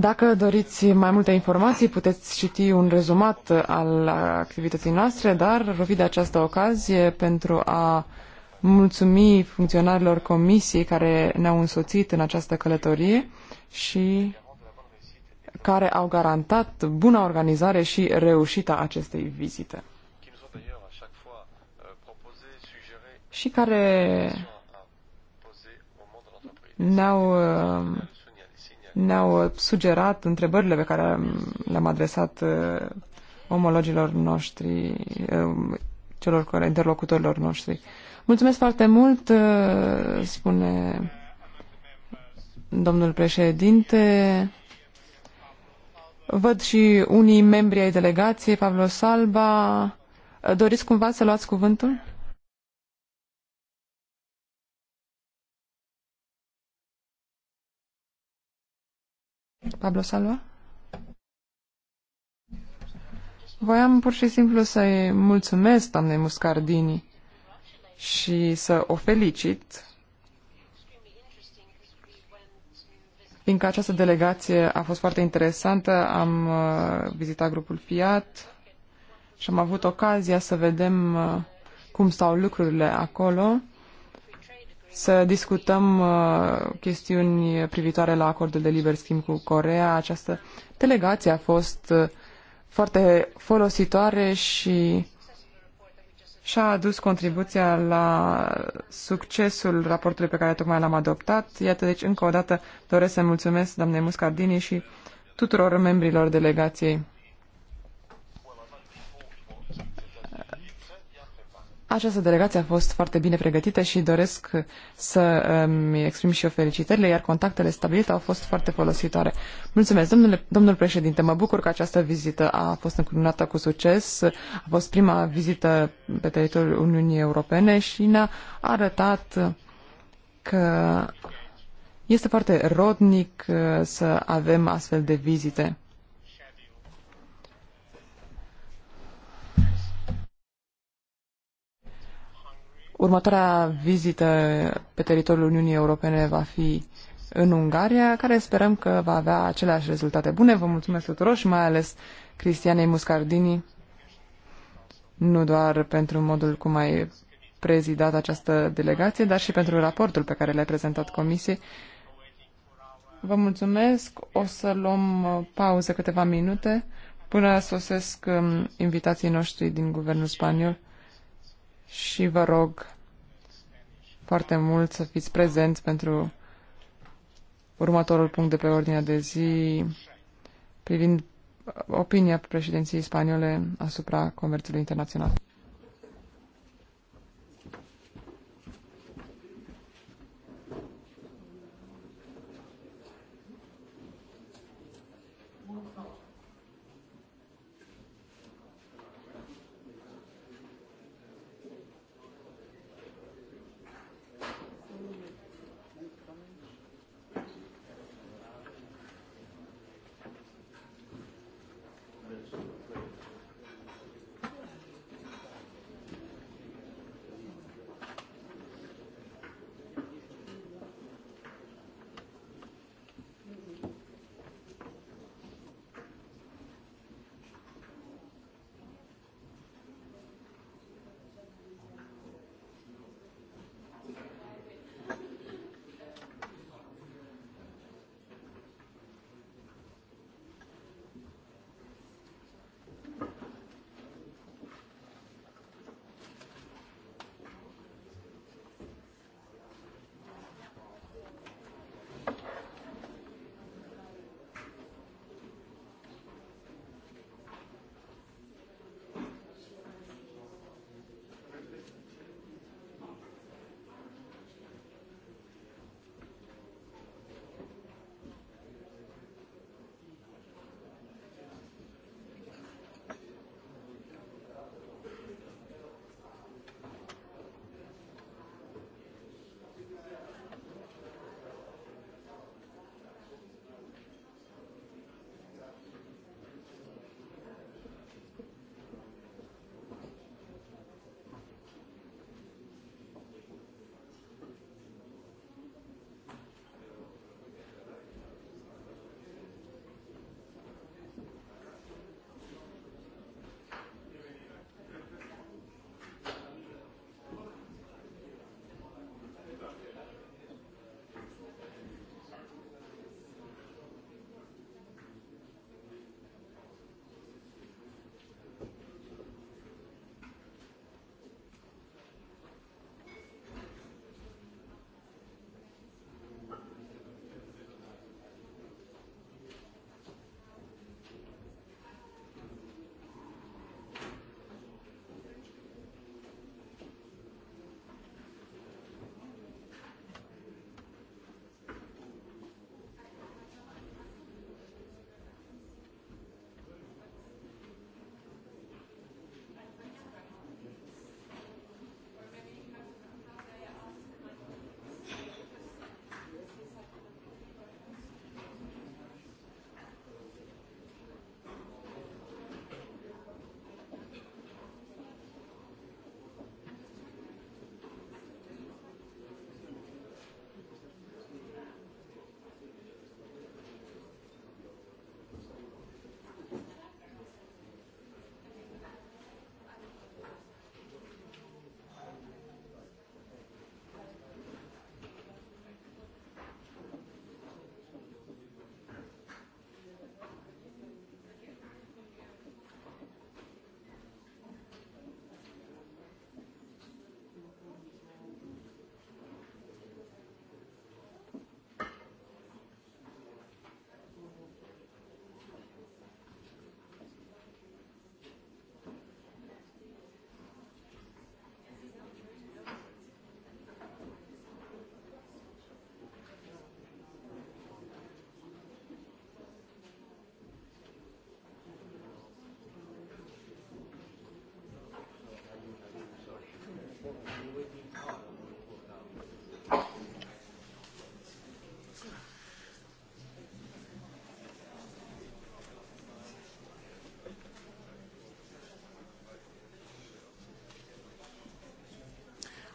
Dacă doriți mai multe informații, puteți citi un rezumat al activității noastre, dar rovi de această ocazie pentru a mulțumi funcționarilor comisiei care ne-au însoțit în această călătorie și care au garantat buna organizare și reușita acestei vizite. Și care ne-au uh, ne-au uh, sugerat întrebările pe care le-am adresat uh, omologilor noștri, um, celor care, interlocutorilor noștri. Mulțumesc foarte mult, uh, spune domnul președinte. Văd și unii membri ai delegației, Pavlo Salba. Doriți cumva să luați cuvântul? Pablo Salva? Voiam pur și simplu să-i mulțumesc doamnei Muscardini și să o felicit, fiindcă această delegație a fost foarte interesantă. Am uh, vizitat grupul Fiat și am avut ocazia să vedem uh, cum stau lucrurile acolo să discutăm uh, chestiuni privitoare la acordul de liber schimb cu Corea. Această delegație a fost uh, foarte folositoare și și-a adus contribuția la succesul raportului pe care tocmai l-am adoptat. Iată, deci, încă o dată doresc să mulțumesc doamnei Muscardini și tuturor membrilor delegației. Această delegație a fost foarte bine pregătită și doresc să îmi um, exprim și eu felicitările, iar contactele stabilite au fost foarte folositoare. Mulțumesc, domnule, domnul președinte, mă bucur că această vizită a fost încununată cu succes, a fost prima vizită pe teritoriul Uniunii Europene și ne-a arătat că este foarte rodnic uh, să avem astfel de vizite. Următoarea vizită pe teritoriul Uniunii Europene va fi în Ungaria, care sperăm că va avea aceleași rezultate bune. Vă mulțumesc tuturor și mai ales Cristianei Muscardini, nu doar pentru modul cum ai prezidat această delegație, dar și pentru raportul pe care l-ai prezentat comisiei. Vă mulțumesc. O să luăm pauză câteva minute până sosesc um, invitații noștri din guvernul spaniol și vă rog foarte mult să fiți prezenți pentru următorul punct de pe ordinea de zi privind opinia președinției spaniole asupra comerțului internațional.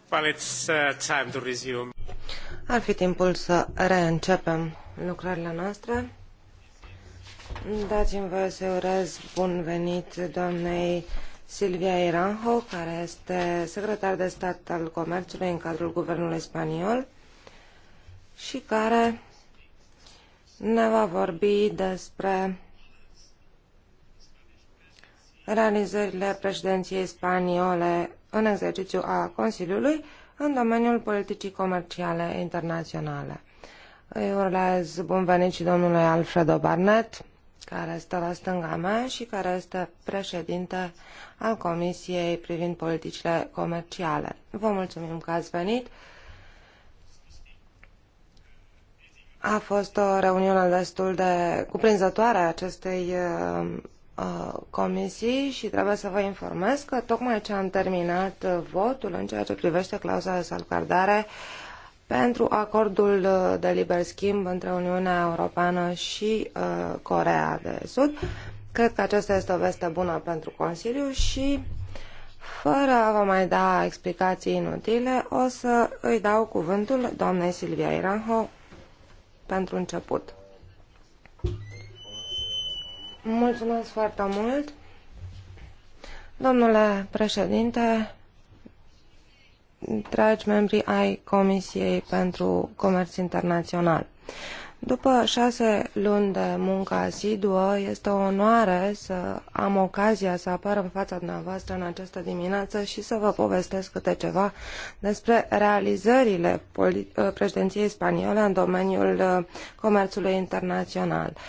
Well, it's, uh, time to resume. Ar fi timpul să reîncepem lucrările noastre. Dați-mi voie să urez bun venit doamnei Silvia Iranjo, care este secretar de stat al comerțului în cadrul guvernului spaniol și care ne va vorbi despre realizările președinției spaniole în exercițiu a Consiliului în domeniul politicii comerciale internaționale. Îi urlez bun venit și domnului Alfredo Barnett, care stă la stânga mea și care este președinte al Comisiei privind politicile comerciale. Vă mulțumim că ați venit. A fost o reuniune destul de cuprinzătoare a acestei uh, Uh, comisiei și trebuie să vă informez că tocmai ce am terminat uh, votul în ceea ce privește clauza de salvgardare pentru acordul uh, de liber schimb între Uniunea Europeană și Coreea de Sud. Cred că aceasta este o veste bună pentru Consiliu și fără a vă mai da explicații inutile, o să îi dau cuvântul doamnei Silvia Iranho pentru început. Mulțumesc foarte mult. Domnule președinte, dragi membri ai Comisiei pentru Comerț Internațional, după șase luni de muncă asiduă, este o onoare să am ocazia să apar în fața dumneavoastră în această dimineață și să vă povestesc câte ceva despre realizările președinției spaniole în domeniul uh, comerțului internațional. Uh,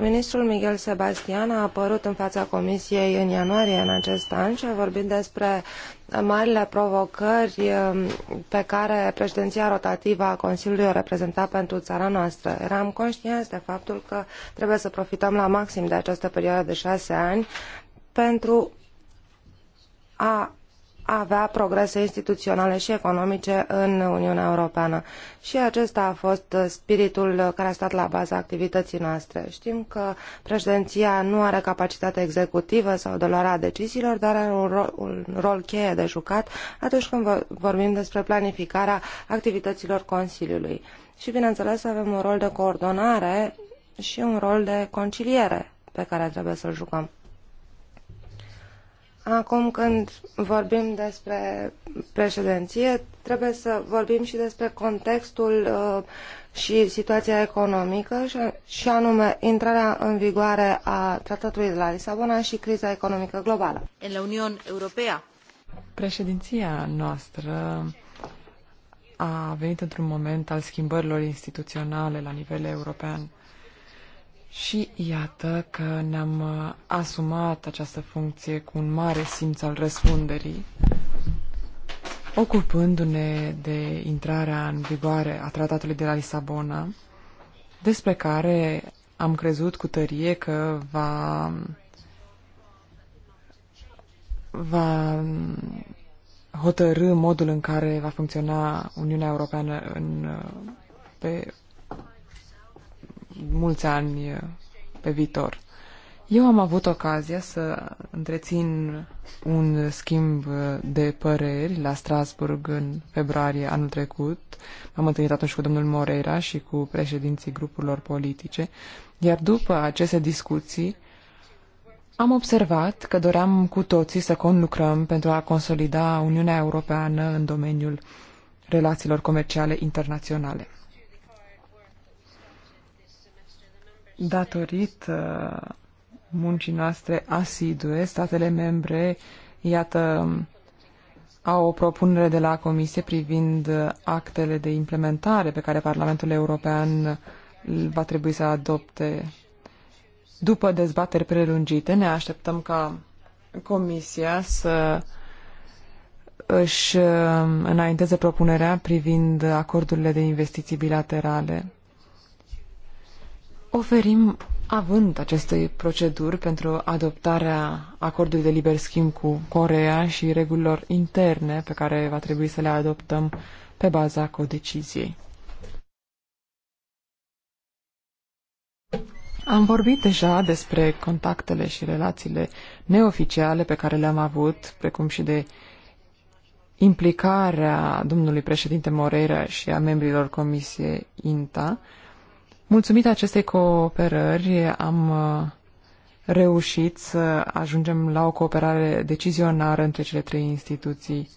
Ministrul Miguel Sebastian a apărut în fața Comisiei în ianuarie în acest an și a vorbit despre marile provocări um, pe care președinția rotativă a Consiliului o reprezenta pentru țara noastră. Eram conștienți de faptul că trebuie să profităm la maxim de această perioadă de șase ani pentru a a avea progrese instituționale și economice în Uniunea Europeană. Și acesta a fost spiritul care a stat la baza activității noastre. Știm că președinția nu are capacitate executivă sau de luarea deciziilor, dar are un rol, un rol cheie de jucat atunci când vorbim despre planificarea activităților Consiliului. Și, bineînțeles, avem un rol de coordonare și un rol de conciliere pe care trebuie să-l jucăm. Acum când vorbim despre președinție, trebuie să vorbim și despre contextul uh, și situația economică și anume intrarea în vigoare a Tratatului de la Lisabona și criza economică globală. În la Uniunea Europeană. Președinția noastră a venit într-un moment al schimbărilor instituționale la nivel european și iată că ne-am uh, asumat această funcție cu un mare simț al răspunderii, ocupându-ne de intrarea în vigoare a tratatului de la Lisabona, despre care am crezut cu tărie că va, va hotărâ modul în care va funcționa Uniunea Europeană în, uh, pe mulți ani pe viitor. Eu am avut ocazia să întrețin un schimb de păreri la Strasburg în februarie anul trecut. M-am întâlnit atunci cu domnul Moreira și cu președinții grupurilor politice, iar după aceste discuții am observat că doream cu toții să conlucrăm pentru a consolida Uniunea Europeană în domeniul relațiilor comerciale internaționale. datorită uh, muncii noastre asidue, statele membre, iată, au o propunere de la Comisie privind uh, actele de implementare pe care Parlamentul European uh, va trebui să adopte. După dezbateri prelungite, ne așteptăm ca Comisia să își înainteze propunerea privind acordurile de investiții bilaterale oferim având aceste proceduri pentru adoptarea acordului de liber schimb cu Corea și regulilor interne pe care va trebui să le adoptăm pe baza codeciziei. Am vorbit deja despre contactele și relațiile neoficiale pe care le-am avut, precum și de implicarea domnului președinte Moreira și a membrilor Comisiei INTA Mulțumită acestei cooperări am uh, reușit să ajungem la o cooperare decizionară între cele trei instituții.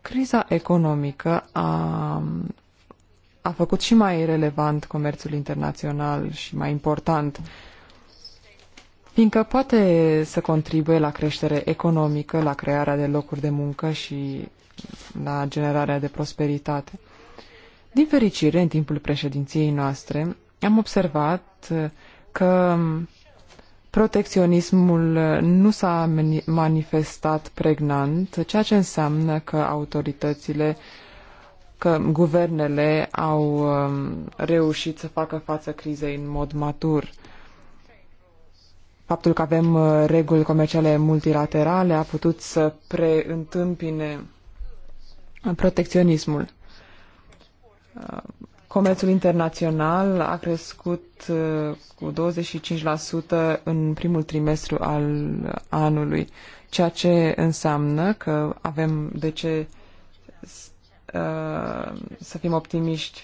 Criza economică a, a făcut și mai relevant comerțul internațional și mai important, fiindcă poate să contribuie la creștere economică, la crearea de locuri de muncă și la generarea de prosperitate. Din fericire, în timpul președinției noastre, am observat uh, că um, protecționismul uh, nu s-a manifestat pregnant, ceea ce înseamnă că autoritățile, că guvernele au um, reușit să facă față crizei în mod matur. Faptul că avem uh, reguli comerciale multilaterale a putut să preîntâmpine protecționismul. Comerțul internațional a crescut uh, cu 25% în primul trimestru al anului, ceea ce înseamnă că avem de ce uh, să fim optimiști.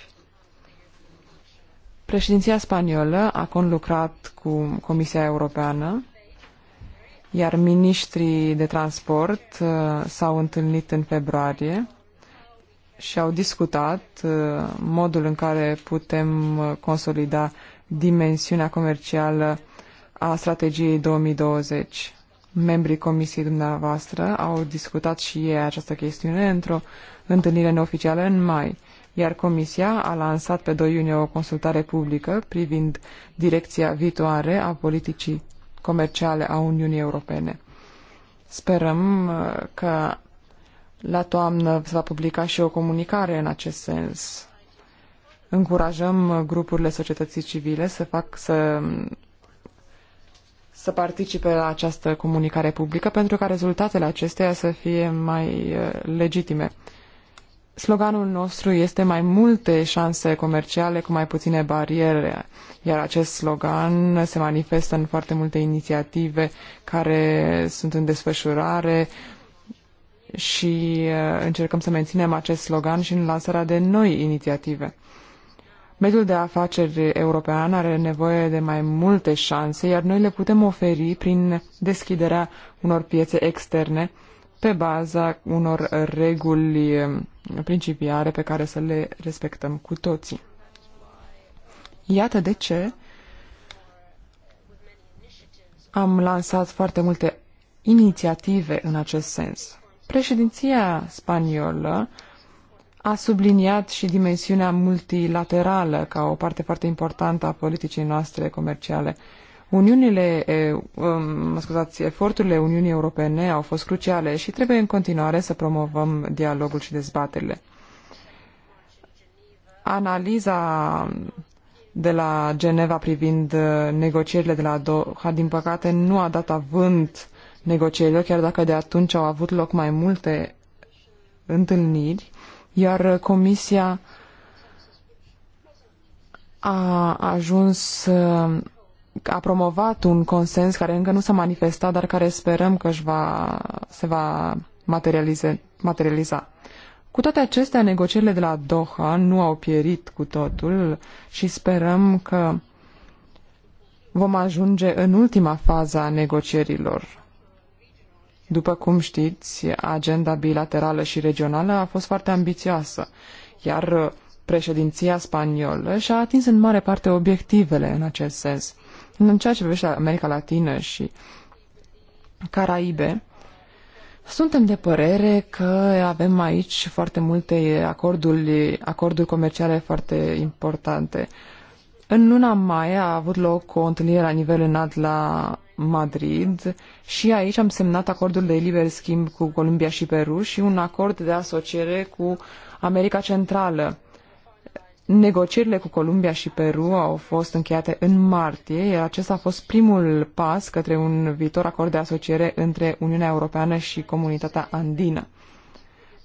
Președinția spaniolă a conlucrat cu Comisia Europeană, iar ministrii de transport uh, s-au întâlnit în februarie și au discutat uh, modul în care putem uh, consolida dimensiunea comercială a strategiei 2020. Membrii comisiei dumneavoastră au discutat și ei această chestiune într-o întâlnire neoficială în mai, iar comisia a lansat pe 2 iunie o consultare publică privind direcția viitoare a politicii comerciale a Uniunii Europene. Sperăm uh, că la toamnă se va publica și o comunicare în acest sens. Încurajăm grupurile societății civile să fac să să participe la această comunicare publică pentru ca rezultatele acesteia să fie mai eh, legitime. Sloganul nostru este mai multe șanse comerciale cu mai puține bariere, iar acest slogan se manifestă în foarte multe inițiative care sunt în desfășurare, și uh, încercăm să menținem acest slogan și în lansarea de noi inițiative. Mediul de afaceri european are nevoie de mai multe șanse, iar noi le putem oferi prin deschiderea unor piețe externe pe baza unor reguli um, principiale pe care să le respectăm cu toții. Iată de ce am lansat foarte multe inițiative în acest sens. Președinția spaniolă a subliniat și dimensiunea multilaterală ca o parte foarte importantă a politicii noastre comerciale. Uniunile, um, mă scuzați, eforturile Uniunii Europene au fost cruciale și trebuie în continuare să promovăm dialogul și dezbaterile. Analiza de la Geneva privind uh, negocierile de la Doha, din păcate, nu a dat avânt negocierilor, chiar dacă de atunci au avut loc mai multe întâlniri, iar Comisia a ajuns, a promovat un consens care încă nu s-a manifestat, dar care sperăm că își va, se va materialize, materializa. Cu toate acestea, negocierile de la Doha nu au pierit cu totul și sperăm că vom ajunge în ultima fază a negocierilor după cum știți, agenda bilaterală și regională a fost foarte ambițioasă, iar președinția spaniolă și-a atins în mare parte obiectivele în acest sens. În ceea ce privește America Latină și Caraibe, suntem de părere că avem aici foarte multe acorduri, acorduri comerciale foarte importante. În luna mai a avut loc o întâlnire la nivel înalt la Madrid și aici am semnat acordul de liber schimb cu Columbia și Peru și un acord de asociere cu America Centrală. Negocierile cu Columbia și Peru au fost încheiate în martie, iar acesta a fost primul pas către un viitor acord de asociere între Uniunea Europeană și comunitatea andină.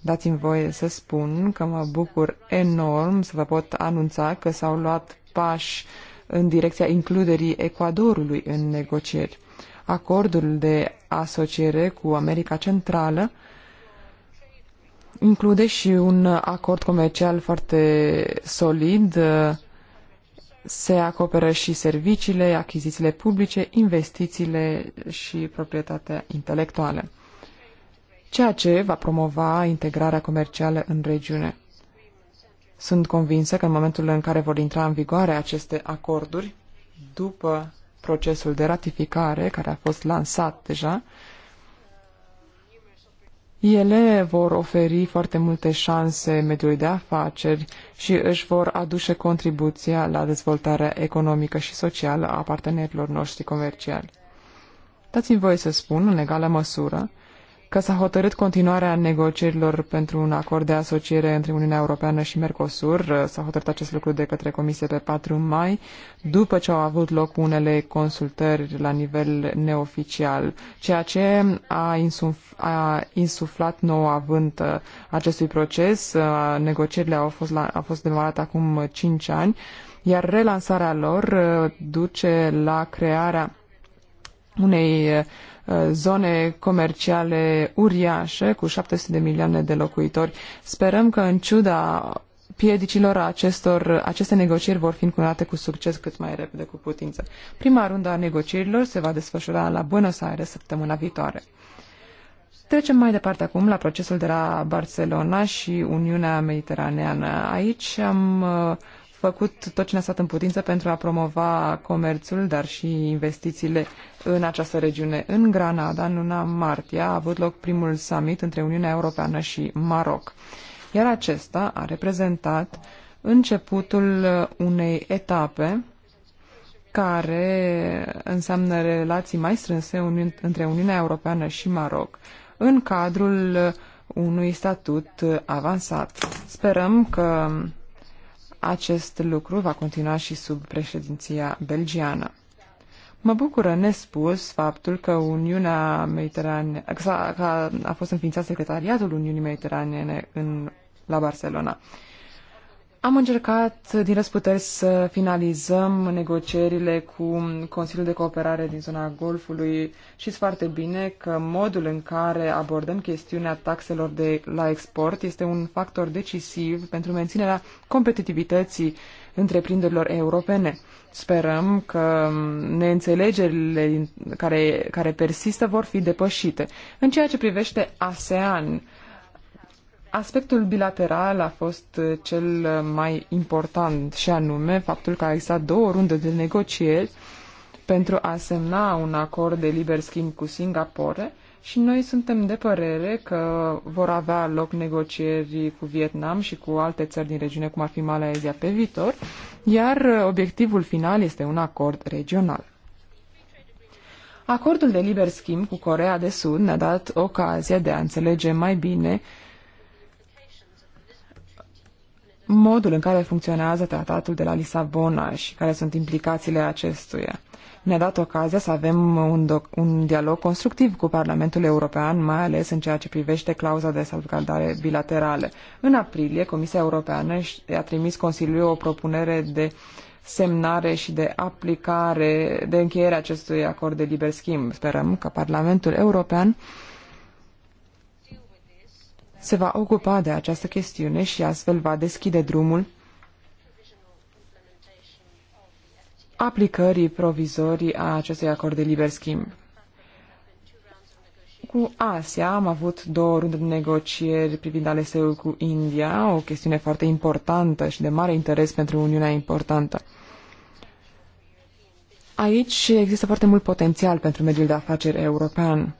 Dați-mi voie să spun că mă bucur enorm să vă pot anunța că s-au luat pași în direcția includerii Ecuadorului în negocieri acordul de asociere cu America Centrală include și un acord comercial foarte solid. Se acoperă și serviciile, achizițiile publice, investițiile și proprietatea intelectuală, ceea ce va promova integrarea comercială în regiune. Sunt convinsă că în momentul în care vor intra în vigoare aceste acorduri, după procesul de ratificare care a fost lansat deja, ele vor oferi foarte multe șanse mediului de afaceri și își vor aduce contribuția la dezvoltarea economică și socială a partenerilor noștri comerciali. Dați-mi voie să spun, în egală măsură, că s-a hotărât continuarea negocierilor pentru un acord de asociere între Uniunea Europeană și Mercosur. S-a hotărât acest lucru de către Comisie pe 4 mai, după ce au avut loc unele consultări la nivel neoficial, ceea ce a, insuf- a insuflat nou avânt uh, acestui proces. Uh, negocierile au fost, la, au fost demarate acum 5 ani, iar relansarea lor uh, duce la crearea unei zone comerciale uriașe cu 700 de milioane de locuitori. Sperăm că în ciuda piedicilor acestor, aceste negocieri vor fi încunate cu succes cât mai repede cu putință. Prima rundă a negocierilor se va desfășura la Buenos Aires săptămâna viitoare. Trecem mai departe acum la procesul de la Barcelona și Uniunea Mediteraneană. Aici am făcut tot ce ne-a stat în putință pentru a promova comerțul, dar și investițiile în această regiune. În Granada, în luna martie, a avut loc primul summit între Uniunea Europeană și Maroc. Iar acesta a reprezentat începutul uh, unei etape care înseamnă relații mai strânse între Uniunea Europeană și Maroc în cadrul uh, unui statut uh, avansat. Sperăm că acest lucru va continua și sub președinția belgiană. Mă bucură nespus faptul că Uniunea Mediterane, că a fost înființat secretariatul Uniunii Mediterane în, la Barcelona. Am încercat din răsputeri să finalizăm negocierile cu Consiliul de Cooperare din zona Golfului. Știți foarte bine că modul în care abordăm chestiunea taxelor de la export este un factor decisiv pentru menținerea competitivității întreprinderilor europene. Sperăm că neînțelegerile care, care persistă vor fi depășite. În ceea ce privește ASEAN, Aspectul bilateral a fost uh, cel uh, mai important și anume faptul că a existat două runde de negocieri pentru a semna un acord de liber schimb cu Singapore și noi suntem de părere că vor avea loc negocieri cu Vietnam și cu alte țări din regiune, cum ar fi Malaezia, pe viitor, iar uh, obiectivul final este un acord regional. Acordul de liber schimb cu Corea de Sud ne-a dat ocazia de a înțelege mai bine uh, modul în care funcționează tratatul de la Lisabona și care sunt implicațiile acestuia. Ne-a dat ocazia să avem un, un dialog constructiv cu Parlamentul European, mai ales în ceea ce privește clauza de salvgardare bilaterale. În aprilie, Comisia Europeană a trimis Consiliului o propunere de semnare și de aplicare, de încheiere acestui acord de liber schimb. Sperăm că Parlamentul European se va ocupa de această chestiune și astfel va deschide drumul aplicării provizorii a acestui acord de liber schimb. Cu Asia am avut două runde de negocieri privind ALSE-ul cu India, o chestiune foarte importantă și de mare interes pentru Uniunea importantă. Aici există foarte mult potențial pentru mediul de afaceri european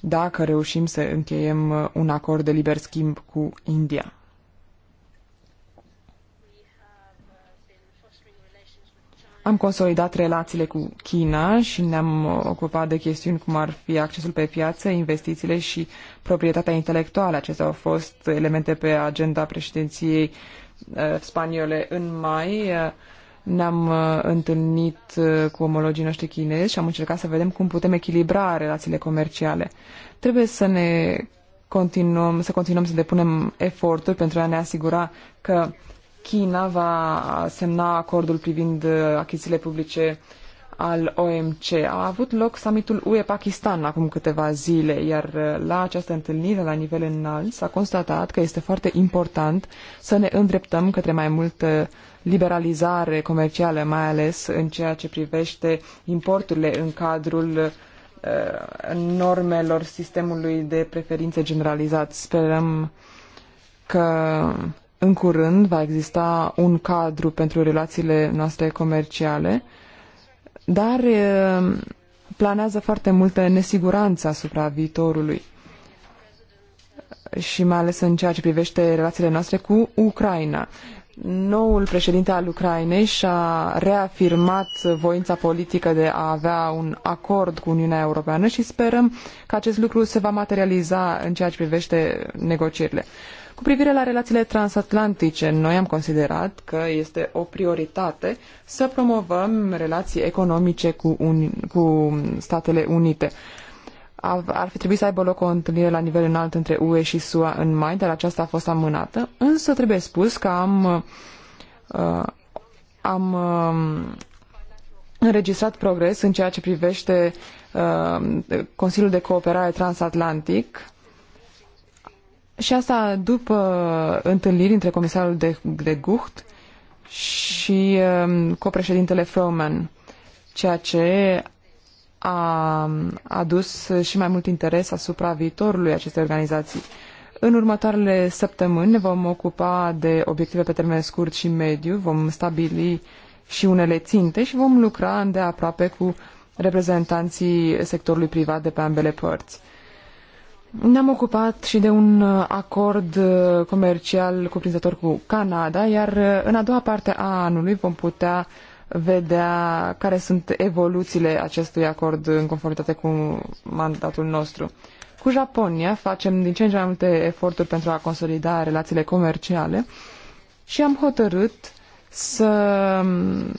dacă reușim să încheiem uh, un acord de liber schimb cu India. Am consolidat relațiile cu China și ne-am uh, ocupat de chestiuni cum ar fi accesul pe piață, investițiile și proprietatea intelectuală. Acestea au fost elemente pe agenda președinției uh, spaniole în mai. Ne-am uh, întâlnit uh, cu omologii noștri chinezi și am încercat să vedem cum putem echilibra relațiile comerciale. Trebuie să ne continuăm, să continuăm să depunem eforturi pentru a ne asigura că China va semna acordul privind uh, achizițiile publice uh, al OMC. A avut loc summitul UE-Pakistan acum câteva zile, iar uh, la această întâlnire la nivel înalt s-a constatat că este foarte important să ne îndreptăm către mai multă uh, liberalizare comercială, mai ales în ceea ce privește importurile în cadrul uh, normelor sistemului de preferințe generalizat. Sperăm că în curând va exista un cadru pentru relațiile noastre comerciale dar planează foarte multă nesiguranță asupra viitorului și mai ales în ceea ce privește relațiile noastre cu Ucraina. Noul președinte al Ucrainei și-a reafirmat voința politică de a avea un acord cu Uniunea Europeană și sperăm că acest lucru se va materializa în ceea ce privește negocierile. Cu privire la relațiile transatlantice, noi am considerat că este o prioritate să promovăm relații economice cu, un, cu Statele Unite. Ar fi trebuit să aibă loc o întâlnire la nivel înalt între UE și SUA în mai, dar aceasta a fost amânată. Însă trebuie spus că am, uh, am uh, înregistrat progres în ceea ce privește uh, Consiliul de Cooperare Transatlantic și asta după uh, întâlniri între comisarul de, de Gucht și uh, copreședintele Froman, ceea ce a um, adus și mai mult interes asupra viitorului acestei organizații. În următoarele săptămâni ne vom ocupa de obiective pe termen scurt și mediu, vom stabili și unele ținte și vom lucra îndeaproape cu reprezentanții sectorului privat de pe ambele părți. Ne-am ocupat și de un uh, acord uh, comercial cuprinzător cu Canada, iar uh, în a doua parte a anului vom putea vedea care sunt evoluțiile acestui acord în conformitate cu mandatul nostru. Cu Japonia facem din ce în ce mai multe eforturi pentru a consolida relațiile comerciale și am hotărât să um,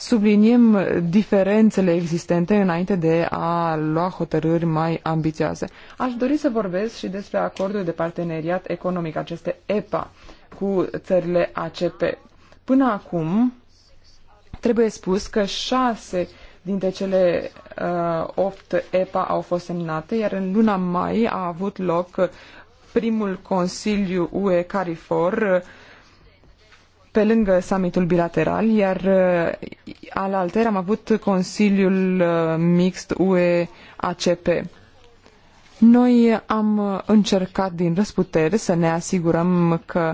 subliniem diferențele existente înainte de a lua hotărâri mai ambițioase. Aș dori să vorbesc și despre acordul de parteneriat economic, aceste EPA, cu țările ACP. Până acum, trebuie spus că șase dintre cele uh, opt EPA au fost semnate, iar în luna mai a avut loc primul Consiliu UE Carifor pe lângă summitul bilateral, iar al uh, alter am avut Consiliul uh, Mixt UE-ACP. Noi am uh, încercat din răsputeri să ne asigurăm că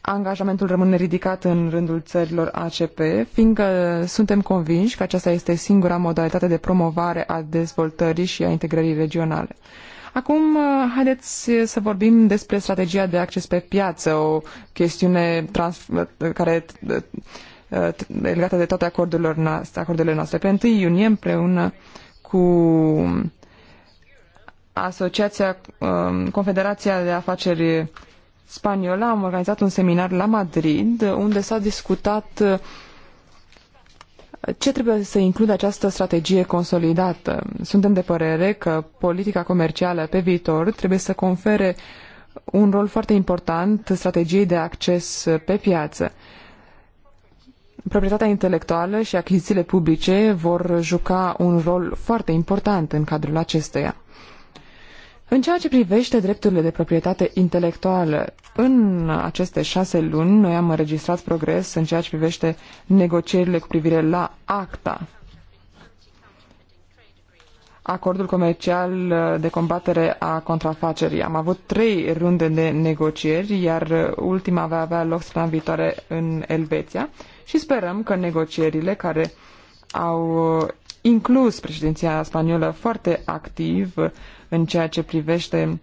angajamentul rămâne ridicat în rândul țărilor ACP, fiindcă suntem convinși că aceasta este singura modalitate de promovare a dezvoltării și a integrării regionale. Acum, uh, haideți să vorbim despre strategia de acces pe piață, o chestiune trans, uh, care uh, legată de toate acordurile noastre, Pe 1 iunie, împreună cu Asociația, um, Confederația de Afaceri Spaniola, am organizat un seminar la Madrid unde s-a discutat ce trebuie să includă această strategie consolidată? Suntem de părere că politica comercială pe viitor trebuie să confere un rol foarte important strategiei de acces pe piață. Proprietatea intelectuală și achizițiile publice vor juca un rol foarte important în cadrul acesteia. În ceea ce privește drepturile de proprietate intelectuală, în aceste șase luni noi am înregistrat progres în ceea ce privește negocierile cu privire la ACTA, acordul comercial de combatere a contrafacerii. Am avut trei runde de negocieri, iar ultima va avea loc săptămâna viitoare în Elveția și sperăm că negocierile care au inclus președinția spaniolă foarte activ în ceea ce privește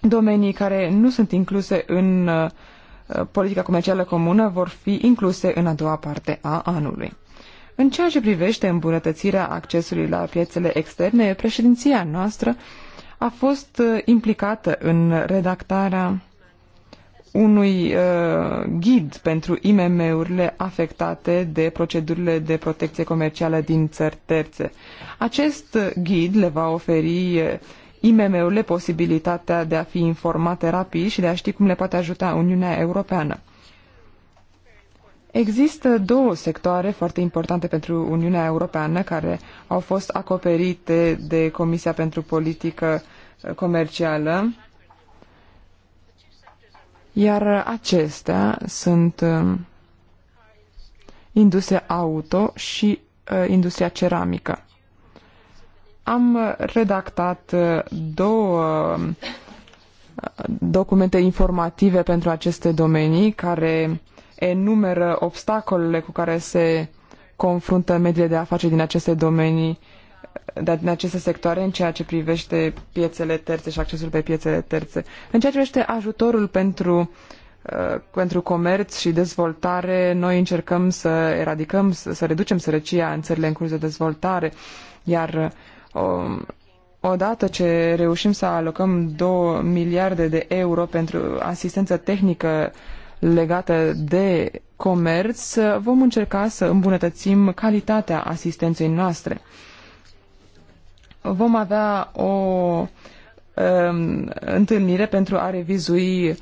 domenii care nu sunt incluse în uh, politica comercială comună vor fi incluse în a doua parte a anului. În ceea ce privește îmbunătățirea accesului la piețele externe, președinția noastră a fost uh, implicată în redactarea unui uh, ghid pentru IMM-urile afectate de procedurile de protecție comercială din țări terțe. Acest ghid le va oferi eh, IMM-urile posibilitatea de a fi informate rapid și de a ști cum le poate ajuta Uniunea Europeană. Există două sectoare foarte importante pentru Uniunea Europeană care au fost acoperite de Comisia pentru Politică eh, Comercială, iar acestea sunt eh, industria auto și industria ceramică. Am redactat uh, două uh, documente informative pentru aceste domenii care enumeră obstacolele cu care se confruntă mediile de afaceri din aceste domenii, da, din aceste sectoare în ceea ce privește piețele terțe și accesul pe piețele terțe. În ceea ce privește ajutorul pentru uh, pentru comerț și dezvoltare, noi încercăm să eradicăm, să, să reducem sărăcia în țările în curs de dezvoltare, iar Um, odată ce reușim să alocăm 2 miliarde de euro pentru asistență tehnică legată de comerț, vom încerca să îmbunătățim calitatea asistenței noastre. Vom avea o um, întâlnire pentru a revizui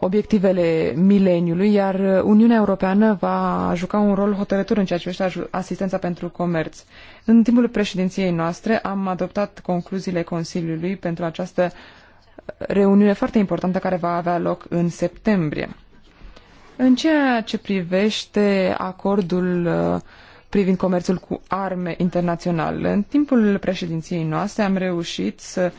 obiectivele mileniului, iar Uniunea Europeană va juca un rol hotărător în ceea ce privește asistența pentru comerț. În timpul președinției noastre am adoptat concluziile Consiliului pentru această reuniune foarte importantă care va avea loc în septembrie. În ceea ce privește acordul uh, privind comerțul cu arme internațional, în timpul președinției noastre am reușit să uh,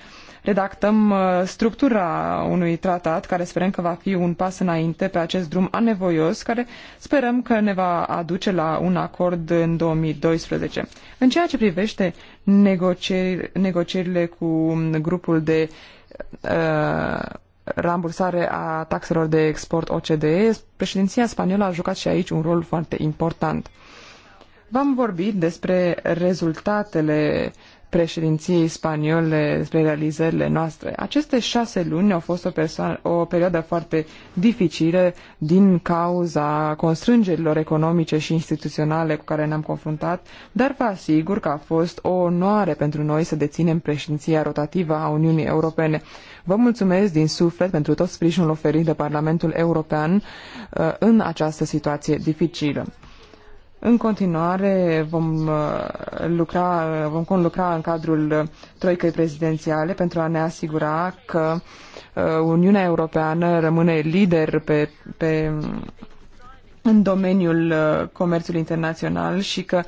redactăm uh, structura unui tratat care sperăm că va fi un pas înainte pe acest drum anevoios, care sperăm că ne va aduce la un acord în 2012. În ceea ce privește negocieri, negocierile cu grupul de uh, rambursare a taxelor de export OCDE, președinția spaniolă a jucat și aici un rol foarte important. V-am vorbit despre rezultatele președinției spaniole spre realizările noastre. Aceste șase luni au fost o, o perioadă foarte dificilă din cauza constrângerilor economice și instituționale cu care ne-am confruntat, dar vă asigur că a fost o onoare pentru noi să deținem președinția rotativă a Uniunii Europene. Vă mulțumesc din suflet pentru tot sprijinul oferit de Parlamentul European uh, în această situație dificilă. În continuare vom uh, lucra, uh, vom conlucra în cadrul uh, troicăi prezidențiale pentru a ne asigura că Uniunea Europeană rămâne lider pe, pe, în domeniul comerțului internațional și că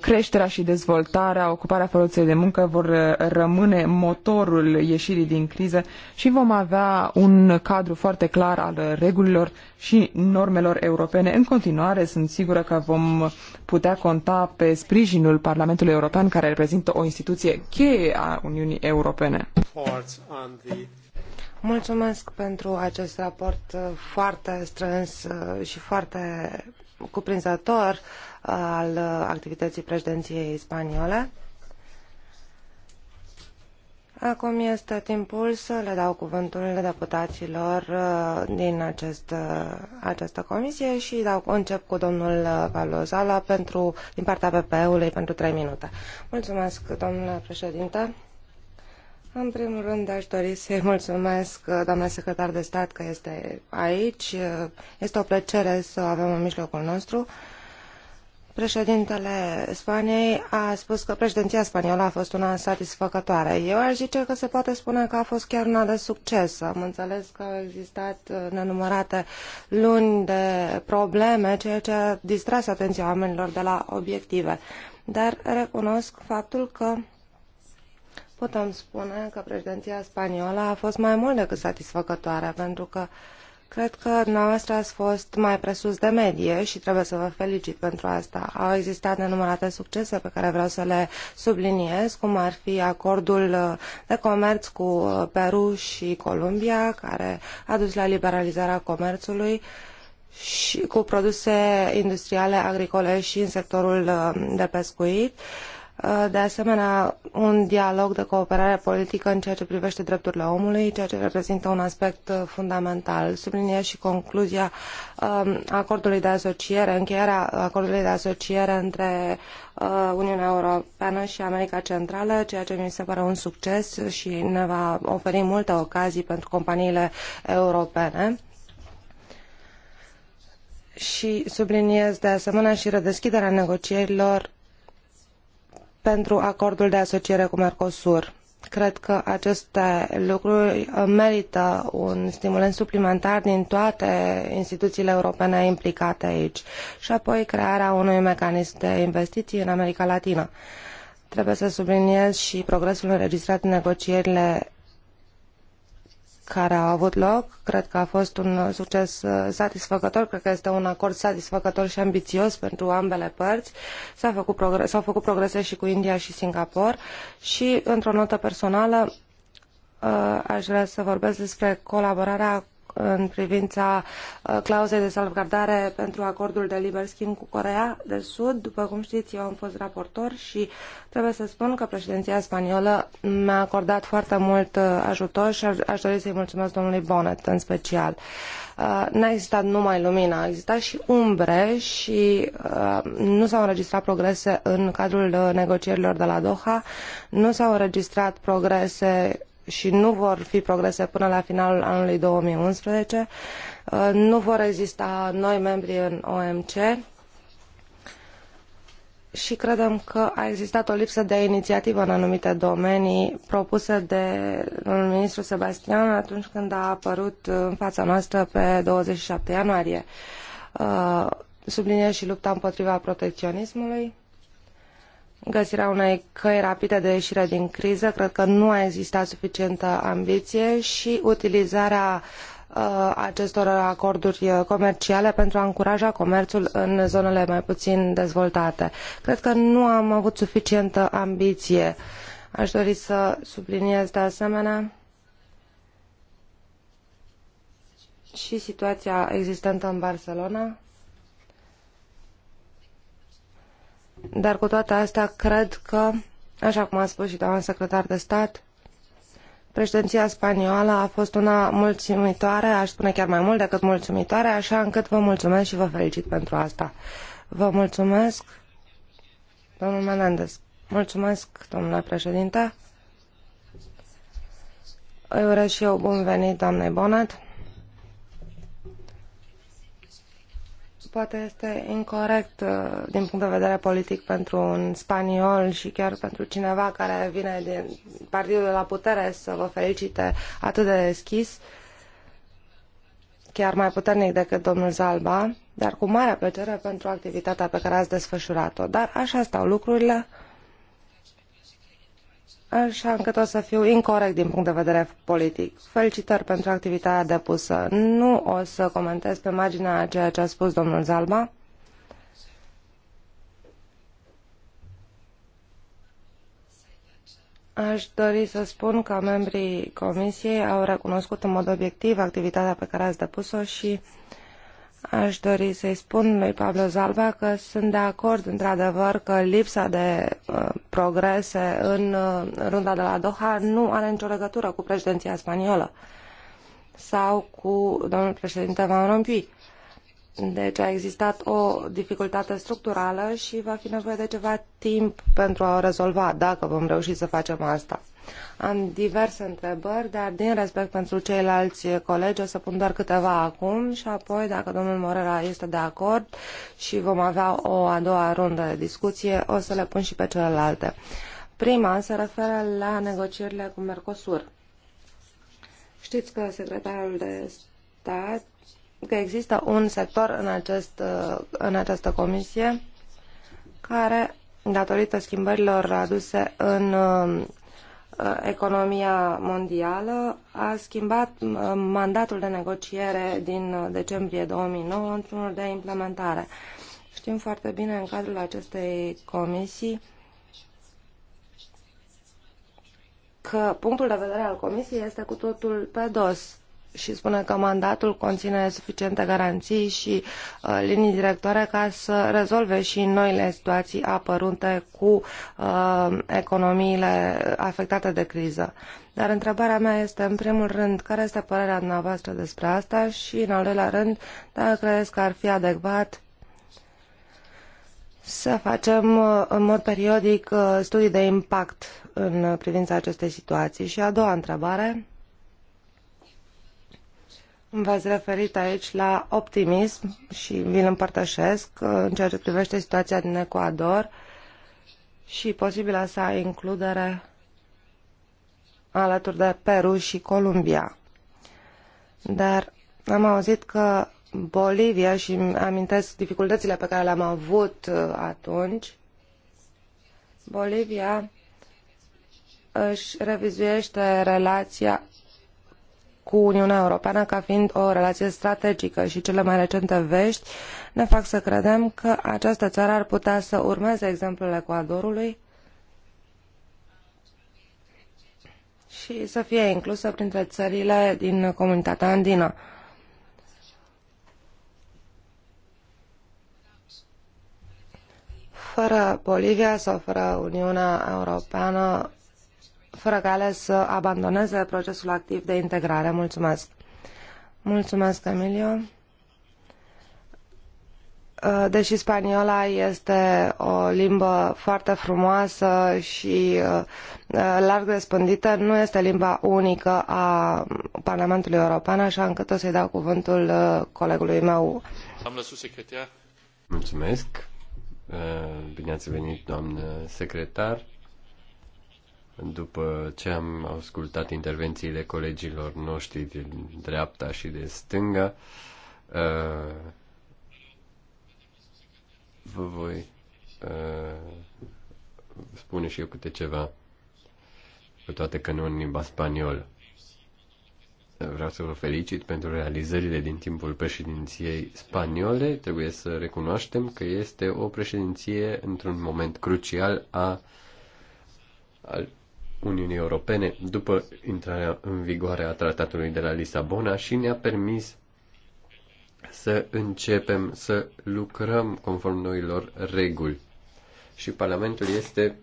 creșterea și dezvoltarea, ocuparea forței de muncă vor uh, rămâne motorul ieșirii din criză și vom avea un cadru foarte clar al regulilor și normelor europene. În continuare, sunt sigură că vom putea conta pe sprijinul Parlamentului European, care reprezintă o instituție cheie a Uniunii Europene. Mulțumesc pentru acest raport uh, foarte strâns uh, și foarte cuprinzător al activității președinției spaniole. Acum este timpul să le dau cuvântul deputaților uh, din acest, uh, această comisie și dau, încep cu domnul Calozala pentru, din partea pp ului pentru 3 minute. Mulțumesc, domnule președinte. În primul rând aș dori să-i mulțumesc, uh, doamna secretar de stat, că este aici. Este o plăcere să o avem în mijlocul nostru. Uh, Președintele Spaniei a spus că președinția spaniolă a fost una satisfăcătoare. Eu aș zice că se poate spune că a fost chiar una de succes. Am înțeles că au existat nenumărate luni de probleme, ceea ce a distras atenția oamenilor de la obiective. Dar recunosc faptul că putem spune că președinția spaniolă a fost mai mult decât satisfăcătoare, pentru că Cred că dumneavoastră ați fost mai presus de medie și trebuie să vă felicit pentru asta. Au existat nenumărate succese pe care vreau să le subliniez, cum ar fi acordul uh, de comerț cu uh, Peru și Columbia, care a dus la liberalizarea comerțului și cu produse industriale, agricole și în sectorul uh, de pescuit. Uh, Uh, de asemenea un dialog de cooperare politică în ceea ce privește drepturile omului, ceea ce reprezintă un aspect uh, fundamental. Subliniez și concluzia um, acordului de asociere, încheierea acordului de asociere între uh, Uniunea Europeană și America Centrală, ceea ce mi se pare un succes și ne va oferi multe ocazii pentru companiile europene și subliniez de asemenea și redeschiderea negocierilor pentru acordul de asociere cu Mercosur. Cred că aceste lucruri merită un stimulant suplimentar din toate instituțiile europene implicate aici și apoi crearea unui mecanism de investiții în America Latină. Trebuie să subliniez și progresul înregistrat în negocierile care au avut loc. Cred că a fost un succes uh, satisfăcător, cred că este un acord satisfăcător și ambițios pentru ambele părți. S-au făcut, progre- s-au făcut progrese și cu India și Singapore și, într-o notă personală, uh, aș vrea să vorbesc despre colaborarea în privința uh, clauzei de salvgardare pentru acordul de liber schimb cu Coreea de Sud. După cum știți, eu am fost raportor și trebuie să spun că președinția spaniolă mi-a acordat foarte mult uh, ajutor și aș dori să-i mulțumesc domnului Bonnet în special. Uh, n-a existat numai lumina, a existat și umbre și nu s-au înregistrat progrese în cadrul negocierilor de la Doha, nu s-au înregistrat progrese și nu vor fi progrese până la finalul anului 2011, uh, nu vor exista noi membri în OMC și credem că a existat o lipsă de inițiativă în anumite domenii propuse de domnul ministru Sebastian atunci când a apărut în fața noastră pe 27 ianuarie. Uh, subliniez și lupta împotriva protecționismului găsirea unei căi rapide de ieșire din criză. Cred că nu a existat suficientă ambiție și utilizarea uh, acestor acorduri uh, comerciale pentru a încuraja comerțul în zonele mai puțin dezvoltate. Cred că nu am avut suficientă ambiție. Aș dori să subliniez de asemenea și situația existentă în Barcelona Dar cu toate astea, cred că, așa cum a spus și doamna secretar de stat, președinția spaniolă a fost una mulțumitoare, aș spune chiar mai mult decât mulțumitoare, așa încât vă mulțumesc și vă felicit pentru asta. Vă mulțumesc, domnul Menendez. Mulțumesc, domnule președinte. Îi urez și eu bun venit, doamnei Bonat. poate este incorrect uh, din punct de vedere politic pentru un spaniol și chiar pentru cineva care vine din partidul de la putere să vă felicite atât de deschis, chiar mai puternic decât domnul Zalba, dar cu mare plăcere pentru activitatea pe care ați desfășurat-o. Dar așa stau lucrurile așa încât o să fiu incorect din punct de vedere politic. Felicitări pentru activitatea depusă. Nu o să comentez pe marginea ceea ce a spus domnul Zalba. Aș dori să spun că membrii Comisiei au recunoscut în mod obiectiv activitatea pe care ați depus-o și uh, Aș dori să-i spun lui Pablo Zalba că sunt de acord, într-adevăr, că lipsa de uh, progrese în uh, runda de la Doha nu are nicio legătură cu președinția spaniolă sau cu domnul președinte Van Rompuy. Deci a existat o dificultate structurală și va fi nevoie de ceva timp pentru a o rezolva, dacă vom reuși să facem asta. Am diverse întrebări, dar din respect pentru ceilalți colegi o să pun doar câteva acum și apoi, dacă domnul Morera este de acord și vom avea o a doua rundă de discuție, o să le pun și pe celelalte. Prima se referă la negocierile cu Mercosur. Știți că secretarul de stat, că există un sector în, acest, în această comisie care, datorită schimbărilor aduse în Uh, economia mondială a schimbat uh, mandatul de negociere din uh, decembrie 2009 într-unul de implementare. Știm foarte bine în cadrul acestei comisii că punctul de vedere al comisiei este cu totul pe dos și spune că mandatul conține suficiente garanții și uh, linii directoare ca să rezolve și noile situații apărunte cu uh, economiile afectate de criză. Dar întrebarea mea este, în primul rând, care este părerea dumneavoastră despre asta și, în al doilea rând, dacă credeți că ar fi adecvat să facem uh, în mod periodic uh, studii de impact în uh, privința acestei situații. Și a doua întrebare, V-ați referit aici la optimism și vi-l împărtășesc uh, în ceea ce privește situația din Ecuador și posibila sa includere alături de Peru și Columbia. Dar am auzit că Bolivia și amintesc dificultățile pe care le-am avut uh, atunci, Bolivia își revizuiește relația cu Uniunea Europeană ca fiind o relație strategică și cele mai recente vești ne fac să credem că această țară ar putea să urmeze exemplul Ecuadorului și să fie inclusă printre țările din comunitatea andină. Fără Bolivia sau fără Uniunea Europeană, fără ca ele să abandoneze procesul activ de integrare. Mulțumesc! Mulțumesc, Emilio! Uh, deși spaniola este o limbă foarte frumoasă și uh, uh, larg răspândită, nu este limba unică a Parlamentului European, așa încât o să-i dau cuvântul colegului meu. Doamnă subsecretar. Mulțumesc. Bine ați venit, doamnă secretar după ce am ascultat intervențiile colegilor noștri de dreapta și de stânga, uh, vă voi uh, spune și eu câte ceva, cu toate că nu în limba spaniolă. Vreau să vă felicit pentru realizările din timpul președinției spaniole. Trebuie să recunoaștem că este o președinție într-un moment crucial a, al Uniunii Europene după intrarea în vigoare a tratatului de la Lisabona și ne-a permis să începem să lucrăm conform noilor reguli. Și Parlamentul este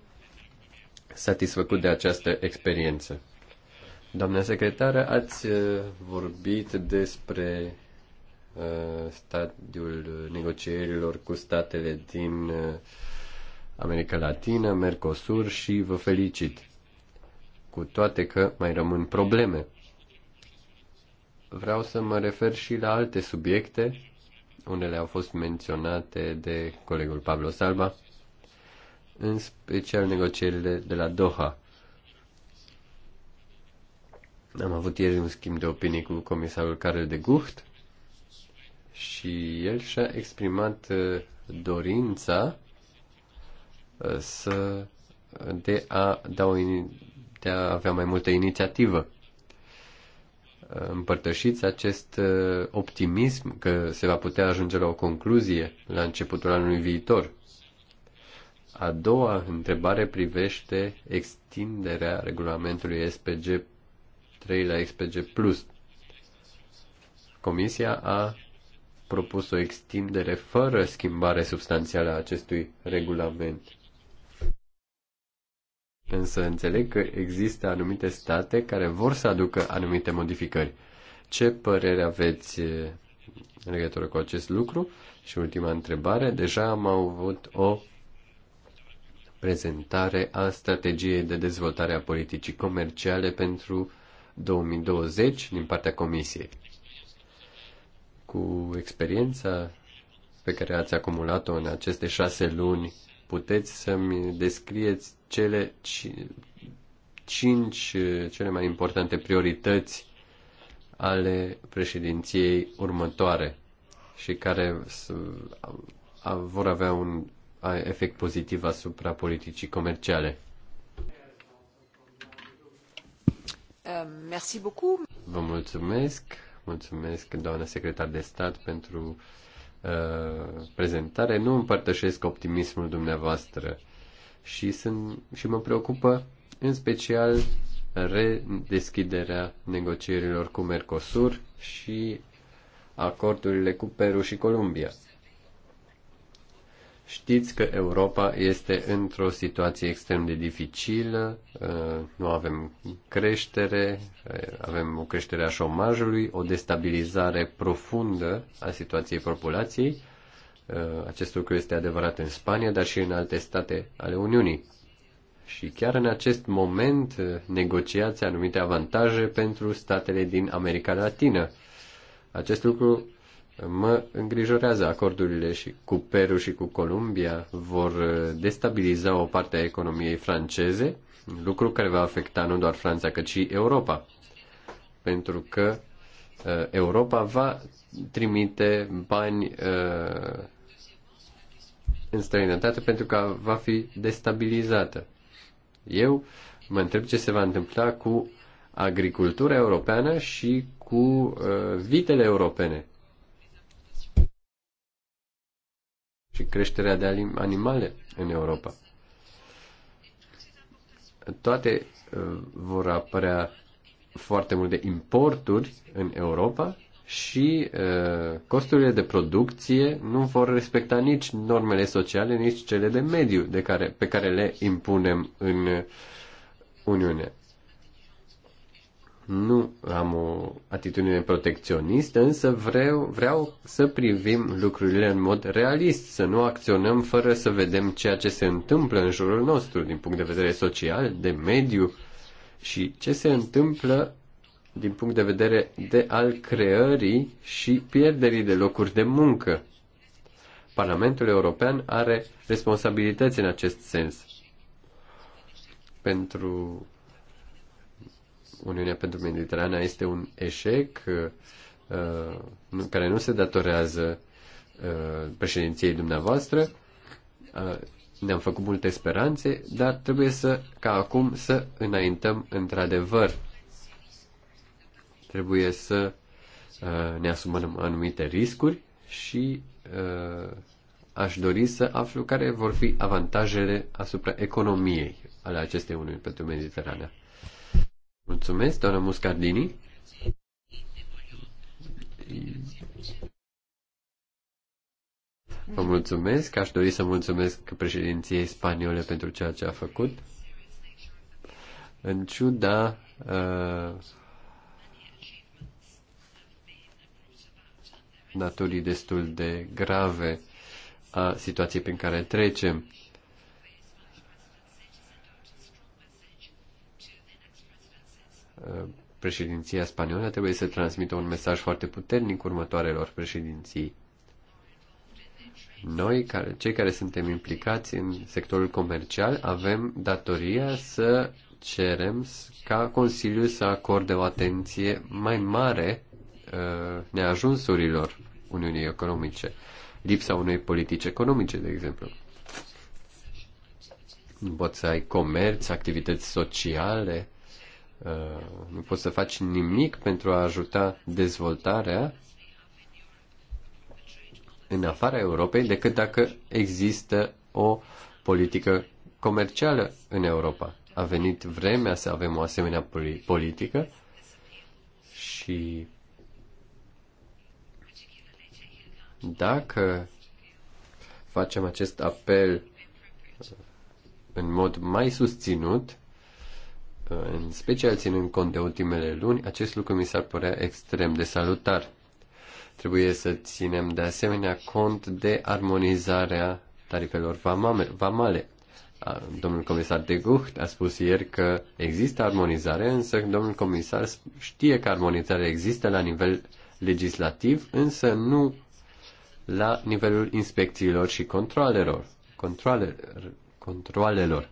satisfăcut de această experiență. Doamna secretară, ați uh, vorbit despre uh, stadiul negocierilor cu statele din uh, America Latină, Mercosur și vă felicit cu toate că mai rămân probleme. Vreau să mă refer și la alte subiecte, unele au fost menționate de colegul Pablo Salva, în special negocierile de la Doha. Am avut ieri un schimb de opinii cu comisarul Karel de Gucht și el și-a exprimat uh, dorința uh, să de a da o putea avea mai multă inițiativă. Împărtășiți acest uh, optimism că se va putea ajunge la o concluzie la începutul anului viitor. A doua întrebare privește extinderea regulamentului SPG 3 la SPG+. Comisia a propus o extindere fără schimbare substanțială a acestui regulament însă înțeleg că există anumite state care vor să aducă anumite modificări. Ce părere aveți eh, în legătură cu acest lucru? Și ultima întrebare, deja am avut o prezentare a strategiei de dezvoltare a politicii comerciale pentru 2020 din partea Comisiei. Cu experiența pe care ați acumulat-o în aceste șase luni puteți să-mi descrieți cele cinci uh, cele mai importante priorități ale președinției următoare și care vor avea un efect pozitiv asupra politicii comerciale. Uh, Vă mulțumesc, mulțumesc doamna secretar de stat pentru uh, Uh, prezentare, nu împărtășesc optimismul dumneavoastră și, sunt, și mă preocupă în special redeschiderea negocierilor cu Mercosur și acordurile cu Peru și Columbia. Știți că Europa este într-o situație extrem de dificilă, uh, nu avem creștere, uh, avem o creștere a șomajului, o destabilizare profundă a situației populației. Uh, acest lucru este adevărat în Spania, dar și în alte state ale Uniunii. Și chiar în acest moment negociați anumite avantaje pentru statele din America Latină. Acest lucru Mă îngrijorează acordurile și cu Peru și cu Columbia vor uh, destabiliza o parte a economiei franceze, lucru care va afecta nu doar Franța, cât și Europa. Pentru că uh, Europa va trimite bani uh, în străinătate pentru că va fi destabilizată. Eu mă întreb ce se va întâmpla cu agricultura europeană și cu vitele europene și creșterea de animale în Europa. Toate uh, vor apărea foarte multe importuri în Europa și uh, costurile de producție nu vor respecta nici normele sociale, nici cele de mediu de care, pe care le impunem în Uniune. Nu am o atitudine protecționistă, însă vreau, vreau să privim lucrurile în mod realist, să nu acționăm fără să vedem ceea ce se întâmplă în jurul nostru, din punct de vedere social, de mediu și ce se întâmplă din punct de vedere de al creării și pierderii de locuri de muncă. Parlamentul European are responsabilități în acest sens pentru Uniunea pentru Mediterana este un eșec uh, uh, care nu se datorează uh, președinției dumneavoastră. Ne-am făcut multe speranțe, dar trebuie să, ca acum, să înaintăm într-adevăr. Trebuie să ne asumăm anumite riscuri și aș dori să aflu care vor fi avantajele asupra economiei ale acestei Uniuni pentru Mediterana. Mulțumesc, doamna Muscardini. Vă mulțumesc. Aș dori să mulțumesc președinției spaniole pentru ceea ce a făcut. În ciuda uh, naturii destul de grave a situației prin care trecem, președinția spaniolă trebuie să transmită un mesaj foarte puternic următoarelor președinții. Noi, care, cei care suntem implicați în sectorul comercial, avem datoria să cerem ca Consiliul să acorde o atenție mai mare uh, neajunsurilor Uniunii Economice, lipsa unei politici economice, de exemplu. Poți să ai comerț, activități sociale, Uh, nu poți să faci nimic pentru a ajuta dezvoltarea în afara Europei decât dacă există o politică comercială în Europa. A venit vremea să avem o asemenea politică și dacă facem acest apel în mod mai susținut, în special ținând cont de ultimele luni, acest lucru mi s-ar părea extrem de salutar. Trebuie să ținem de asemenea cont de armonizarea tarifelor vamale. Domnul comisar de Gucht a spus ieri că există armonizare, însă domnul comisar știe că armonizarea există la nivel legislativ, însă nu la nivelul inspecțiilor și controlelor. Controle, controlelor.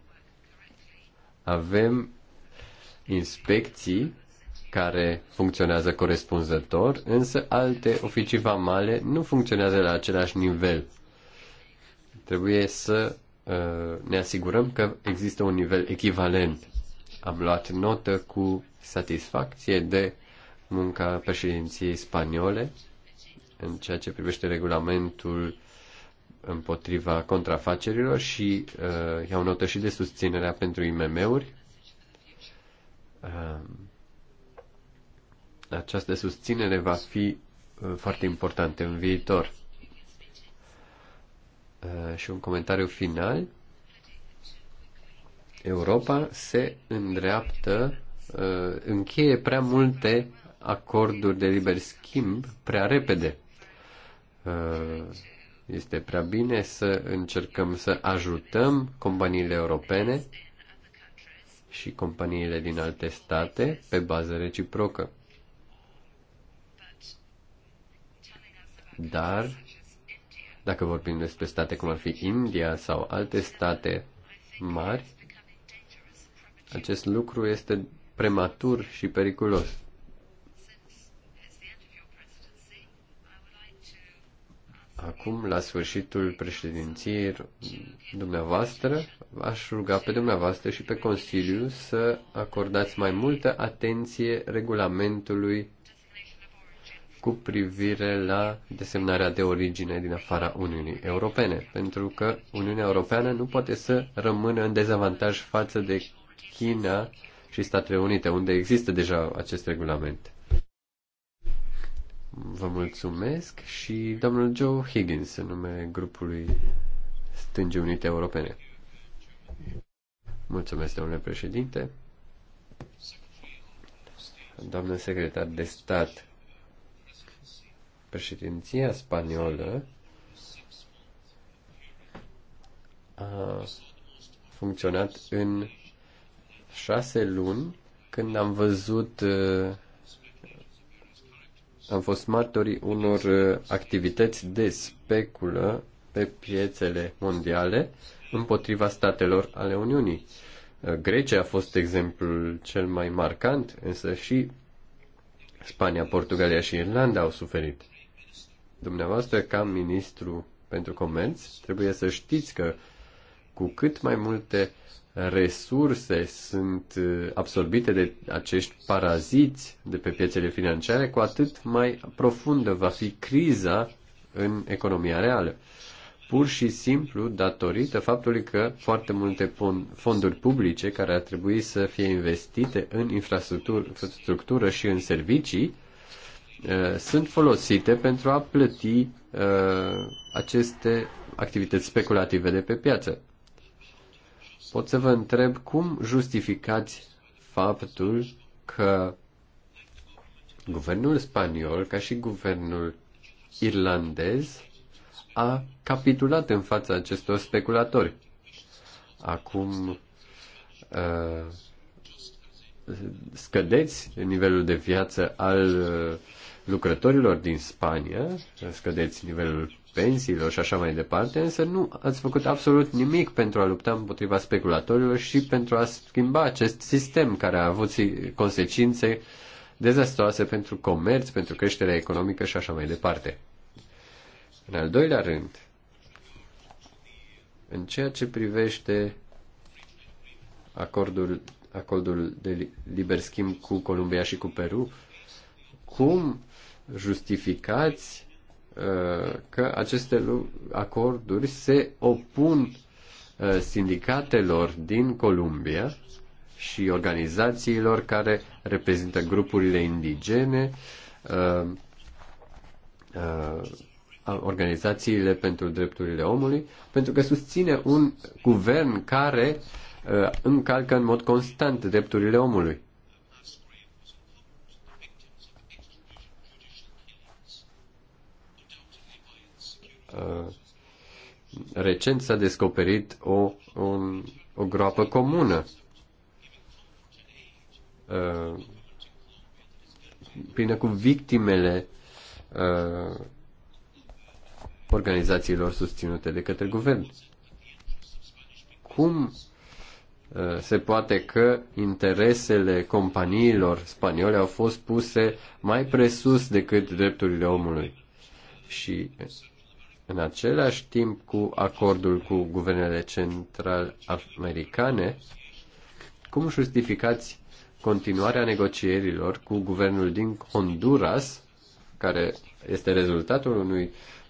Avem inspecții care funcționează corespunzător, însă alte oficii vamale nu funcționează la același nivel. Trebuie să uh, ne asigurăm că există un nivel echivalent. Am luat notă cu satisfacție de munca președinției spaniole în ceea ce privește regulamentul împotriva contrafacerilor și uh, iau notă și de susținerea pentru IMM-uri Uh, această susținere va fi uh, foarte importantă în viitor. Uh, și un comentariu final. Europa se îndreaptă, încheie prea multe acorduri de liber schimb prea repede. Este prea bine să încercăm să ajutăm companiile europene și companiile din alte state pe bază reciprocă. Dar, dacă vorbim despre state cum ar fi India sau alte state mari, acest lucru este prematur și periculos. acum, la sfârșitul președinției dumneavoastră, aș ruga pe dumneavoastră și pe Consiliu să acordați mai multă atenție regulamentului cu privire la desemnarea de origine din afara Uniunii Europene, pentru că Uniunea Europeană nu poate să rămână în dezavantaj față de China și Statele Unite, unde există deja acest regulament. Vă mulțumesc și domnul Joe Higgins în numele grupului Stânge Unite Europene. Mulțumesc, domnule președinte. Doamnă secretar de stat, președinția spaniolă a funcționat în șase luni când am văzut uh, am fost martorii unor uh, activități de speculă pe piețele mondiale împotriva statelor ale Uniunii. Uh, Grecia a fost exemplul cel mai marcant, însă și Spania, Portugalia și Irlanda au suferit. Dumneavoastră, ca ministru pentru comerț, trebuie să știți că cu cât mai multe resurse sunt uh, absorbite de acești paraziți de pe piețele financiare, cu atât mai profundă va fi criza în economia reală. Pur și simplu datorită faptului că foarte multe fonduri publice care ar trebui să fie investite în infrastructură și în servicii uh, sunt folosite pentru a plăti uh, aceste activități speculative de pe piață pot să vă întreb cum justificați faptul că guvernul spaniol, ca și guvernul irlandez, a capitulat în fața acestor speculatori. Acum uh, scădeți nivelul de viață al uh, lucrătorilor din Spania, scădeți nivelul pensiilor și așa mai departe, însă nu ați făcut absolut nimic pentru a lupta împotriva speculatorilor și pentru a schimba acest sistem care a avut consecințe dezastroase pentru comerț, pentru creșterea economică și așa mai departe. În al doilea rând, în ceea ce privește acordul, acordul de liber schimb cu Columbia și cu Peru, cum justificați Uh, că aceste acorduri se opun uh, sindicatelor din Columbia și organizațiilor care reprezintă grupurile indigene, uh, organizațiile pentru drepturile omului, pentru că susține un guvern care încalcă în mod constant drepturile omului. Uh, recent s-a descoperit o, o o groapă comună. Uh, până cu victimele uh, organizațiilor susținute de către guvern. Cum se poate că interesele companiilor spaniole au fost puse mai presus decât drepturile omului? Și în același timp cu acordul cu guvernele central-americane, cum justificați continuarea negocierilor cu guvernul din Honduras, care este rezultatul unui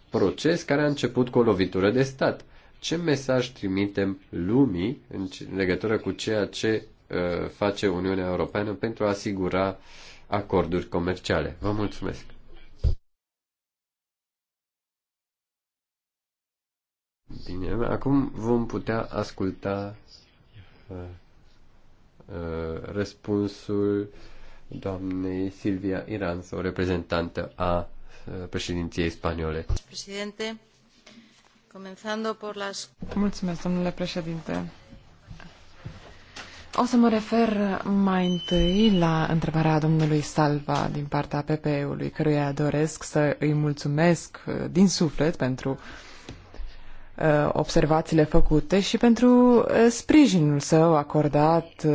proces care a început cu o lovitură de stat? Ce mesaj trimitem lumii în legătură cu ceea ce uh, face Uniunea Europeană pentru a asigura acorduri comerciale? Vă mulțumesc! Bine, acum vom putea asculta uh, uh, răspunsul doamnei Silvia Iranzo, o reprezentantă a uh, președinției spaniole. Președinte, comenzando por las... Mulțumesc, domnule președinte. O să mă refer mai întâi la întrebarea domnului Salva din partea PPE-ului, căruia doresc să îi mulțumesc uh, din suflet pentru uh, Uh, observațiile făcute și pentru uh, sprijinul său acordat uh,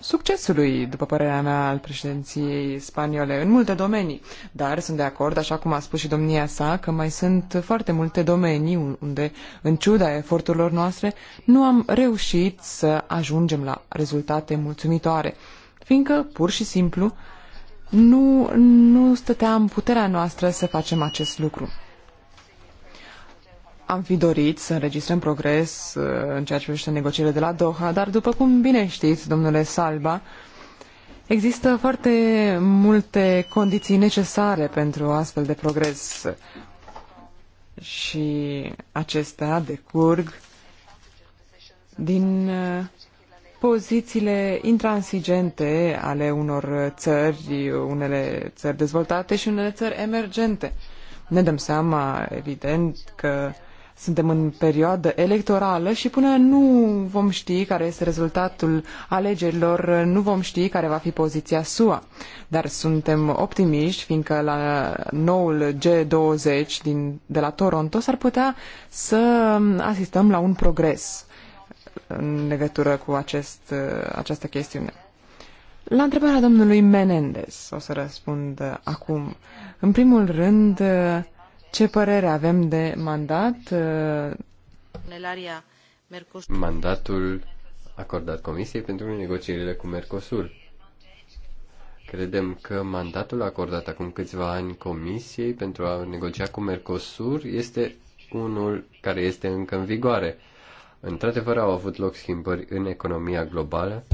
succesului, după părerea mea, al președinției spaniole în multe domenii. Dar sunt de acord, așa cum a spus și domnia sa, că mai sunt foarte multe domenii unde, în ciuda eforturilor noastre, nu am reușit să ajungem la rezultate mulțumitoare, fiindcă, pur și simplu, nu, nu stătea în puterea noastră să facem acest lucru. Am fi dorit să înregistrăm progres uh, în ceea ce privește negocierile de la Doha, dar după cum bine știți, domnule Salba, există foarte multe condiții necesare pentru astfel de progres și acestea decurg din uh, pozițiile intransigente ale unor țări, unele țări dezvoltate și unele țări emergente. Ne dăm seama, evident, că uh, suntem în perioadă electorală și până nu vom ști care este rezultatul alegerilor, nu vom ști care va fi poziția SUA. Dar suntem optimiști, fiindcă la noul G20 din, de la Toronto s-ar putea să asistăm la un progres în legătură cu acest, această chestiune. La întrebarea domnului Menendez o să răspund acum. În primul rând, ce părere avem de mandat? Mandatul acordat Comisiei pentru negocierile cu Mercosur. Credem că mandatul acordat acum câțiva ani Comisiei pentru a negocia cu Mercosur este unul care este încă în vigoare. Într-adevăr, au avut loc schimbări în economia globală,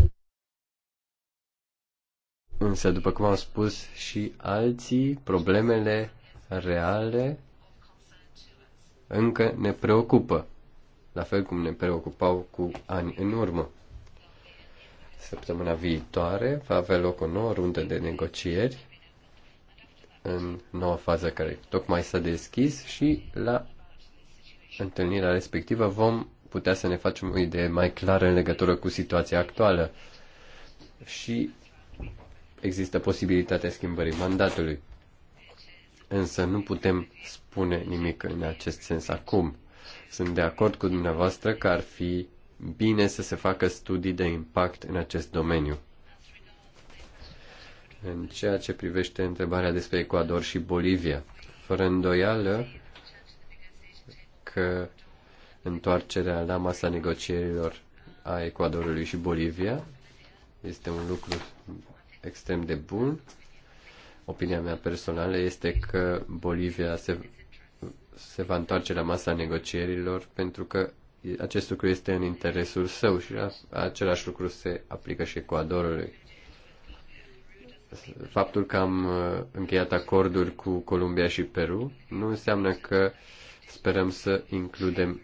însă, după cum am spus și alții, problemele reale încă ne preocupă, la fel cum ne preocupau cu ani în urmă. Săptămâna viitoare va avea loc o nouă rundă de negocieri în noua fază care tocmai s-a deschis și la întâlnirea respectivă vom putea să ne facem o idee mai clară în legătură cu situația actuală și există posibilitatea schimbării mandatului însă nu putem spune nimic în acest sens acum. Sunt de acord cu dumneavoastră că ar fi bine să se facă studii de impact în acest domeniu. În ceea ce privește întrebarea despre Ecuador și Bolivia, fără îndoială că întoarcerea la masa negocierilor a Ecuadorului și Bolivia este un lucru extrem de bun Opinia mea personală este că Bolivia se, se va întoarce la masa negocierilor pentru că acest lucru este în interesul său și același lucru se aplică și Ecuadorului. Faptul că am uh, încheiat acorduri cu Columbia și Peru nu înseamnă că sperăm să includem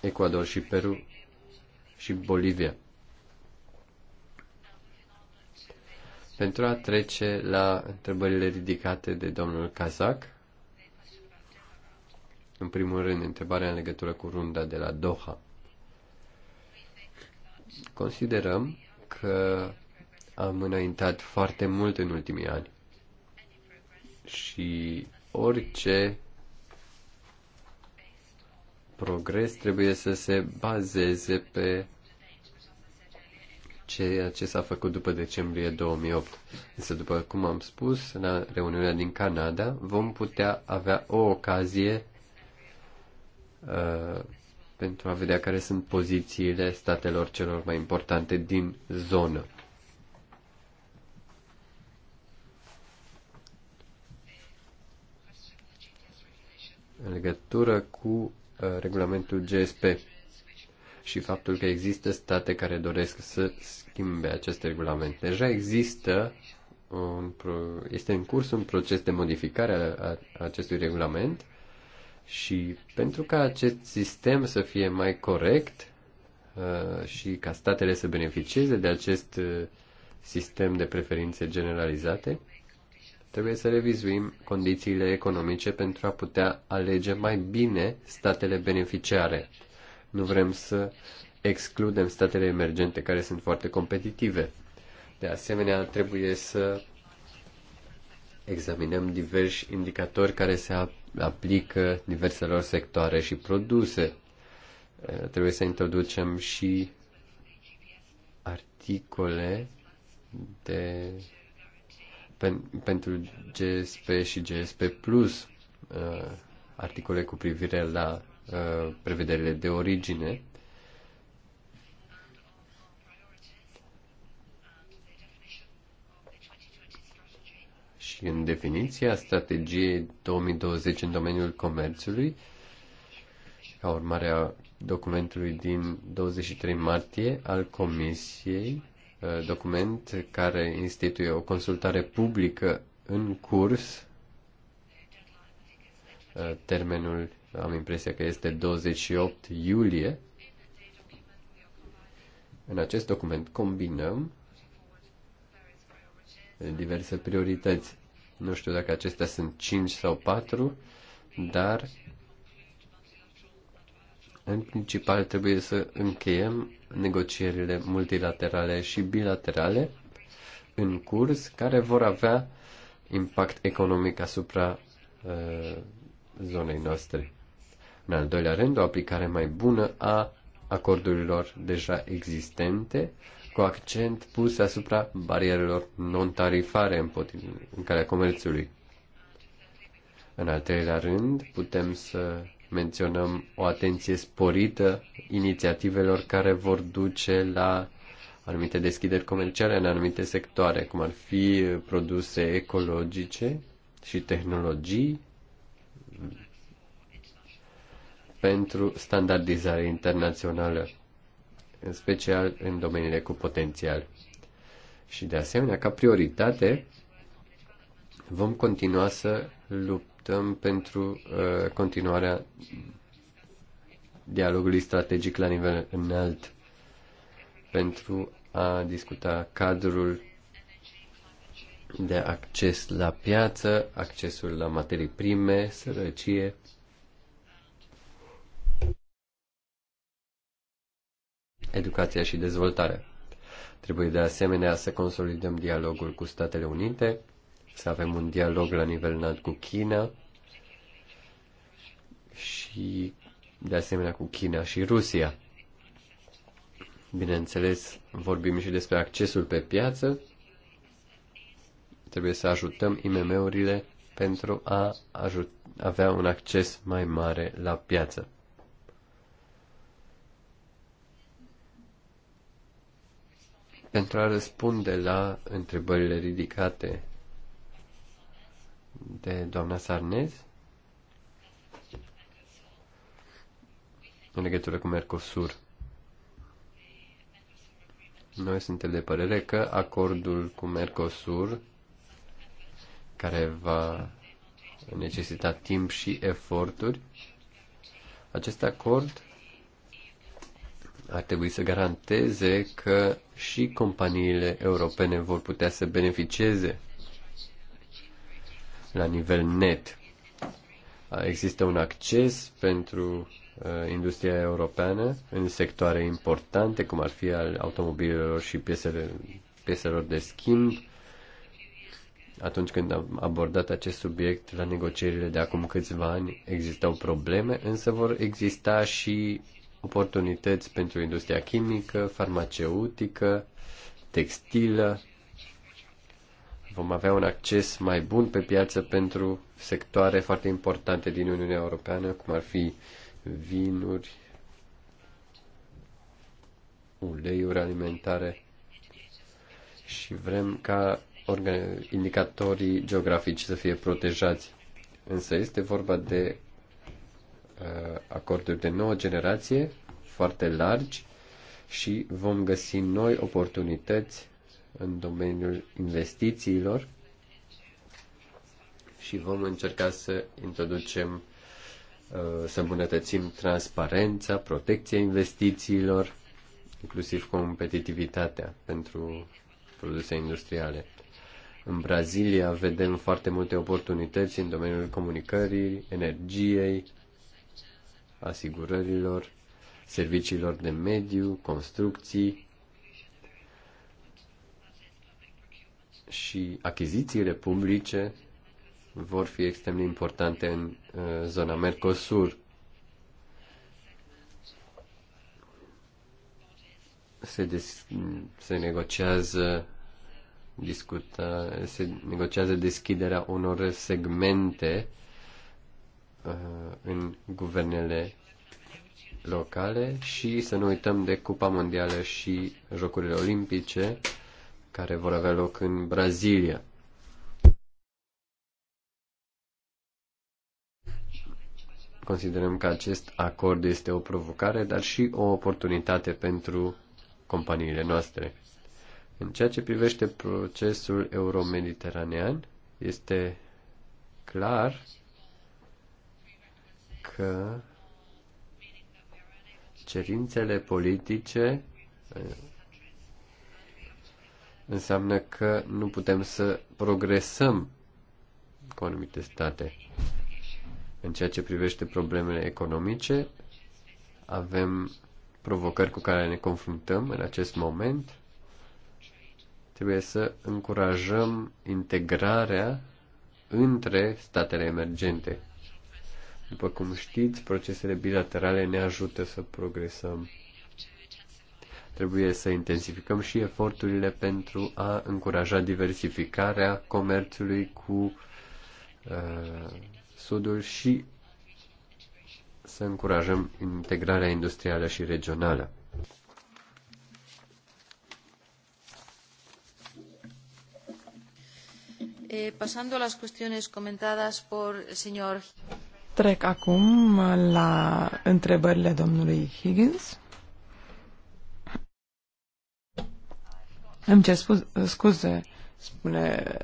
Ecuador și Peru și Bolivia. pentru a trece la întrebările ridicate de domnul Kazak. În primul rând, întrebarea în legătură cu runda de la Doha. Considerăm că am înaintat foarte mult în ultimii ani și orice progres trebuie să se bazeze pe ceea ce s-a făcut după decembrie 2008. Însă, după cum am spus, la reuniunea din Canada vom putea avea o ocazie uh, pentru a vedea care sunt pozițiile statelor celor mai importante din zonă. În legătură cu uh, regulamentul GSP și faptul că există state care doresc să schimbe acest regulament. Deja există un pro- este în curs un proces de modificare a, a acestui regulament și pentru ca acest sistem să fie mai corect uh, și ca statele să beneficieze de acest uh, sistem de preferințe generalizate, trebuie să revizuim condițiile economice pentru a putea alege mai bine statele beneficiare nu vrem să excludem statele emergente care sunt foarte competitive. De asemenea, trebuie să examinăm diversi indicatori care se aplică diverselor sectoare și produse. Eh, trebuie să introducem și articole de, pen, pentru GSP și GSP Plus, eh, articole cu privire la Uh, prevederile de origine. Și în definiția strategiei 2020 în domeniul comerțului, ca urmare a documentului din 23 martie al Comisiei, uh, document care instituie o consultare publică în curs. Uh, termenul am impresia că este 28 iulie. În acest document combinăm diverse priorități. Nu știu dacă acestea sunt 5 sau 4, dar în principal trebuie să încheiem negocierile multilaterale și bilaterale în curs care vor avea impact economic asupra uh, zonei noastre. În al doilea rând, o aplicare mai bună a acordurilor deja existente, cu accent pus asupra barierelor non-tarifare în calea comerțului. În al treilea rând, putem să menționăm o atenție sporită inițiativelor care vor duce la anumite deschideri comerciale în anumite sectoare, cum ar fi produse ecologice și tehnologii pentru standardizare internațională, în special în domeniile cu potențial. Și de asemenea, ca prioritate, vom continua să luptăm pentru uh, continuarea dialogului strategic la nivel înalt pentru a discuta cadrul de acces la piață, accesul la materii prime, sărăcie educația și dezvoltarea. Trebuie de asemenea să consolidăm dialogul cu Statele Unite, să avem un dialog la nivel înalt cu China și de asemenea cu China și Rusia. Bineînțeles, vorbim și despre accesul pe piață. Trebuie să ajutăm IMM-urile pentru a avea un acces mai mare la piață. pentru a răspunde la întrebările ridicate de doamna Sarnez în legătură cu Mercosur. Noi suntem de părere că acordul cu Mercosur, care va necesita timp și eforturi, acest acord ar trebui să garanteze că și companiile europene vor putea să beneficieze la nivel net. Există un acces pentru uh, industria europeană în sectoare importante, cum ar fi al automobilelor și pieselor, pieselor de schimb. Atunci când am abordat acest subiect la negocierile de acum câțiva ani, existau probleme, însă vor exista și oportunități pentru industria chimică, farmaceutică, textilă. Vom avea un acces mai bun pe piață pentru sectoare foarte importante din Uniunea Europeană, cum ar fi vinuri, uleiuri alimentare și vrem ca indicatorii geografici să fie protejați. Însă este vorba de Uh, acorduri de nouă generație, foarte largi, și vom găsi noi oportunități în domeniul investițiilor și vom încerca să introducem, uh, să îmbunătățim transparența, protecția investițiilor, inclusiv competitivitatea pentru produse industriale. În Brazilia vedem foarte multe oportunități în domeniul comunicării, energiei, asigurărilor, serviciilor de mediu, construcții și achizițiile publice vor fi extrem de importante în uh, zona Mercosur. Se, des, se negociază discută, se negociază deschiderea unor segmente uh, Uh, în guvernele locale și să nu uităm de Cupa Mondială și Jocurile Olimpice care vor avea loc în Brazilia. Considerăm că acest acord este o provocare, dar și o oportunitate pentru companiile noastre. În ceea ce privește procesul euromediteranean, este clar că cerințele politice eh, înseamnă că nu putem să progresăm cu anumite state. În ceea ce privește problemele economice, avem provocări cu care ne confruntăm în acest moment. Trebuie să încurajăm integrarea între statele emergente. După cum știți, procesele bilaterale ne ajută să progresăm. Trebuie să intensificăm și eforturile pentru a încuraja diversificarea comerțului cu uh, Sudul și să încurajăm integrarea industrială și regională. Eh, pasando a las cuestiones comentadas por el señor Trec acum la întrebările domnului Higgins. Îmi cer spus, scuze, spune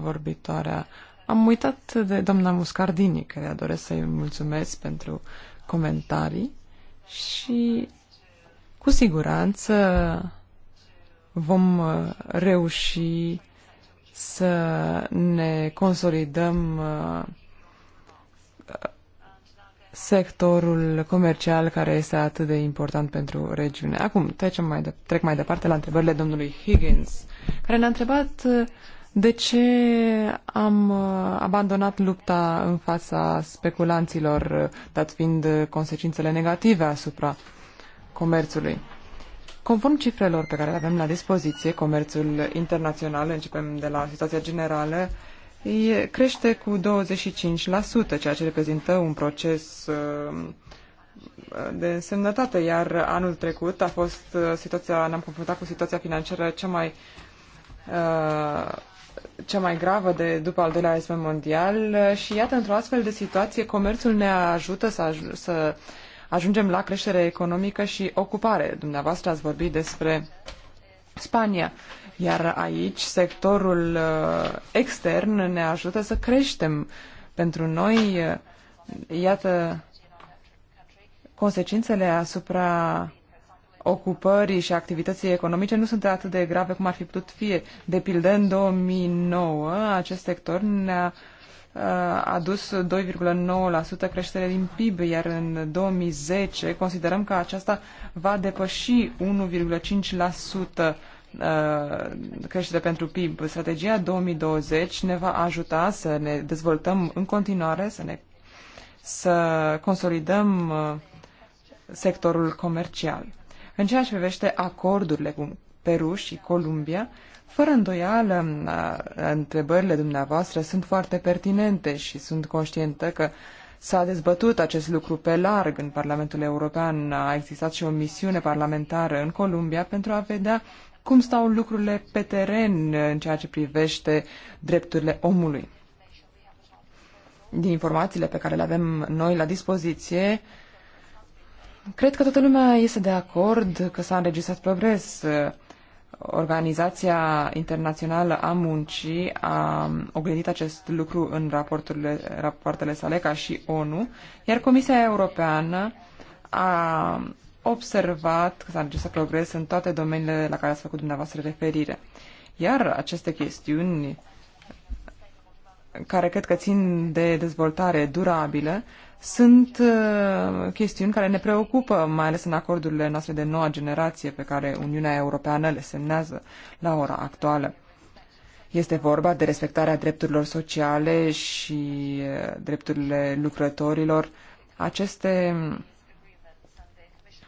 vorbitoarea. Am uitat de doamna Muscardini, care doresc să-i mulțumesc pentru comentarii și cu siguranță vom uh, reuși să ne consolidăm uh, sectorul comercial care este atât de important pentru regiune. Acum trecem mai de, trec mai departe la întrebările domnului Higgins, care ne-a întrebat uh, de ce am uh, abandonat lupta în fața speculanților, uh, dat fiind consecințele negative asupra comerțului. Conform cifrelor pe care le avem la dispoziție, comerțul internațional, începem de la situația generală, e, crește cu 25%, ceea ce reprezintă un proces uh, de însemnătate, iar anul trecut a fost uh, situația, ne-am confruntat cu situația financiară cea mai uh, cea mai gravă de după al doilea război mondial și iată, într-o astfel de situație, comerțul ne ajută să, aj- să ajungem la creștere economică și ocupare. Dumneavoastră ați vorbit despre Spania. Iar aici sectorul uh, extern ne ajută să creștem. Pentru noi, uh, iată, consecințele asupra ocupării și activității economice nu sunt atât de grave cum ar fi putut fi. De pildă, în 2009, acest sector ne-a uh, adus 2,9% creștere din PIB, iar în 2010 considerăm că aceasta va depăși 1,5% Uh, creștere pentru PIB. Strategia 2020 ne va ajuta să ne dezvoltăm în continuare, să ne să consolidăm uh, sectorul comercial. În ceea ce privește acordurile cu Peru și Columbia, fără îndoială, uh, întrebările dumneavoastră sunt foarte pertinente și sunt conștientă că s-a dezbătut acest lucru pe larg în Parlamentul European. A existat și o misiune parlamentară în Columbia pentru a vedea cum stau lucrurile pe teren în ceea ce privește drepturile omului. Din informațiile pe care le avem noi la dispoziție, cred că toată lumea este de acord că s-a înregistrat progres. Organizația Internațională a Muncii a oglindit acest lucru în raporturile, rapoartele sale ca și ONU, iar Comisia Europeană a observat că s-a să progres în toate domeniile la care ați făcut dumneavoastră referire. Iar aceste chestiuni care cred că țin de dezvoltare durabilă sunt uh, chestiuni care ne preocupă, mai ales în acordurile noastre de noua generație pe care Uniunea Europeană le semnează la ora actuală. Este vorba de respectarea drepturilor sociale și uh, drepturile lucrătorilor. Aceste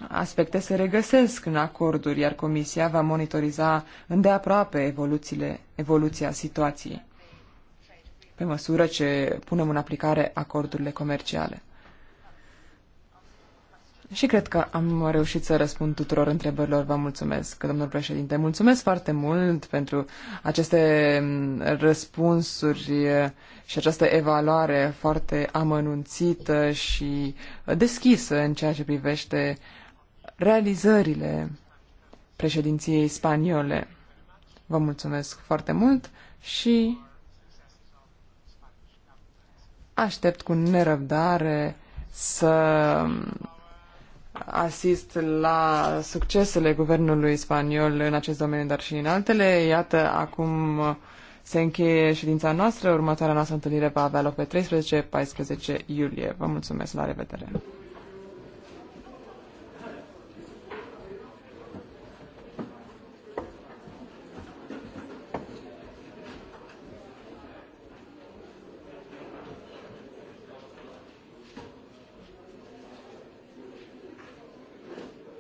aspecte se regăsesc în acorduri, iar Comisia va monitoriza îndeaproape evoluțiile, evoluția situației pe măsură ce punem în aplicare acordurile comerciale. Și cred că am reușit să răspund tuturor întrebărilor. Vă mulțumesc, domnul președinte. Mulțumesc foarte mult pentru aceste mm, răspunsuri și această evaluare foarte amănunțită și deschisă în ceea ce privește uh, realizările președinției spaniole. Vă mulțumesc foarte mult și aștept cu nerăbdare să asist la succesele guvernului spaniol în acest domeniu, dar și în altele. Iată, acum se încheie ședința noastră. Următoarea noastră întâlnire va avea loc pe 13-14 iulie. Vă mulțumesc, la revedere!